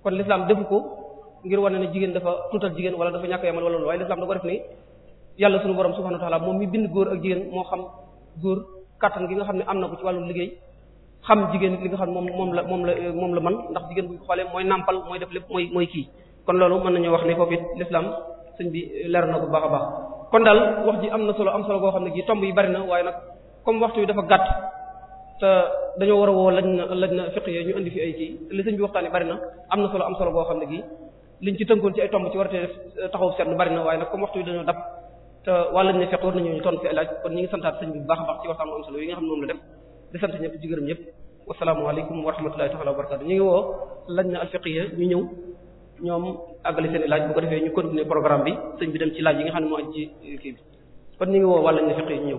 kon l'islam defu ko ngir wane na jigéen dafa tuutal jigéen wala dafa ñàkk yamal wala loolu waaye l'islam da ko def ni yàlla sunu borom subhanahu wa moom mi bind góor ak jigéen moo xam góor kattan gi nga xam ne am na ko ci liggéey xam jigéen li nga xam moom moom la moom la moom la man ndax jigéen bu ñu xoolee mooy nàmpal mooy def lépp mooy mooy kii kon loolu mën nañu wax ne foofu it l'islam sëñ bi leer na bu baax a baax kon daal wax ji am na solo am solo goo xam ne gi tomb yi bari na waaye nag comme waxtu wi dafa gàtt te dañoo war a woo lañ na lañ na fiq ñu indi fi ay kii li sëñ bi waxtaanee bari na am na solo am solo boo xam ne gii liñ ci tënkoon ci ay tomb ci warte def eh, taxaw seetlu bari na waaye nag comme waxtu bi dañoo dab te wàllañ ñu ton fi ay laaj kon ñi ngi santaat sëñ a am solo yi wa rahmatullahi ta'ala woo lañ na al fiqhiya ñu ñëw ñoom àggali seen i laaj bu ko defee ñu continuer programme bi sëñ bi dem ci laaj yi nga xam ne moo aju ci kii bi kon ñu ngi woo wàllañ ne fiqhiya ñu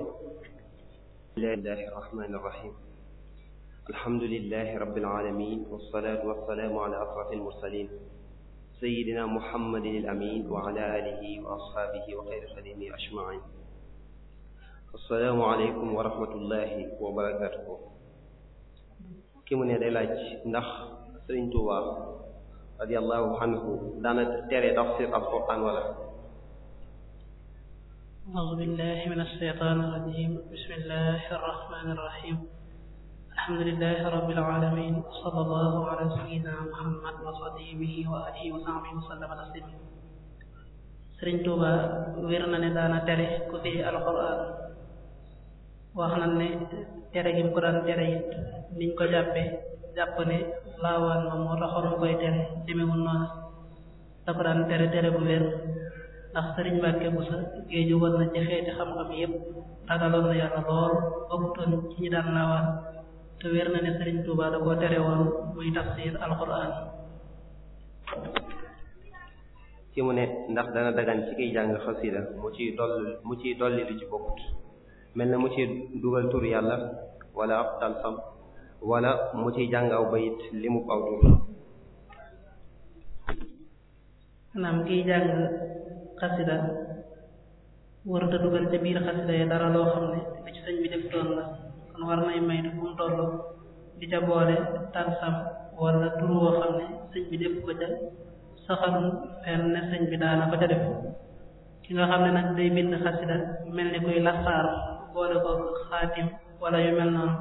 ñëw alhamdulilahi rabbil alamin wassalatu wassalaamu ala ashrafil mursalin sayyidina muhammadin al amin wa ala alihi wa ashaabihi wa xayri xadimi ajmain assalaamu aleykum wa rahmatullahi wa barakatuhu ki mu ne day laaj ndax Sëriñ Tuubaa radiyallahu anhu daana tere tafsir alquran wala a'uuzu billahi min alsheytaan irrajim bismillahi arrahmani irrahim alhamdulilahi rabbil alamin wa sëriñ tuuba wér na ne daana tere ku téye alquran wax na ne tere gi mu ko daan tere it niñ ko jàppe jàpp ne laawaan ma moo taxoon mu koy tere demewul noonu da daan tere tere bu wér ndax sëriñ Mbàkke bu sa géeju woon na ci xeeti xam-xam yépp ragaloon na yàlla lool bokkutoon ñi daan laawaan te wér na ne Sëriñ Tuuba koo tere woon muy tafsir alquran ci mu ne ndax dana dagan ci kiy jàng xasida mu ciy dolli lu ci bokkut mel na mu ciy dugal tur yàlla wala ab talsam wala mu ciy jàngaw bayit li mu aw tur maanaam kiy jàng xasida warut dugal ca biir xasida yi dara loo xam ne li ci sëñ bi def doon la kon war nay maytu bu mu toll di boole tansam wala tur woo xam ne sëñ bi def ko ca saxalum ne sëñ bi daana ko ca def ki nga xam ne nag day bind xasida mel ni kuy lasaar boole ko xaatim wala yu mel noonu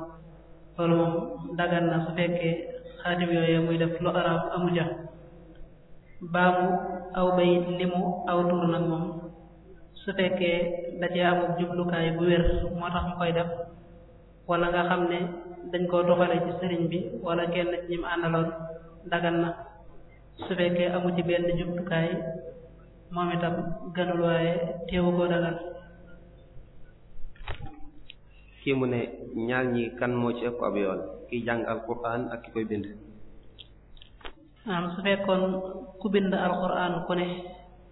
loolu moom dagan na su fekkee xaatim yooyu muy def lu arab amu baamu aw bay limu aw tur nag moom su fekkee da cee amul jublukaay moo tax mu koy def wala nga xam ne dañ koo doxale ci sëriñ bi wala kenn ci ñim àndaloon dagan na su fekkee amu ci benn jumtukaay moom itam gënul waaye teewu koo dagan kii mu ne ñaar ñi kan moo ci ëpp ab yoon ki jàng alquran ak ki koy bind am su fekkoon ku bind alquran ku ne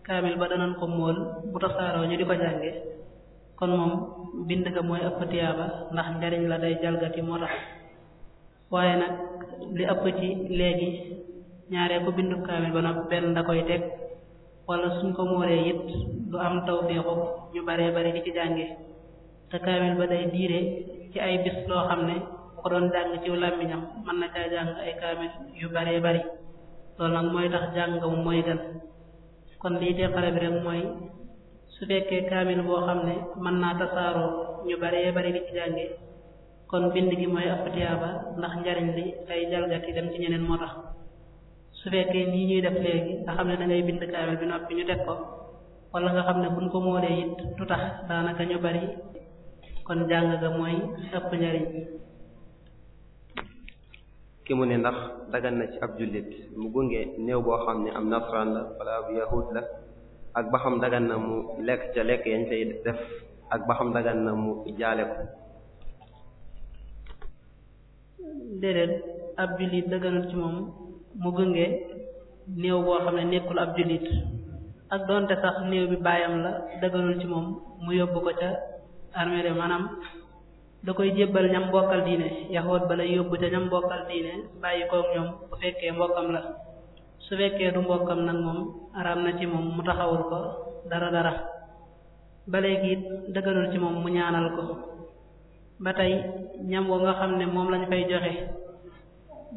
kaamil ba danañ ko mool bu tasaaroo ñu di ko jànge kon moom bind ga mooy ëpp tiyaaba ndax njariñ la day jalgati moo tax waaye nag li ëpp ci léegi ñaare ko bindu kaamil ba nag benn koy teg wala suñ ko mooree it du am tawféexu ñu baree bari di ci jànge te kaamil ba day diire ci ay bis loo xam ne ko doon jàng ci làmmiñam mën na caa jàng ay kaamil yu baree bari loolu nag mooy tax jàng mooy gën kon lii teqare bi rek mooy su fekkee kaamil boo xam ne mën naa tasaaroo ñu baree bari di ci jànge kon bind gi mooy ëpp tiyaaba ndax njariñ li ay jalgati dem ci ñeneen moo tax su fekkee nii ñuy def léegi nga xam ne da ngay bind kaamil bi noppi ñu teg ko wala nga xam ne buñ ko moolee it du tax daanaka ñu bari kon jàng ga mooy ëpp njariñ ki mu ne ndax dagan na ci ab jullit mu gunge néew boo xam ne am nasraan la wala ab yahud la ak ba xam dagan na mu lekk ca lekk yañ fay def ak ba xam dagan na mu jaale ko déedéet ab jullit daganul ci moom mu gënge néew boo xam ne nekkul ab jullit ak doonte sax néew bi baayam la daganul ci moom mu yóbbu ko ca armée maanaam da koy jébbal ñam bokkal diine yaxoot bala yóbbu ca ñam bokkal diine bàyyi koog ñoom bu fekkee mbokkam la su fekkee du mbokkam nag moom araam na ci moom mu taxawul ko dara dara ba léegi it dëgganul ci moom mu ñaanal ko ba tey ñam woo nga xam ne moom lañ koy joxe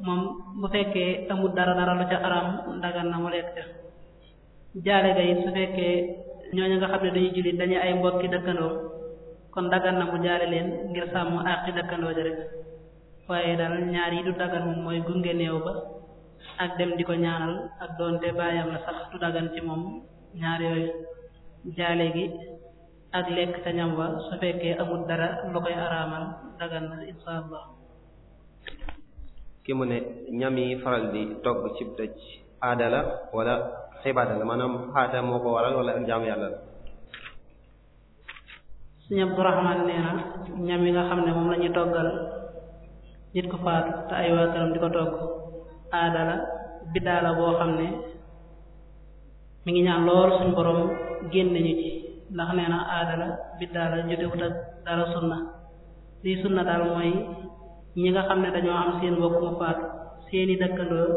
moom bu fekkee amul dara dara lu ca araam dagan na mu lekk ca jaale ga it su fekkee ñooñu nga xam ne dañuy jullit dañu ay mbokki dëkkandoo kon dagan na mu jaale leen ngir sàmm àqi dëkkandoo ja rek waaye dal ñaar yi du dagan moom mooy gunge néew ba ak dem di ko ñaanal ak doonte baayam la sax du dagan ci moom ñaar yooyu jaale gi ak lekk ca ñam wa su fekkee amul dara lu koy araamal dagan na insha allah ki mu ne ñam yi faral di togg ci dëj aada la wala xibaada la maanaam xaata moo ko waral wala ak jaamu yàlla la suñu Abdurahmaan nee na ñam yi nga xam ne moom la ñuy toggal nit ku faatu te ay waa di ko togg aada la boo xam ne mu ngi ñaan lool suñu borom génne ñu ci ndax nee na aada la biddaa la jotewut ak dara sunna lii daal mooy ñi nga xam ne dañoo am seen mbokk mu faatu seeni dëkkandoo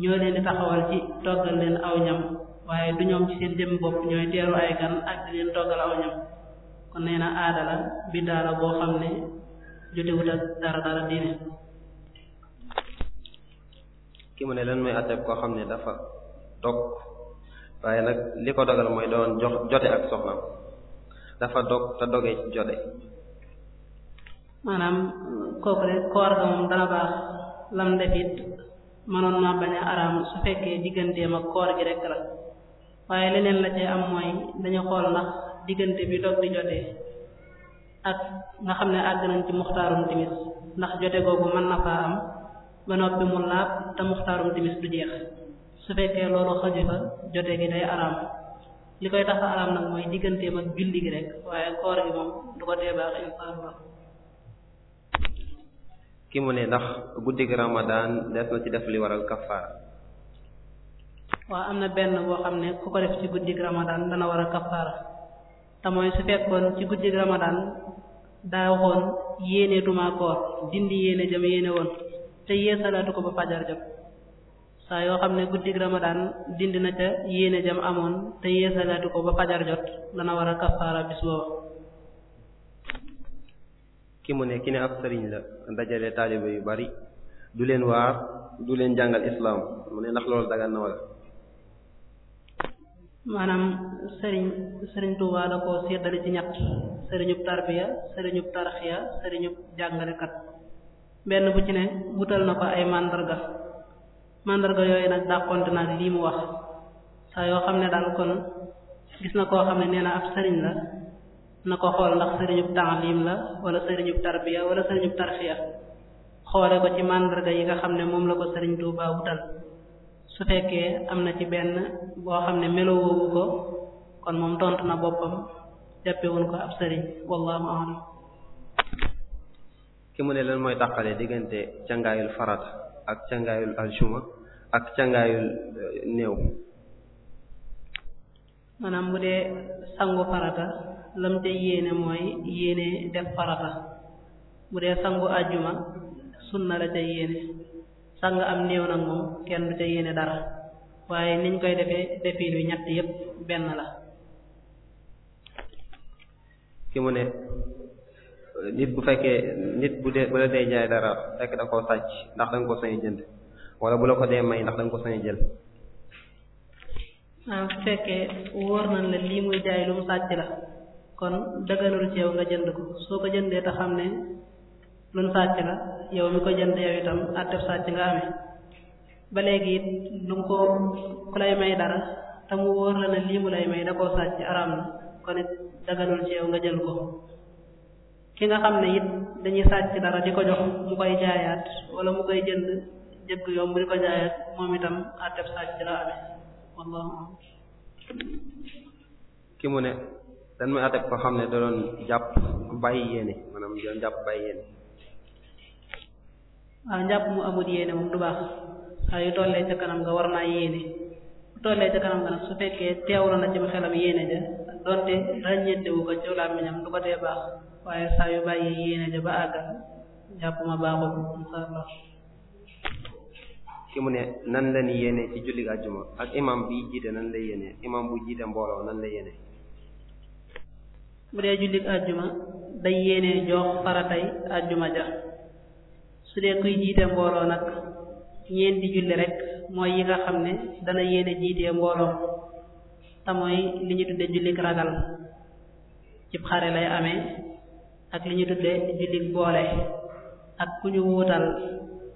ñoo leen di taxawal ci toggal leen aw ñam waaye du ñoom ci seen jëm bopp ñooy teeru ay gan ak di leen toggal aw ñam kon nee na aada boo xam ne jotewut ak dara dara diine ki mu ne leen mooy atteb koo xam ne dafa dog waaye nag li ko dogal mooy doon jox jote ak soxnaam dafa dog te dogee ci jote maanaam moom dana baax lam def it mënoon naa bañ a araam su fekkee digganteem ak koor gi rek la waaye leneen la cee am mooy dañu xool ndax diggante bi dog di jotee ak nga xam ne àgg nañ ci muxtaarum timis ndax jote googu mën na faa am ba noppi mu laab te muxtaarum timis du jeex su fekkee loolu xaju fa jote gi day araam li koy tax a araam nag mooy digganteem ak julli gi rek waaye koor gi moom du ko dee baax insha ki mu ne ndax guddi gi ramadan des na ci def li waral kafaara waaw am na benn boo xam ne ku ko def ci guddi gi ramadan dana war a kafaara te mooy su fekkoon ci guddi gi ramadan daa waxoon yéene koor dindi yéene jam yéene woon te yee ko ba fajar jot saa yoo xam ne guddig ramadaan dindi na ca yéene jam amoon te yee salaatu ko ba fajar jot dana war a kafaara bis ki mu ne ki ne ab sëriñ la dajale taaliba yu bari du leen waar du leen jàngal islaam mu ne ndax loolu dagan na wala maanaam sëriñ sëriñ Tuubaa la ko ci ñett sëriñub tarbiya sëriñub tarxiya sëriñub jàngalekat benn bu ci ne wutal na ko ay màndarga mandarga yooyu nag dàqonte nag lii mu wax saa yoo xam ne daal kon gis na koo xam ne nee na ab sëriñ la na ko xool ndax sëriñub liim la wala sëriñub tarbiya wala sëriñub tarxiya xoole ko ci mandarga yi nga xam ne moom la ko sëriñ Tuubaa wutal su fekkee am na ci benn boo xam ne melowoowu ko kon moom tontu na boppam jàppewuñ ko ab sëriñ wallahu a'lam ki mu ne lan mooy tàqale diggante cangaayul farata ak cangaayul aljuma ak cangaayul euh, néew maanaam bu dee sangu farata lam te yéene mooy yéene def farata bu dee sangu ajjuma sunna la ca yéene sang am néew nag moom kenn du ca yéene dara waaye niñ koy defee defiin wi ñett yépp benn la ki mu ne nit bu fekkee nit bu dee bu la dee jaay dara fekk da koo sàcc ndax da nga ko sañ jënd wala bu la ko dee may ndax da nga ko sañ a jël. waaw bu fekkee wóor nañ la lii muy jaay lu mu sàcc la kon dëgganul ci yow nga jënd ko soo ko jëndee te xam ne lu mu sàcc la yow mu ko jënd yow itam àtteb sàcc nga amee ba léegi it lu ko ku lay may dara te mu wóor la ne lii mu lay may da koo sàcc araam na kon it dëgganul ci nga jël ko. ki nga xam ne it dañuy sàcc dara di ko jox mu koy jaayaat wala mu koy jënd jëgg yomb di ko jaayaat moom itam àtteb sàcc la amee ki mu ne dan muy àtteb xam ne da doon jàpp bàyyi yéene maanaam doon jàpp mu amul yéene moom du baax saa yu tollee ca kanam nga war naa yéene bu tollee ca kanam nga nag su fekkee teewlu na ci xelam yéene ja donte ràññeetewu ko ci làmmiñam du ko tee baax waaye saa yu bàyyee yéene ja ba àggal jàpp ma baaxul insaa Allah ki mu ne nan la ni yéene ci julli àjjuma ak imam bi jiite nan la yéene imam bu jiite mbooloo nan la yéene bu dee julli àjjuma day yéene jox faratay àjjuma ja jiite mbooloo nag yi nga xam ne li ñu tudde jullik ragal cib xare lay amee ak li ñu tuddee jullik boole ak ku ñu wuutal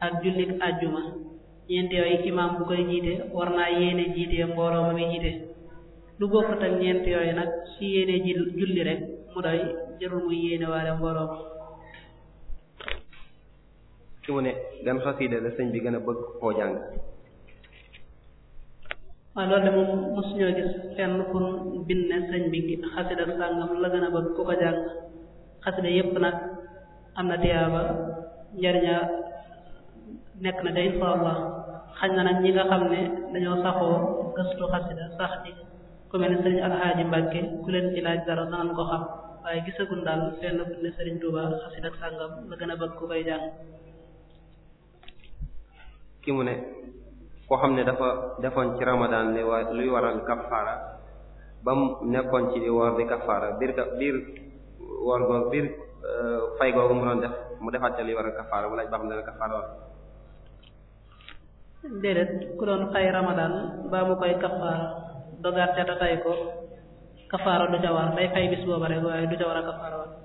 ak jullik àjjuma ñeent yooyu imaam bu koy jiite war naa yéene jiite mbooloo ma muy jiite lu bokkut ak ñeent yooyu nag su yéene julli rek mu doy jarul muy yéene waale mbooloo ma mu ne gan xasiida la bi gën a bëgg koo jàng loolu de moom mosuñoo gis fenn kun bind ne sëñ bi xasida sàngam la gën a bëgg ku ko jàng xasida yépp nag am na tiyaaba njariña nekk na de insha allah xañ na nag ñi nga xam ne dañoo saxoo gëstu xasida sax ci ku mel ne sëriñ alxaaji mbàkke ku leen ci dara danañ waaye gisagun daal fenn sëriñ tuuba xasida ak sàngam la gën a bëgg jàng ki mu ne koo xam ne dafa defoon ci ramadan li luy waral kafaara ba nekkoon ci di woor di kafaara biir biir woor googu biir euh, fay googu mu doon def mu defaat ca li war a kafaara mu laaj ba xam dana kafaara wala déedéet ku doon xay ramadaan ba mu koy kafaara dogaat ca tay ko kafaara du ca war day fay bis booba rek waaye du ca war a kafaara wala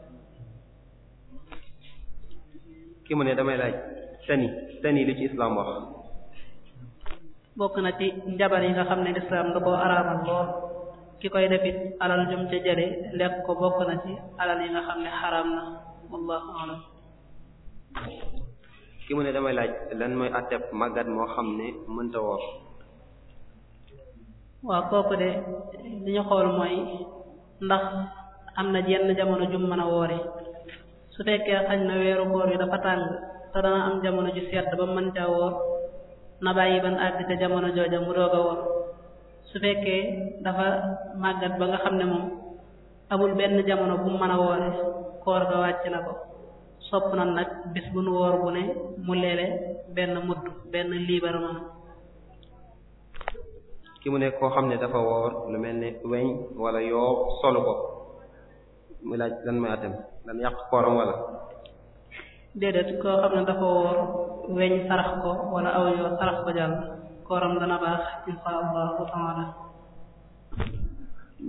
mu ne damay laaj tani tani li ci islam wax bokk na ci njabar yi nga xam ne islam da koo araamal ki koy defit alal jum ca jële lekk ko bokk na ci alal yi nga xam ne xaraam na wallahu alam ki mu ne damay laaj lan mooy atteb màggat moo xam ne mënta woor waaw kooku de li xool mooy ndax am na jenn jamono jum mën a woore su fekkee xañ na weeru koor yi dafa tàng te dana am jamono ju sedd ba mënta woor na bàyyi ban àgg te jamono jooja mu doog a woor su fekkee dafa màggat ba nga xam ne moom amul benn jamono bu mu mën a woore koor ga wàcc na ko sopp na nag bis bu nu woor bu ne mu leele benn mudd benn liibar ma ki mu ne koo xam ne dafa woor lu mel ni weñ wala yoo solu ko mu laaj lan mooy atam lan yàq kooram wala déedéet koo xam ne dafa woor weñ sarax ko wala aw sarax ko jàll kooram dana baax insha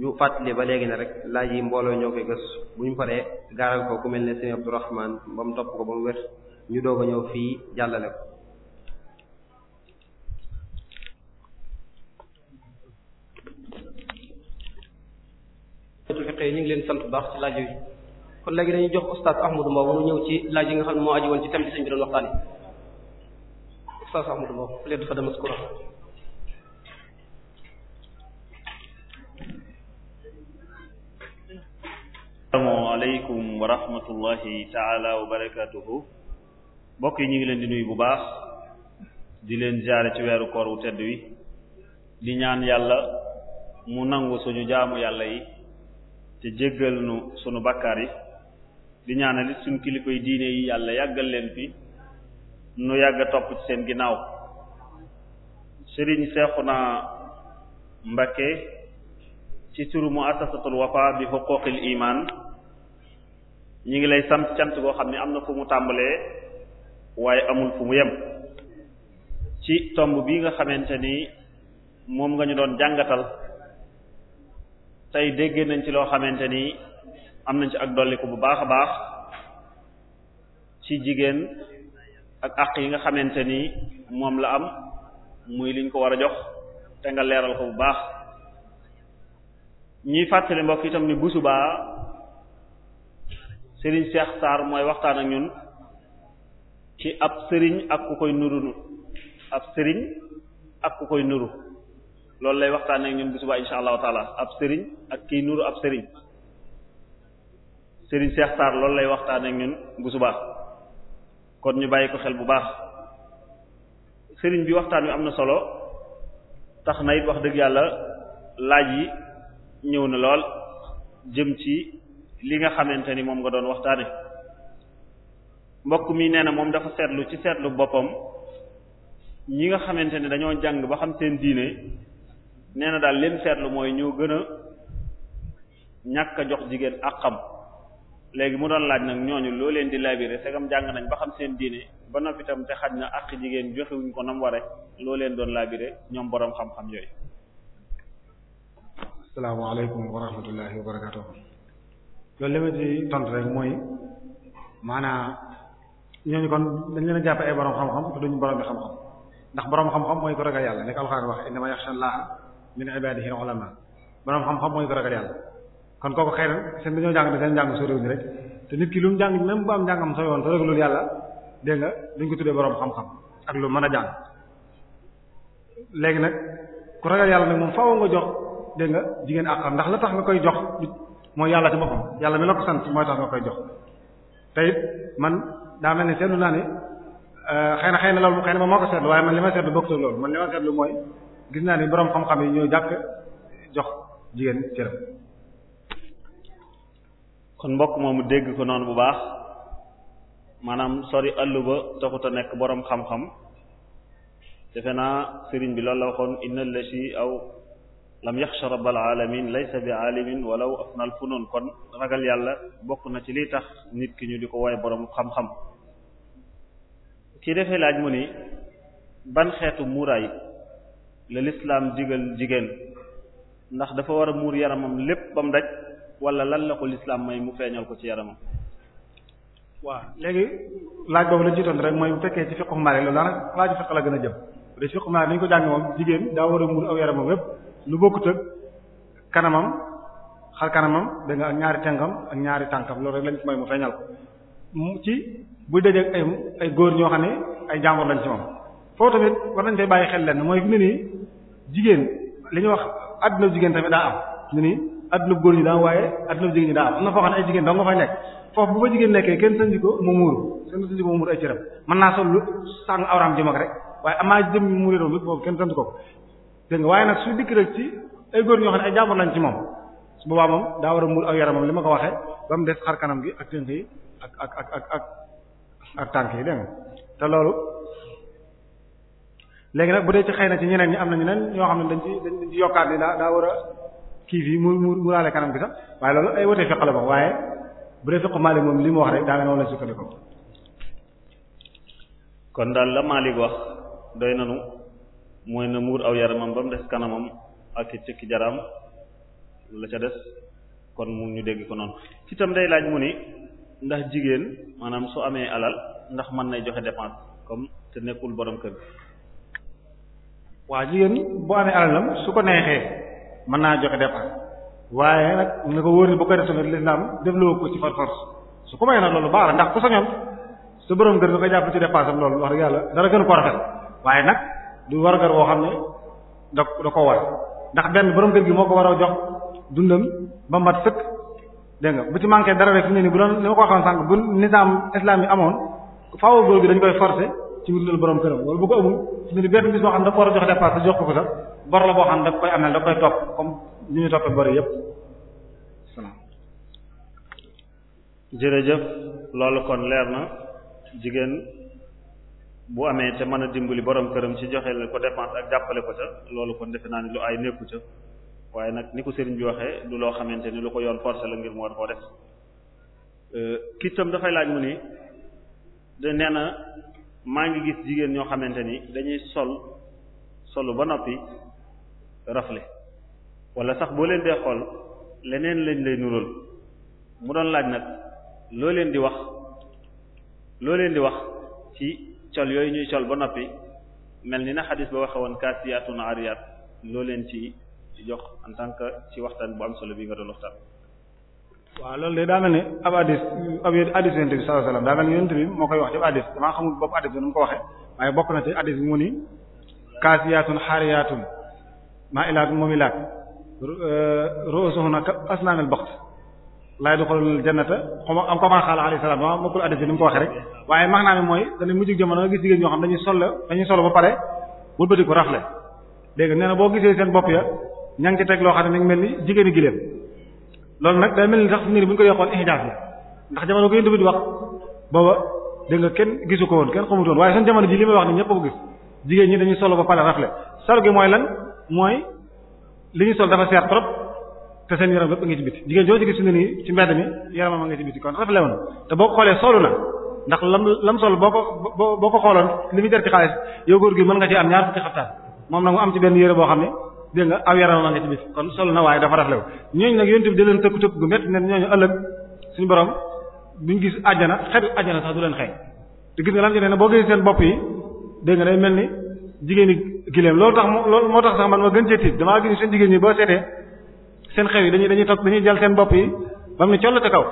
ñu fàttali ba léegi ne rek laaj yi mbooloo ñoo koy gës bu ñu paree gaaral ko ku mel ne Sëriñ Abdourahman ba mu topp ko ba mu wér ñu doog a ñëw fii jàllale ko fiqh ñu leen sant bu baax ci laaj yi kon léegi dañuy jox ustaas Ahmadou Mbow mu ñëw ci laaj yi nga xam ne moo aji woon ci thème bi bi doon waxtaani Oustaz Amadou Mbow léegi dafa dem Mouskoura. asalaamaaleykum wa rahmatullahi taala mbokk yi ñu ngi leen di nuyu bu baax di leen jaare ci weeru koor wu tedd wi di ñaan yàlla mu nangu suñu jaamu yàlla yi te jéggal nu suñu bakkaar yi di ñaanal it suñu kilifa diine yi yàlla yàggal leen fi. nu yàgg topp ci seen ginnaaw sëriñ Serigne Cheikhouna Mbacké ci turu muassasatul Wafa bi huquqil iman ñi ngi lay sant cant goo xam ne am na fu mu tàmbalee waaye amul fu mu yem ci tomb bi nga xamante ni moom nga ñu doon jàngatal tey déggee nañ ci loo xamante ni am nañ ci ak dolliku bu baax a baax ci jigéen ak àq yi nga xamante ni moom la am muy liñ ko war a jox te nga leeral ko bu baax ñiy fàttali mbokk tam ni bu subaa Serigne Cheikh Sarr mooy waxtaan ak ñun ci ab sëriñ ak ku koy nuru ab sëriñ ak ku koy nuru loolu lay waxtaan ak ñun bu subaa insha allahu taala ab sëriñ ak kiy nuru ab sëriñ Serigne Cheikh Sarr loolu lay waxtaan ak ñun bu kon ñu bàyyi ko xel bu baax sëriñ bi waxtaan wi am na solo tax na wax dëgg yàlla laaj yi ñëw na lool jëm ci li nga xamante ni moom nga doon waxtaane mbokk mi nee na moom dafa seetlu ci seetlu boppam ñi nga xamante ni dañoo jàng ba xam seen diine nee na daal leen seetlu mooy ñoo gën a ñàkk a jox jigéen àqam léegi mu doon laaj nag ñooñu loo leen di labiré segam jàng nañ ba xam seen diine ba noppi itam te xaj na àq jigéen joxewuñ ko nam ware loo leen doon labiré ñoom boroom xam-xam yooyu asalaamaaleykum wa rahmatullahi wa barakatuh loolu mooy maanaa ñooñu kon dañ leen jàpp ay boroom xam-xam te duñu boroom bi xam-xam ndax mooy ko ragal yàlla nekk alxuraan wax innama yaxsha allaha min ibadihi boroom xam-xam mooy ko ragal yàlla kon kooku xëy na seen dañoo jàng ne seen njàng soo réew mi rek te nit ki lu mu jàng même am njàngam soo yoon te rek dégg nga dañ ko tuddee boroom xam ak lu mën a jàng nag ku yàlla nag moom faaw nga jox dégg nga jigéen àqam ndax la tax nga koy jox mooy yàlla ci boppam yàlla mi la sant mooy tax koy jox te it mel ne seetlu naa ne euh, na xëy na loolu xëy na ma moo ko seetlu waaye man li ma seetlu bokk loolu man li ma seetlu mooy gis naa ni boroom xam-xam yi ñooy jàkk jox jigéen cëram kon mbokk moomu dégg ko noonu bu baax maanaam sori àll ba taxut a nekk boroom xam-xam defe naa sëriñ bi loolu la waxoon innal lashi aw lam yaxsha rabbal alamin laysa bi alimin walaw afnal funoon kon ragal yàlla bokk na ci liy tax nit ki ñu di ko wooye boroom xam-xam ci defee laaj mu ni ban xeetu muuraay la lislaam digal jigéen ndax dafa war a muur yaramam lépp ba mu wala lan la ko lislaam may mu feeñal ko ci yaramam waaw léegi laaj boobu lañ ci tontu rek mooy bu fekkee ci fiqhu Maalik loolu daanaka laaju fiqh la gën a jëm de fiqhu Maalik ko jàng moom jigéen daa war a muur aw yaramam yépp lu bokkut ak kanamam xar kanamam da nga ñaari tengam ak ñaari tànkam loolu rek lañ ci may mu ci buy dajeek ay ay góor ñoo xam ne ay jàngor lañ ci moom tamit war nañ tey bàyyi xel lenn mooy fi ne nii jigéen li ñuy wax àdduna jigéen tamit daa am ni nii adduna góor ñi daa am waaye adduna jigéen ñi daa am na foo xam ne ay jigéen dong nga fay nekk foofu bu fa jigéen nekkee kenn sëñ ko mu muuru kenn sëñ ko mu muuru ay cëram mën naa sol lu sàng awraam jëm ak rek waaye amaa jëm ñu muuree doon boobu kenn sant ko dégg waaye nag su dikk rek ci ay góor ñoo xam ne ay jàmbur lañ ci moom su boobaa moom daa war a muur aw yaramam li ma ko waxee ba mu des xar kanam gi ak tënk yi ak ak ak ak ak ak tànk yi dégg nga te loolu bu dee ci xëy ñeneen ñi am na ñeneen ñoo xam ne dañ ci dañ ci yokkaat ni kii fii mu mu mu raale kanam gi sax waaye loolu ay wotee fiqh la moom waaye bu dee fiqh Maalik moom li mu wax rek daanaka moom la sukkandiku kon daal la Maalik wax doy nanu mooy na muur aw yaramam ba mu des kanamam ak cikki jaraam la ca des kon mu ñu dégg ko noonu ci tam day laaj mu ni ndax jigéen maanaam su amee alal ndax mën nay joxe dépense comme te nekkul boroom kër gi. waa jigéen bu amee alalam su ko neexee. mën naa joxe dépense waaye nag na ko wóor ni bu ko def tamit lislaam defloo ko ci par force su ko may nag loolu baax la ndax ku sañoon su borom kër nga koy jàpp ci dépense am loolu wax dëgg yàlla dara gën ko rafet waaye nag a gar woo xam ne da da ko war ndax benn borom kër gi moo ko war a jox dundam ba mat sëkk dégg nga bu ci manqué dara rek fi ne bu doon li ma ko waxoon sànq bu nizaam islam yi amoon faaw góor bi dañ koy forcer ci wutulal borom këram wala bu ko amul fi ne ni benn jox dépense jox ko ko sax bor la boo xam ne da koy amel da koy topp comme ni ñu toppee bor yépp jërëjëf loolu kon leer na jigéen bu amee te mën a dimbali borom këram ci la ko dépense ak jàppale ko ca loolu kon defe naa ni lu ay nekku ca waaye nag ni ko sëriñ bi waxee du loo xamante ni lu ko yoon forcé la ngir mu war koo def euh, kii itam dafay laaj mu ni da nee na maa ngi gis jigéen ñoo xamante ni dañuy sol solu ba noppi rafle wala sax boo leen dee xool leneen lañ lay nurool mu doon laaj nag loo leen di wax loo leen di wax ci col yooyu ñuy col ba noppi mel ni na xadis ba waxe woon kaasiyaatun ariyaat loo leen ci jox en tant que ci waxtaan bu am solo bi nga doon waxtaan waaw loolu de daa mel ne ab addis ab addis yonent sa sallallahu daa mel ne yonent bi moo koy wax ci addis damaa xamul bopp addis bi nu mu ko waxee waaye bokk na ci addis bi mu ni kaasiyaatun xaariyaatun maa ilaat mumilaat euh, ru'usuhunna ka asnaamil baxt laa yadxulul jannata xaw ma am ko maa xaala alayhi salaam waaw ma ko addis ni mu ko waxee rek waaye max naa ne mooy dañuy mujj jamono nga gis jigéen ñoo xam dañuy solo dañuy solo ba pare wëlbati ko rafle léegi nee na boo gisee seen bopp ya ña ngi ci teg loo xam ne mi mel ni jigéeni giléem loolu nag day mel ni sax bu ñu ko yokkoon ihjaas la ndax jamono ko yëndu bi di booba dégg nga kenn ko woon kenn xamutoon waaye seen jamono ji li may wax ñëpp ko ñi dañuy solo ba pare rafle solo gi mooy lan mooy li ñu sol dafa seer trop te seen yaram lépp a ngi ci biti jigéen joo ci gis ne nii ci mbedd mi yaramam a ngi ci biti kon rafet woon te boo ko xoolee solu na ndax lam lam sol boo ko boo boo ko xooloon li muy jar ci xaalis yow góor gi mën nga ci am ñaar fukki xaftaan moom nag mu am ci benn yére boo xam ne dégg nga aw yaramam a ngi ci biti kon solu na waaye dafa rafet ñooñu nag yonent bi di leen tëkk tëkk gu métti ne ñooñu ëllëg suñu borom buñ gis àjjana xetu àjjana sax du leen xëy te gis nga lan ci ne boo gisee seen bopp yi dégg nga day mel ni jigéeni gileem loolu tax loolu moo tax sax man ma gën cee tiit damaa gis seen jigéen ñi boo seetee seen xew yi dañuy dañuy toog dañuy jël seen bopp yi ba mu ne collu ca kaw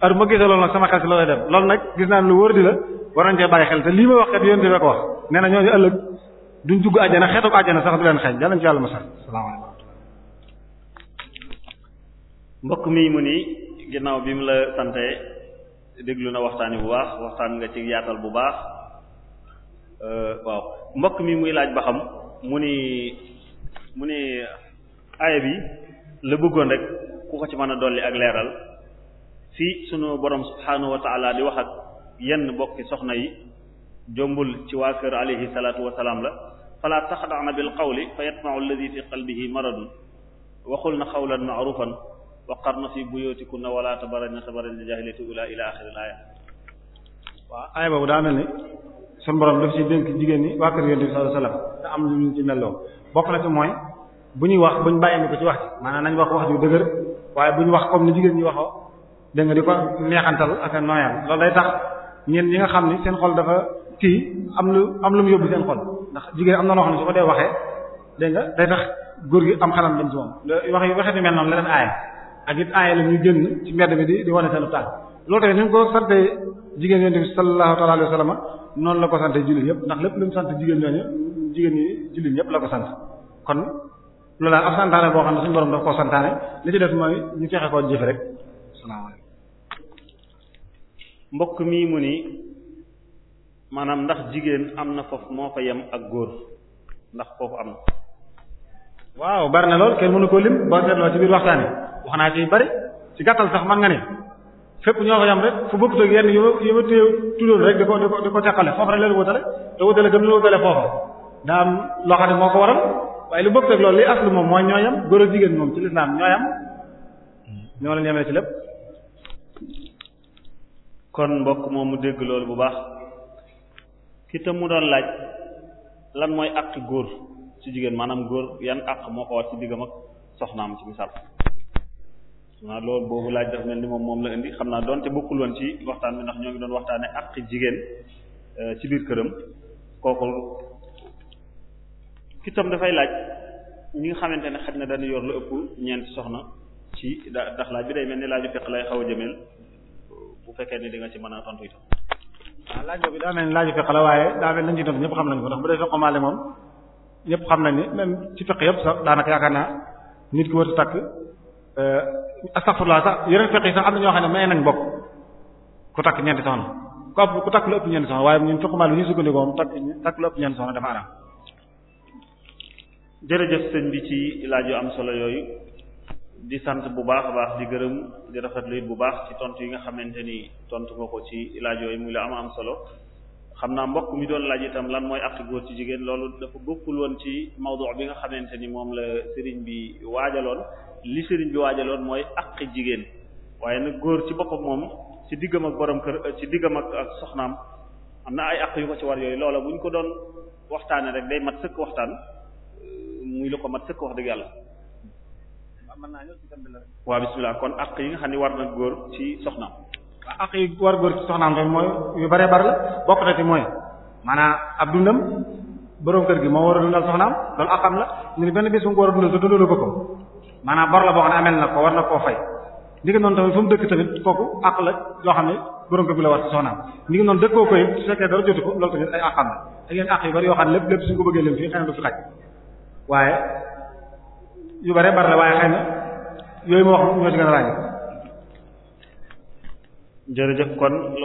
heure ma gisee loolu sama xel si loolu dem gis naa lu wóor di la war nañ cee bàyyi xel te lii ma wax kat yéen a ko wax nee na ñooñu ëllëg duñ dugg àjjana xeetu àjjana sax du leen xeeñ yàlla nañ ci yàlla mos a. salaamaaleykum. mbokk mi mu ni ginnaaw bi mu la sante déglu na waxtaan bu baax waxtaan nga ci yaatal bu baax Euh, waaw mbokk mi muy laaj ba xam mu ni mu ni aaya bi la bëggoon rek ku ko ci mën a dolli ak leeral fii sunu borom subhaanahu wa di wax ak yenn bokki soxna yi jombul ci waa kër alayhi salaatu wa salaam la fala taxda'na bil na fa yatma'u alladhi fi qalbihi maradun waxul na qawlan ma'rufan waqarna fi jaahilati ula ila axiril aaya daa mel ni suñu borom daf ci dénk jigéen ñi waa kër yonent bi sallallahu alayhi wasallam te am lu ñu ci melloo bokk na ci mooy bu ñuy wax bu ñu bàyyee ko ci wax ci maanaam nañ wax wax ju dëgër bu ñu wax comme jigéen ñi waxoo dégg nga di ko neexantal ak a nooyal tax ñeen ñi nga xam ni seen xol dafa kii am lu am lu mu yóbbu ndax jigéen am na loo xam ne su ko dee waxee dégg day tax góor gi am xalam dem ci moom wax waxee ni mel noonu la leen aaye ak it aaye la ñuy génn ci mbedd bi di di wane seen tànk loolu tamit ni mu ko sante jigéen yonent bi sallallahu ta'ala la ko sante jullit yëpp ndax lépp lu mu sant jigéen ñooñu jigéen ñi jullit ñëpp la ko sant kon loolu daal ab santaane boo xam ne suñu borom daf koo santaane li ci def mooy ñu fexe koo jëfe rek salaamaaleykum. mbokk mii mu ni maanaam ndax jigéen am na foofu moo fa yem ak góor ndax foofu am na. waaw bari na lool kenn mënu koo lim boo seetloo ci biir waxtaanee wax naa ci bari ci gàttal sax man nga ne. fépp ñoo fa yam rek fu bokkut ak yenn yu ma yu ma téye tuddoon rek di ko di ko di ko teqale foofu rek leen wutale te wutale gëm la wutale foofu daa am loo moo ko waral waaye lu bokkut ak loolu li aslu moom mooy ñoo yam góor ak jigéen moom ci lislaam ñoo yam ñoo leen yemee ci lépp kon mbokk moom mu dégg loolu bu baax ki mu doon laaj lan mooy àq góor ci jigéen maanaam góor yan àq moo ko war ci diggam ak soxnaam ci misaal naa ah, loolu boobu laaj daf mel ni moom moom la indi xam naa donte bokkul woon ci waxtaan bi ndax ñoo ngi doon waxtaane ak jigéen euh, ci biir këram kooku kitam dafay laaj ñi nga xamante ne xaj na dañu yor lu ëpp ñeent soxna ci da ndax laaj bi day mel ni laaju fiq lay xaw a jëmeel bu fekkee ni di ci mën a tontu itam. waaw ah, laaj boobu daa mel ni laaju fiq la waaye daa mel ni lañ ci tontu ñëpp xam nañ ko ndax bu dee fiq maale moom ñëpp xam nañ ni même ci fiq yëpp sax daanaka yaakaar naa nit ki war takk. Euh, astaghfirullah sax yeneen fiqh yi sax am na ñoo xam ne may nañ bokk ku takk ñeenti soxna ku ëpp ku takk lu ëpp ñeenti soxna waaye ñun fiqh Maalik lu ñu sukkandiku moom takk takk lu ëpp ñeenti soxna dafa jërëjëf sëñ bi ci laaj yu am solo yooyu di sant bu baax a baax di gërëm di rafet it bu baax ci tontu yi nga xamante ni tontu nga ko ci laaj yooyu muy la am am solo xam naa mbokk mi doon laaj itam lan mooy àq góor ci jigéen loolu dafa bokkul woon ci mawdu bi nga xamante ni moom la sëriñ bi waajaloon li sëriñ bi waajaloon mooy àq jigéen waaye nag góor ci boppam moom ci diggam ak borom kër ci diggam ak soxnaam am na ay àq yu ko ci war yooyu loola bu ñu ko doon waxtaanee rek day mat sëkk waxtaan muy lu ko mat sëkk wax dëgg yàlla. waaw bismillah kon àq yi nga xam ne war na góor ci soxnaam. àq yi war góor ci soxnaam rek mooy yu bëree bëri la bokk na ci mooy maanaam ab dundam borom kër gi moo war a dundal soxnaam loolu àqam la ñu ne benn bés bu mu war a ko ko. maanaa bor la boo xam ne amel na ko war na koo fay ni noonu tamit fu mu dëkk tamit kooku àq la yoo xam ne borom kër bi la war ci yoo xam ne lépp lépp suñu ko bëggee leen fii xëy waaye yu bari bari la waaye xëy wax ñoo ci gën a ràññee.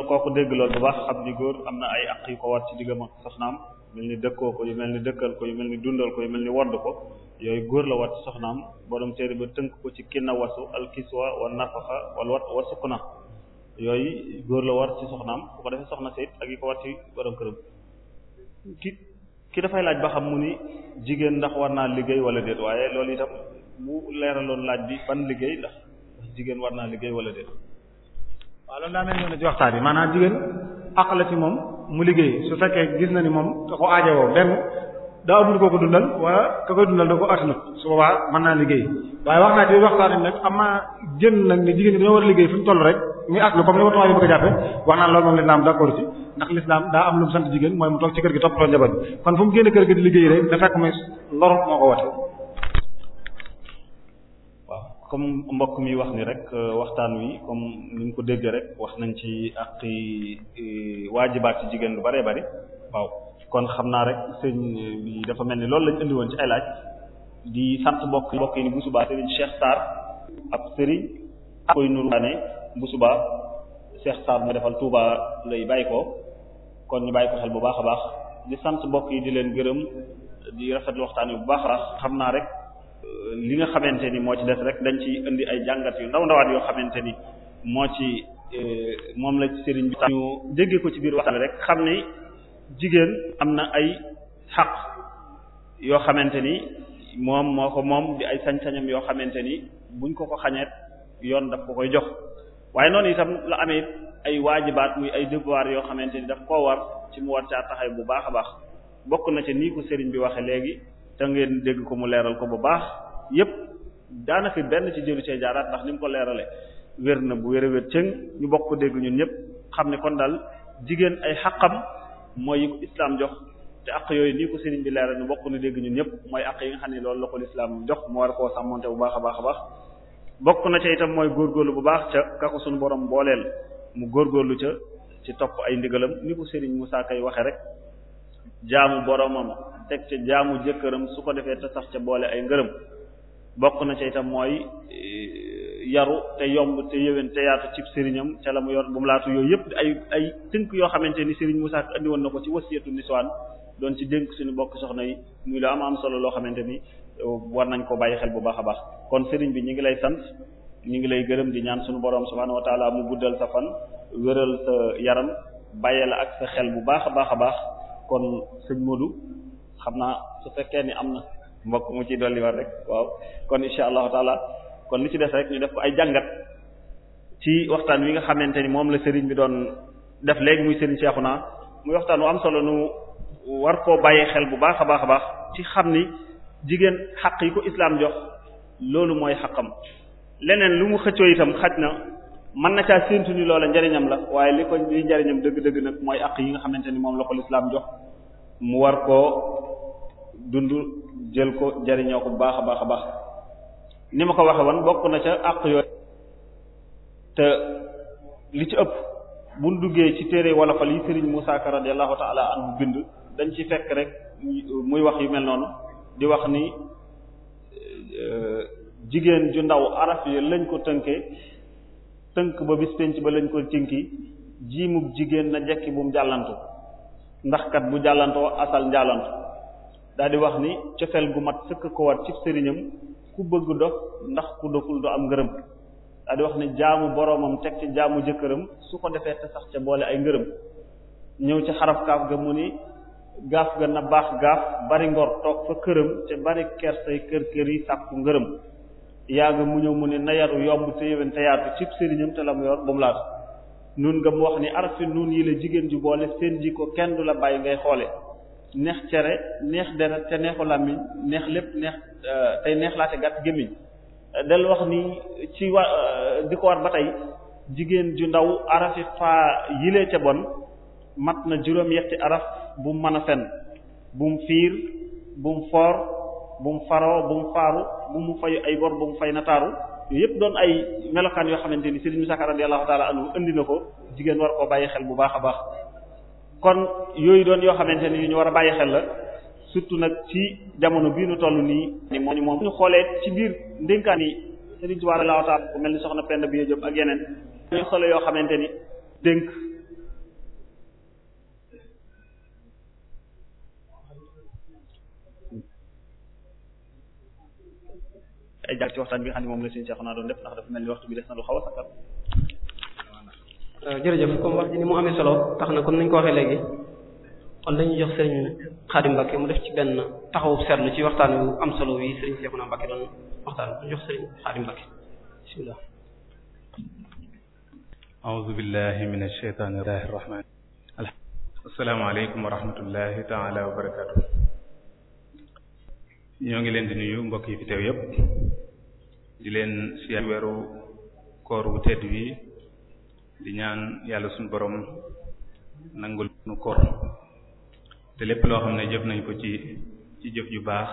kooku dégg loolu bu baax xam ni góor am na ay àq yu ko war ci diggam ak soxnaam. mel ni dëkkoo ko yu mel ni dëkkal ko yu mel ni dundal ko yu mel ni wadd ko yooyu góor la wat soxnaam borom téere ba tënk ko ci kinna wasu alkiswa wa nafaxa wala wat na yooyu góor la war ci soxnaam soxna ci borom këram ki laaj ba xam mu ni jigéen ndax war naa liggéey wala déet waaye loolu itam mu leeraloon laaj bi ban liggéey ndax jigéen war naa liggéey walla déet waaw loolu daa mel noonu ci waxtaan bi maanaam jigéen àq la ci moom mu liggéey su fekkee gis na ni moom da ko aajowoo benn daa amul koo ko dundal wala ka koy dundal da ko attanut su boobaa mën naa liggéey waaye wax naa wax laa bi nag am naa jën nag ni jigéen ñi dañoo war a liggéey fu ñu toll rek muy ni ko tubaab yi a jàppe wax naa loolu moom lislaam am lu mu sant jigéen mooy mu toog ci kër gi toppatoo njaboot kon fu mu génn kër gi di liggéey rek da fekk muy lor moo ko wote comme mbokk mi wax ni rek euh, waxtaan wi comme ni ñu ko déggee rek wax nañ ci ak e, waajibaat ci jigéen lu bëree bëri waaw kon xam naa rek sëñ bi dafa mel ni loolu lañ indi woon ci ay laaj di sant mbokk mbokk yi ni bu subaa sëriñ Cheikh Sarr ab sëriñ koy nuru daane bu subaa Cheikh Sarr mu defal Touba lay bàyyi ko kon ñu bàyyi ko xel bu baax a baax di sant mbokk yi di leen gërëm di rafetlu waxtaan wi bu baax a baax xam naa rek. li nga xamante ni moo ci des rek dañ ci indi ay jàngat yu ndaw ndawaat yoo xamante ni moo ci euh, moom la sëriñ bi ñu ko ci biir waxtaan rek xam ni jigéen am na ay xaq xamante ni moom moo ko moom di ay sañ-sañam yoo xamante ni buñ ko ko xañeet yoon daf ko koy jox waaye noonu itam la amee ay waajibaat muy ay devoir yoo xamante ni daf koo war ci mu war caa taxay bu baax a baax bokk na ci nii ko sëriñ bi waxe léegi te ngeen dégg ko mu leeral ko bu baax yépp fi benn ci jëru cee jaaraat ndax ni mu ko leerale wér na bu wér a wér cëng ñu bokk ko dégg ñun ñëpp xam ne kon daal jigéen ay xaqam mooy yi jox ca aq yooyu nii ko sëriñ bi leeral ñu bokk ni dégg ñun ñëpp mooy aq xam ne loolu la ko lislaam jox moo koo sàmmonte bu baax a baax baax bokk na ca itam mooy góorgóorlu bu baax ca kako suñu borom booleel mu góorgóorlu ca ci topp ay ndigalam ni sëriñ Moussa Kay waxe rek jaamu boromam teg ca jaamu jëkkëram su ko defee ca sax ca boole ay ngërëm bokk na ci itam mooy eh, yaru te yomb te yëwén te yaatu cib sëriñam ca la mu yor bu mu laatu yooyu yëpp ay ay tënk yoo xamante ni sëriñ Moussa andi woon na ko ci wasiyatu niswaan doon ci dénk suñu bokk soxna yi muy lu am am solo loo xamante ni eh, war nañ ko bàyyi xel bu baax a baax kon sëriñ bi ñu ngi lay sant ñu ngi lay gërëm di ñaan suñu borom subhaanahu wa taala mu guddal sa fan wéral sa yaram bàyyee la ak sa xel bu baax a baax a baax kon sëñ Modou xam naa su fekkee ni am na mbokk mu ci dolli war rek waaw kon insha allahu taala kon li ci des rek ñu def ko ay jàngat ci waxtaan wi nga xamante ni moom la sëriñ bi doon def léegi muy sëriñ naa muy waxtaan wu am solo nu war koo bàyyi xel bu baax a baax a baax ci xam ni jigéen xaq yi ko islaam jox loolu mooy xaqam leneen lu mu xëccoo itam xaj na mën na caa séntu ni loola njariñam la waaye li ko li njariñam dëgg-dëgg nag mooy àq yi nga xamante ni moom la ko lislaam jox mu war koo dund jël ko jariñoo ko baax a baax a baax ni ma ko waxe woon bokk na ca àq yooyu te li ci ëpp mu duggee ci téere wolofal yi Serigne Moussa Ka radiyallahu ta'ala anhu bind dañ ci fekk rek muy wax yu mel noonu di wax ni euh, jigéen ju ndaw araf yi lañ ko tënkee tënk ba bis ba lañ ko tinki jiimub jigéen na jekki bu mu jàllantu ndax kat bu jàllantoo asal njàllantu daal di wax ni cofeel gu mat sëkk ko wat ci sëriñam ku bëgg dof ndax ku doful du am ngërëm daal wax ni jaamu boromam teg ci jaamu jëkkëram su ko defee te sax ca boole ay ngërëm ñëw ci xaraf kaaf ga mu ni gaaf ga na baax gaaf bari ngor toog fa këram te bari kersay kër kër yi sàkku ngërëm yaa nga mu ñëw mu ne na yaru yomb te yéwén te yaatu cib sëriñam te la mu yor ba mu laatu nun nga mu wax ni araf nun yi la jigéen ju boole seen jikko kenn du la bàyyi ngay xoole neex cere neex deret te neexu làmmiñ neex lépp neex euh, tey neex laate gàtt gémmiñ euh, del wax ni ci wa euh, di ko war ba tey jigéen ju ndaw arafi faa yilee ca bon mat na juróom yetti araf bu mën a bu bum fiir bum foor bum faroo bum faaru bu mu fayu ay bor bu mu fay nataaru yooyu yëpp doon ay melokaan yoo xamante ni Serigne Moussa Ka radiyallahu ta'ala anhu indi na ko jigéen war koo bàyyi xel bu baax a baax kon yooyu doon yoo xamante ni yu ñu war a bàyyi xel la surtout nag ci jamono bii nu toll nii. ni moom ñu xoolee ci biir ndénkaan yi Sëriñ Tuubaa la taala ku mel ni soxna Penda bi Jóob ak yeneen ñu solo yoo xamante ni dénk ay jàll ci waxtaan bi nga xam ne moom la seen seexu naa doon def ndax dafa mel ni waxtu bi des na lu xaw a sakal Euh, jërëjëf comme wax ji ni mu amee solo tax na comme nañ ko waxee léegi kon dañuy jox sëriñ Xaadim Mbacke mu def ci benn taxawu seetlu ci waxtaan wu am solo wi sëriñ Seexuna Mbacke doon waxtaan kon jox sëriñ Xaadim Mbacke bismillah a'uuzu billahi minash shaytaanir raxiim assalaamu alaykum wa rahmatullahi ta'ala wa barakaatu ñoo ngi leen di nuyu mbokk yi fi teew yépp di leen siyaar weeru koor wu tedd wi di ñaan yàlla suñ borom nangul nu koor te lépp loo xam ne jëf nañ ko ci ci jëf yu baax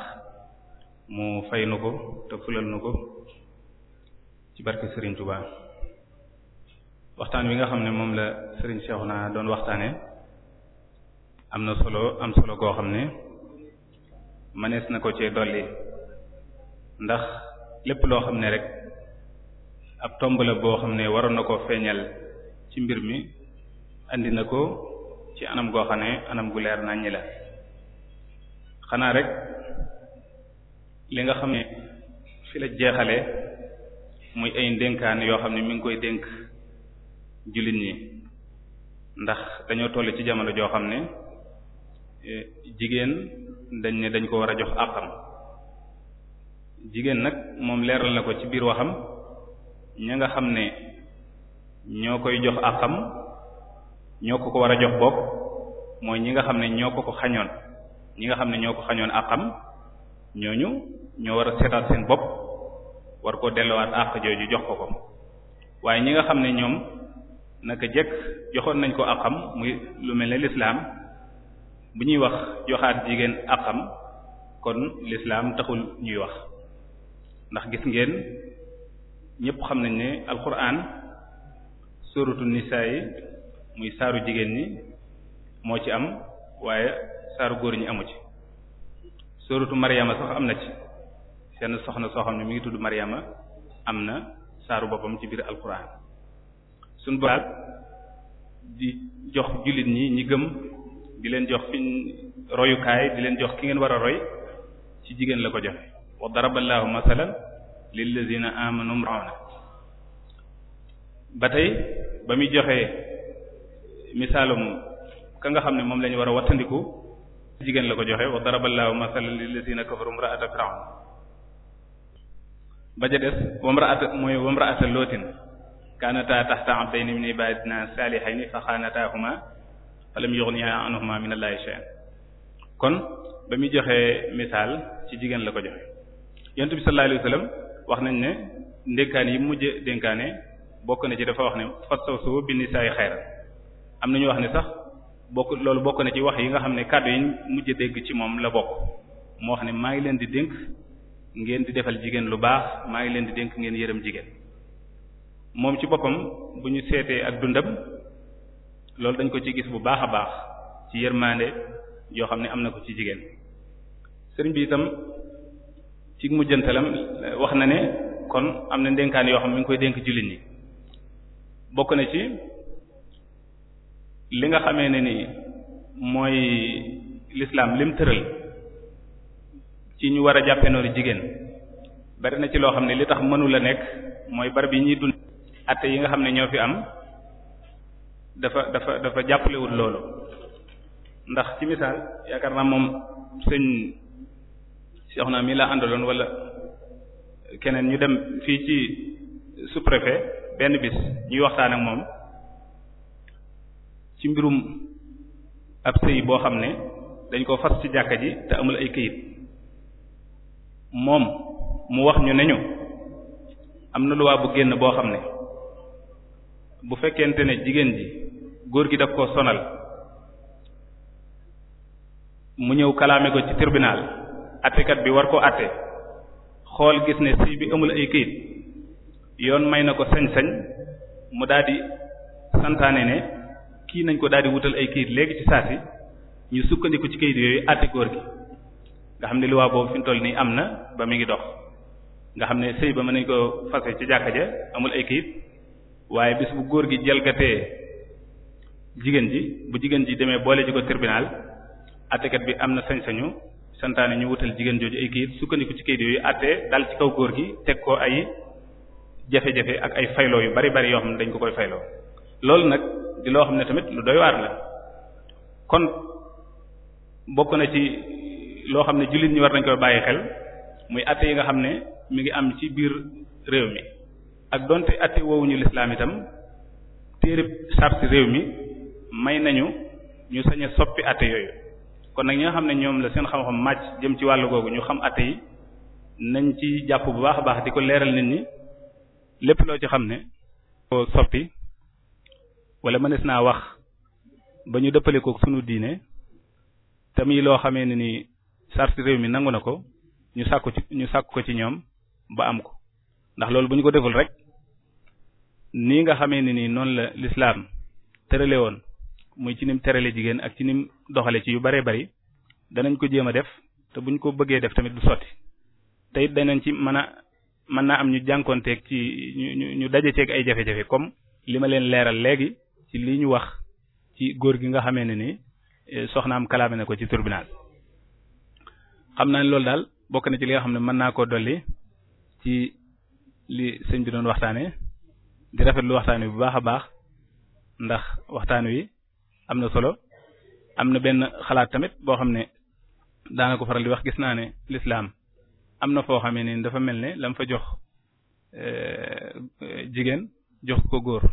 mu fay nu ko te fulal nu ko ci barke Serigne Touba waxtaan wi nga xam ne moom la Serigne naa doon waxtaane am na solo am solo goo xam ne mënees na ko cee dolli ndax lépp loo xam ne rek ab tomb la boo xam ne waroon na ko feeñal ci mbir mi indi na ko ci anam goo xam ne anam gu leer naññi la xanaa rek li nga xam ne fi la jeexale mooy ay ndénkaan yoo xam ne mi ngi koy dénk jullit ñi ndax dañoo toll ci jamono joo xam ne e, jigéen dañ ne dañ ko war a jox àqam jigéen nag moom leeral na ko ci biir waxam ña nga xam ne ñoo koy jox àqam ñoo ko ko war a jox bopp mooy ñi nga xam ne ñoo ko ko xañoon ñi nga xam ne ñoo ko xañoon ak àqam ñooñu ñoo war a seetaat seen bopp war koo dellowaat àq jooju jox ko ko waaye ñi nga xam ne ñoom naka jëkk joxoon nañ ko àqam muy lu mel ne lislaam bu ñuy wax joxaat jigéen àqam kon lislaam taxul ñuy wax ndax gis ngeen ñépp xam nañ ne alxuraan sóoratu nisaa muy saaru jigéen ñi moo ci am waaye saaru góor ñi amu ci sóoratu Mariama sax am na ci seen soxna soo xam ne mi ngi tudd Mariama am na saaru boppam ci biir alquran suñ baat di jox jullit ñi ñi gëm di leen jox fiñ royukaay di leen jox ki ngeen war a roy ci jigéen la ko joxe wa daraba allahu masalan lillazina amanu ba tey ba muy joxe misaalum ka nga xam ne moom la ñu war a wattandiku jigéen la ko joxe wa daraballahu masalan lillazina kafaru imra'ata fir'aun ba ja des wa imra'ata mooy wa imra'ata lootin kaanataa tahta 'abdayni min ibadina salihayni fa xaanataahuma falam yughniya anhuma min allahi shay'an kon ba muy joxe misaal ci jigéen la ko joxe yonent bi sallallahu alayhi wasallam wax nañ ne ndénkaan yi mujj dénkaane bokk na ci dafa wax ne fastaw bi nisaay xayran am na ñu wax ne sax bokk loolu bokk na ci wax yi nga xam ne kàddu yi mujj dégg ci moom la bokk moo wax ne maa ngi leen di dénk ngeen di defal jigéen lu baax maa ngi leen di dénk ngeen yërëm jigéen moom ci boppam bu ñu seetee ak dundam loolu dañ ko ci gis bu baax a baax ci yërmande yoo xam ne am na ko ci jigéen sëriñ bi itam ci mujjantalam eh, wax na ne kon am na ndénkaan yoo xam ne mi ngi koy dénk jullit ñi bokk na ci li nga xamee ne nii mooy lislaam lim tëral ci ñu war a jàppe noonu jigéen bari na ci loo xam ne li tax mënu la nekk mooy barab yi ñuy dund atte yi nga xam ne ñoo fi am dafa dafa dafa jàppalewul loolu ndax ci misaal yaakaar naa moom sëñ sox naa mi laa àndaloon wala keneen ñu dem fii ci sous-préfet benn bis ñuy waxtaan ak moom ci mbirum ab sëy boo xam ne dañ ko fas ci jàkka ji te amul ay këyit moom mu wax ñu ne ñu am na luwaa bu génn boo xam ne bu fekkente ne jigéen ji góor gi daf ko sonal mu ñëw kalaame ko ci tribunal attekat bi war koo atte xool gis ne sëy bi amul ay këyit yoon may na ko sañ-sañ mu daldi di santaane ne kii nañ ko daal di wutal ay kayit léegi ci saa si ñu sukkandiku ci kayit yooyu àtte ne luwaa boobu fi nii am na ba mi ngi dox nga xam ne sëy ba mën nañ ko fase ci jàkka ja amul ay kayit waaye bis bu góor gi jalgatee jigéen ji bu jigéen ji demee boole ji ko tribunal bi am na sañ-sañu santaane ñu wutal jigéen jooju ay kayit sukkandiku ci kayit yooyu àtte dal ci kaw góor gi teg ko ay jafe-jafe ak ay fayloo yu bari bari yoo xam ne dañ ko koy fayloo loolu nag di loo xam ne tamit lu doy waar la kon bokk na ci loo xam ne jullit ñi war nañ koy bàyyi xel muy atte yi nga xam ne mu ngi am ci biir réew mi ak donte atte woowuñu lislaam itam téereb charte réew mi may nañu ñu sañ a soppi atte yooyu kon nag ñi nga xam ne ñoom la seen xam-xam màcc jëm ci wàllu googu ñu xam atte yi nañ ci jàpp bu baax a baax di ko leeral nit ñi lépp loo ci xam ne ko soppi wala mënees naa wax ba ñu dëppale ko sunu diine tamit loo xamee ne ni charte réew mi nangu na ko ñu sàkku ci ñu sàkku ko ci ñoom ba am ko ndax loolu bu ñu ko deful rek nii nga xamee ne nii noonu la lislaam tërale woon muy ci nim terale jigéen ak ci nim doxale ci yu bare bari danañ ko jéem a def te buñ ko bëggee def tamit du sotti te danañ ci mën mën naa am ñu jànkonteeg ci ñu ñu ñu ceeg ay jafe-jafe comme li ma leen leeral léegi ci li ñu wax ci góor gi nga xamee ne ni eh, soxnaam kalaame na ko ci tribunal xam naa ne loolu daal bokk na ci li nga xam ne mën naa koo dolli ci li sëñ bi doon waxtaane di rafet lu waxtaan wi bu baax a baax ndax waxtaan wi am na solo am na benn xalaat tamit boo xam ne daana ko faral di wax gis naa ne lislaam am na foo xamee ne dafa mel ne lam fa jox euh, jigéen jox ko góor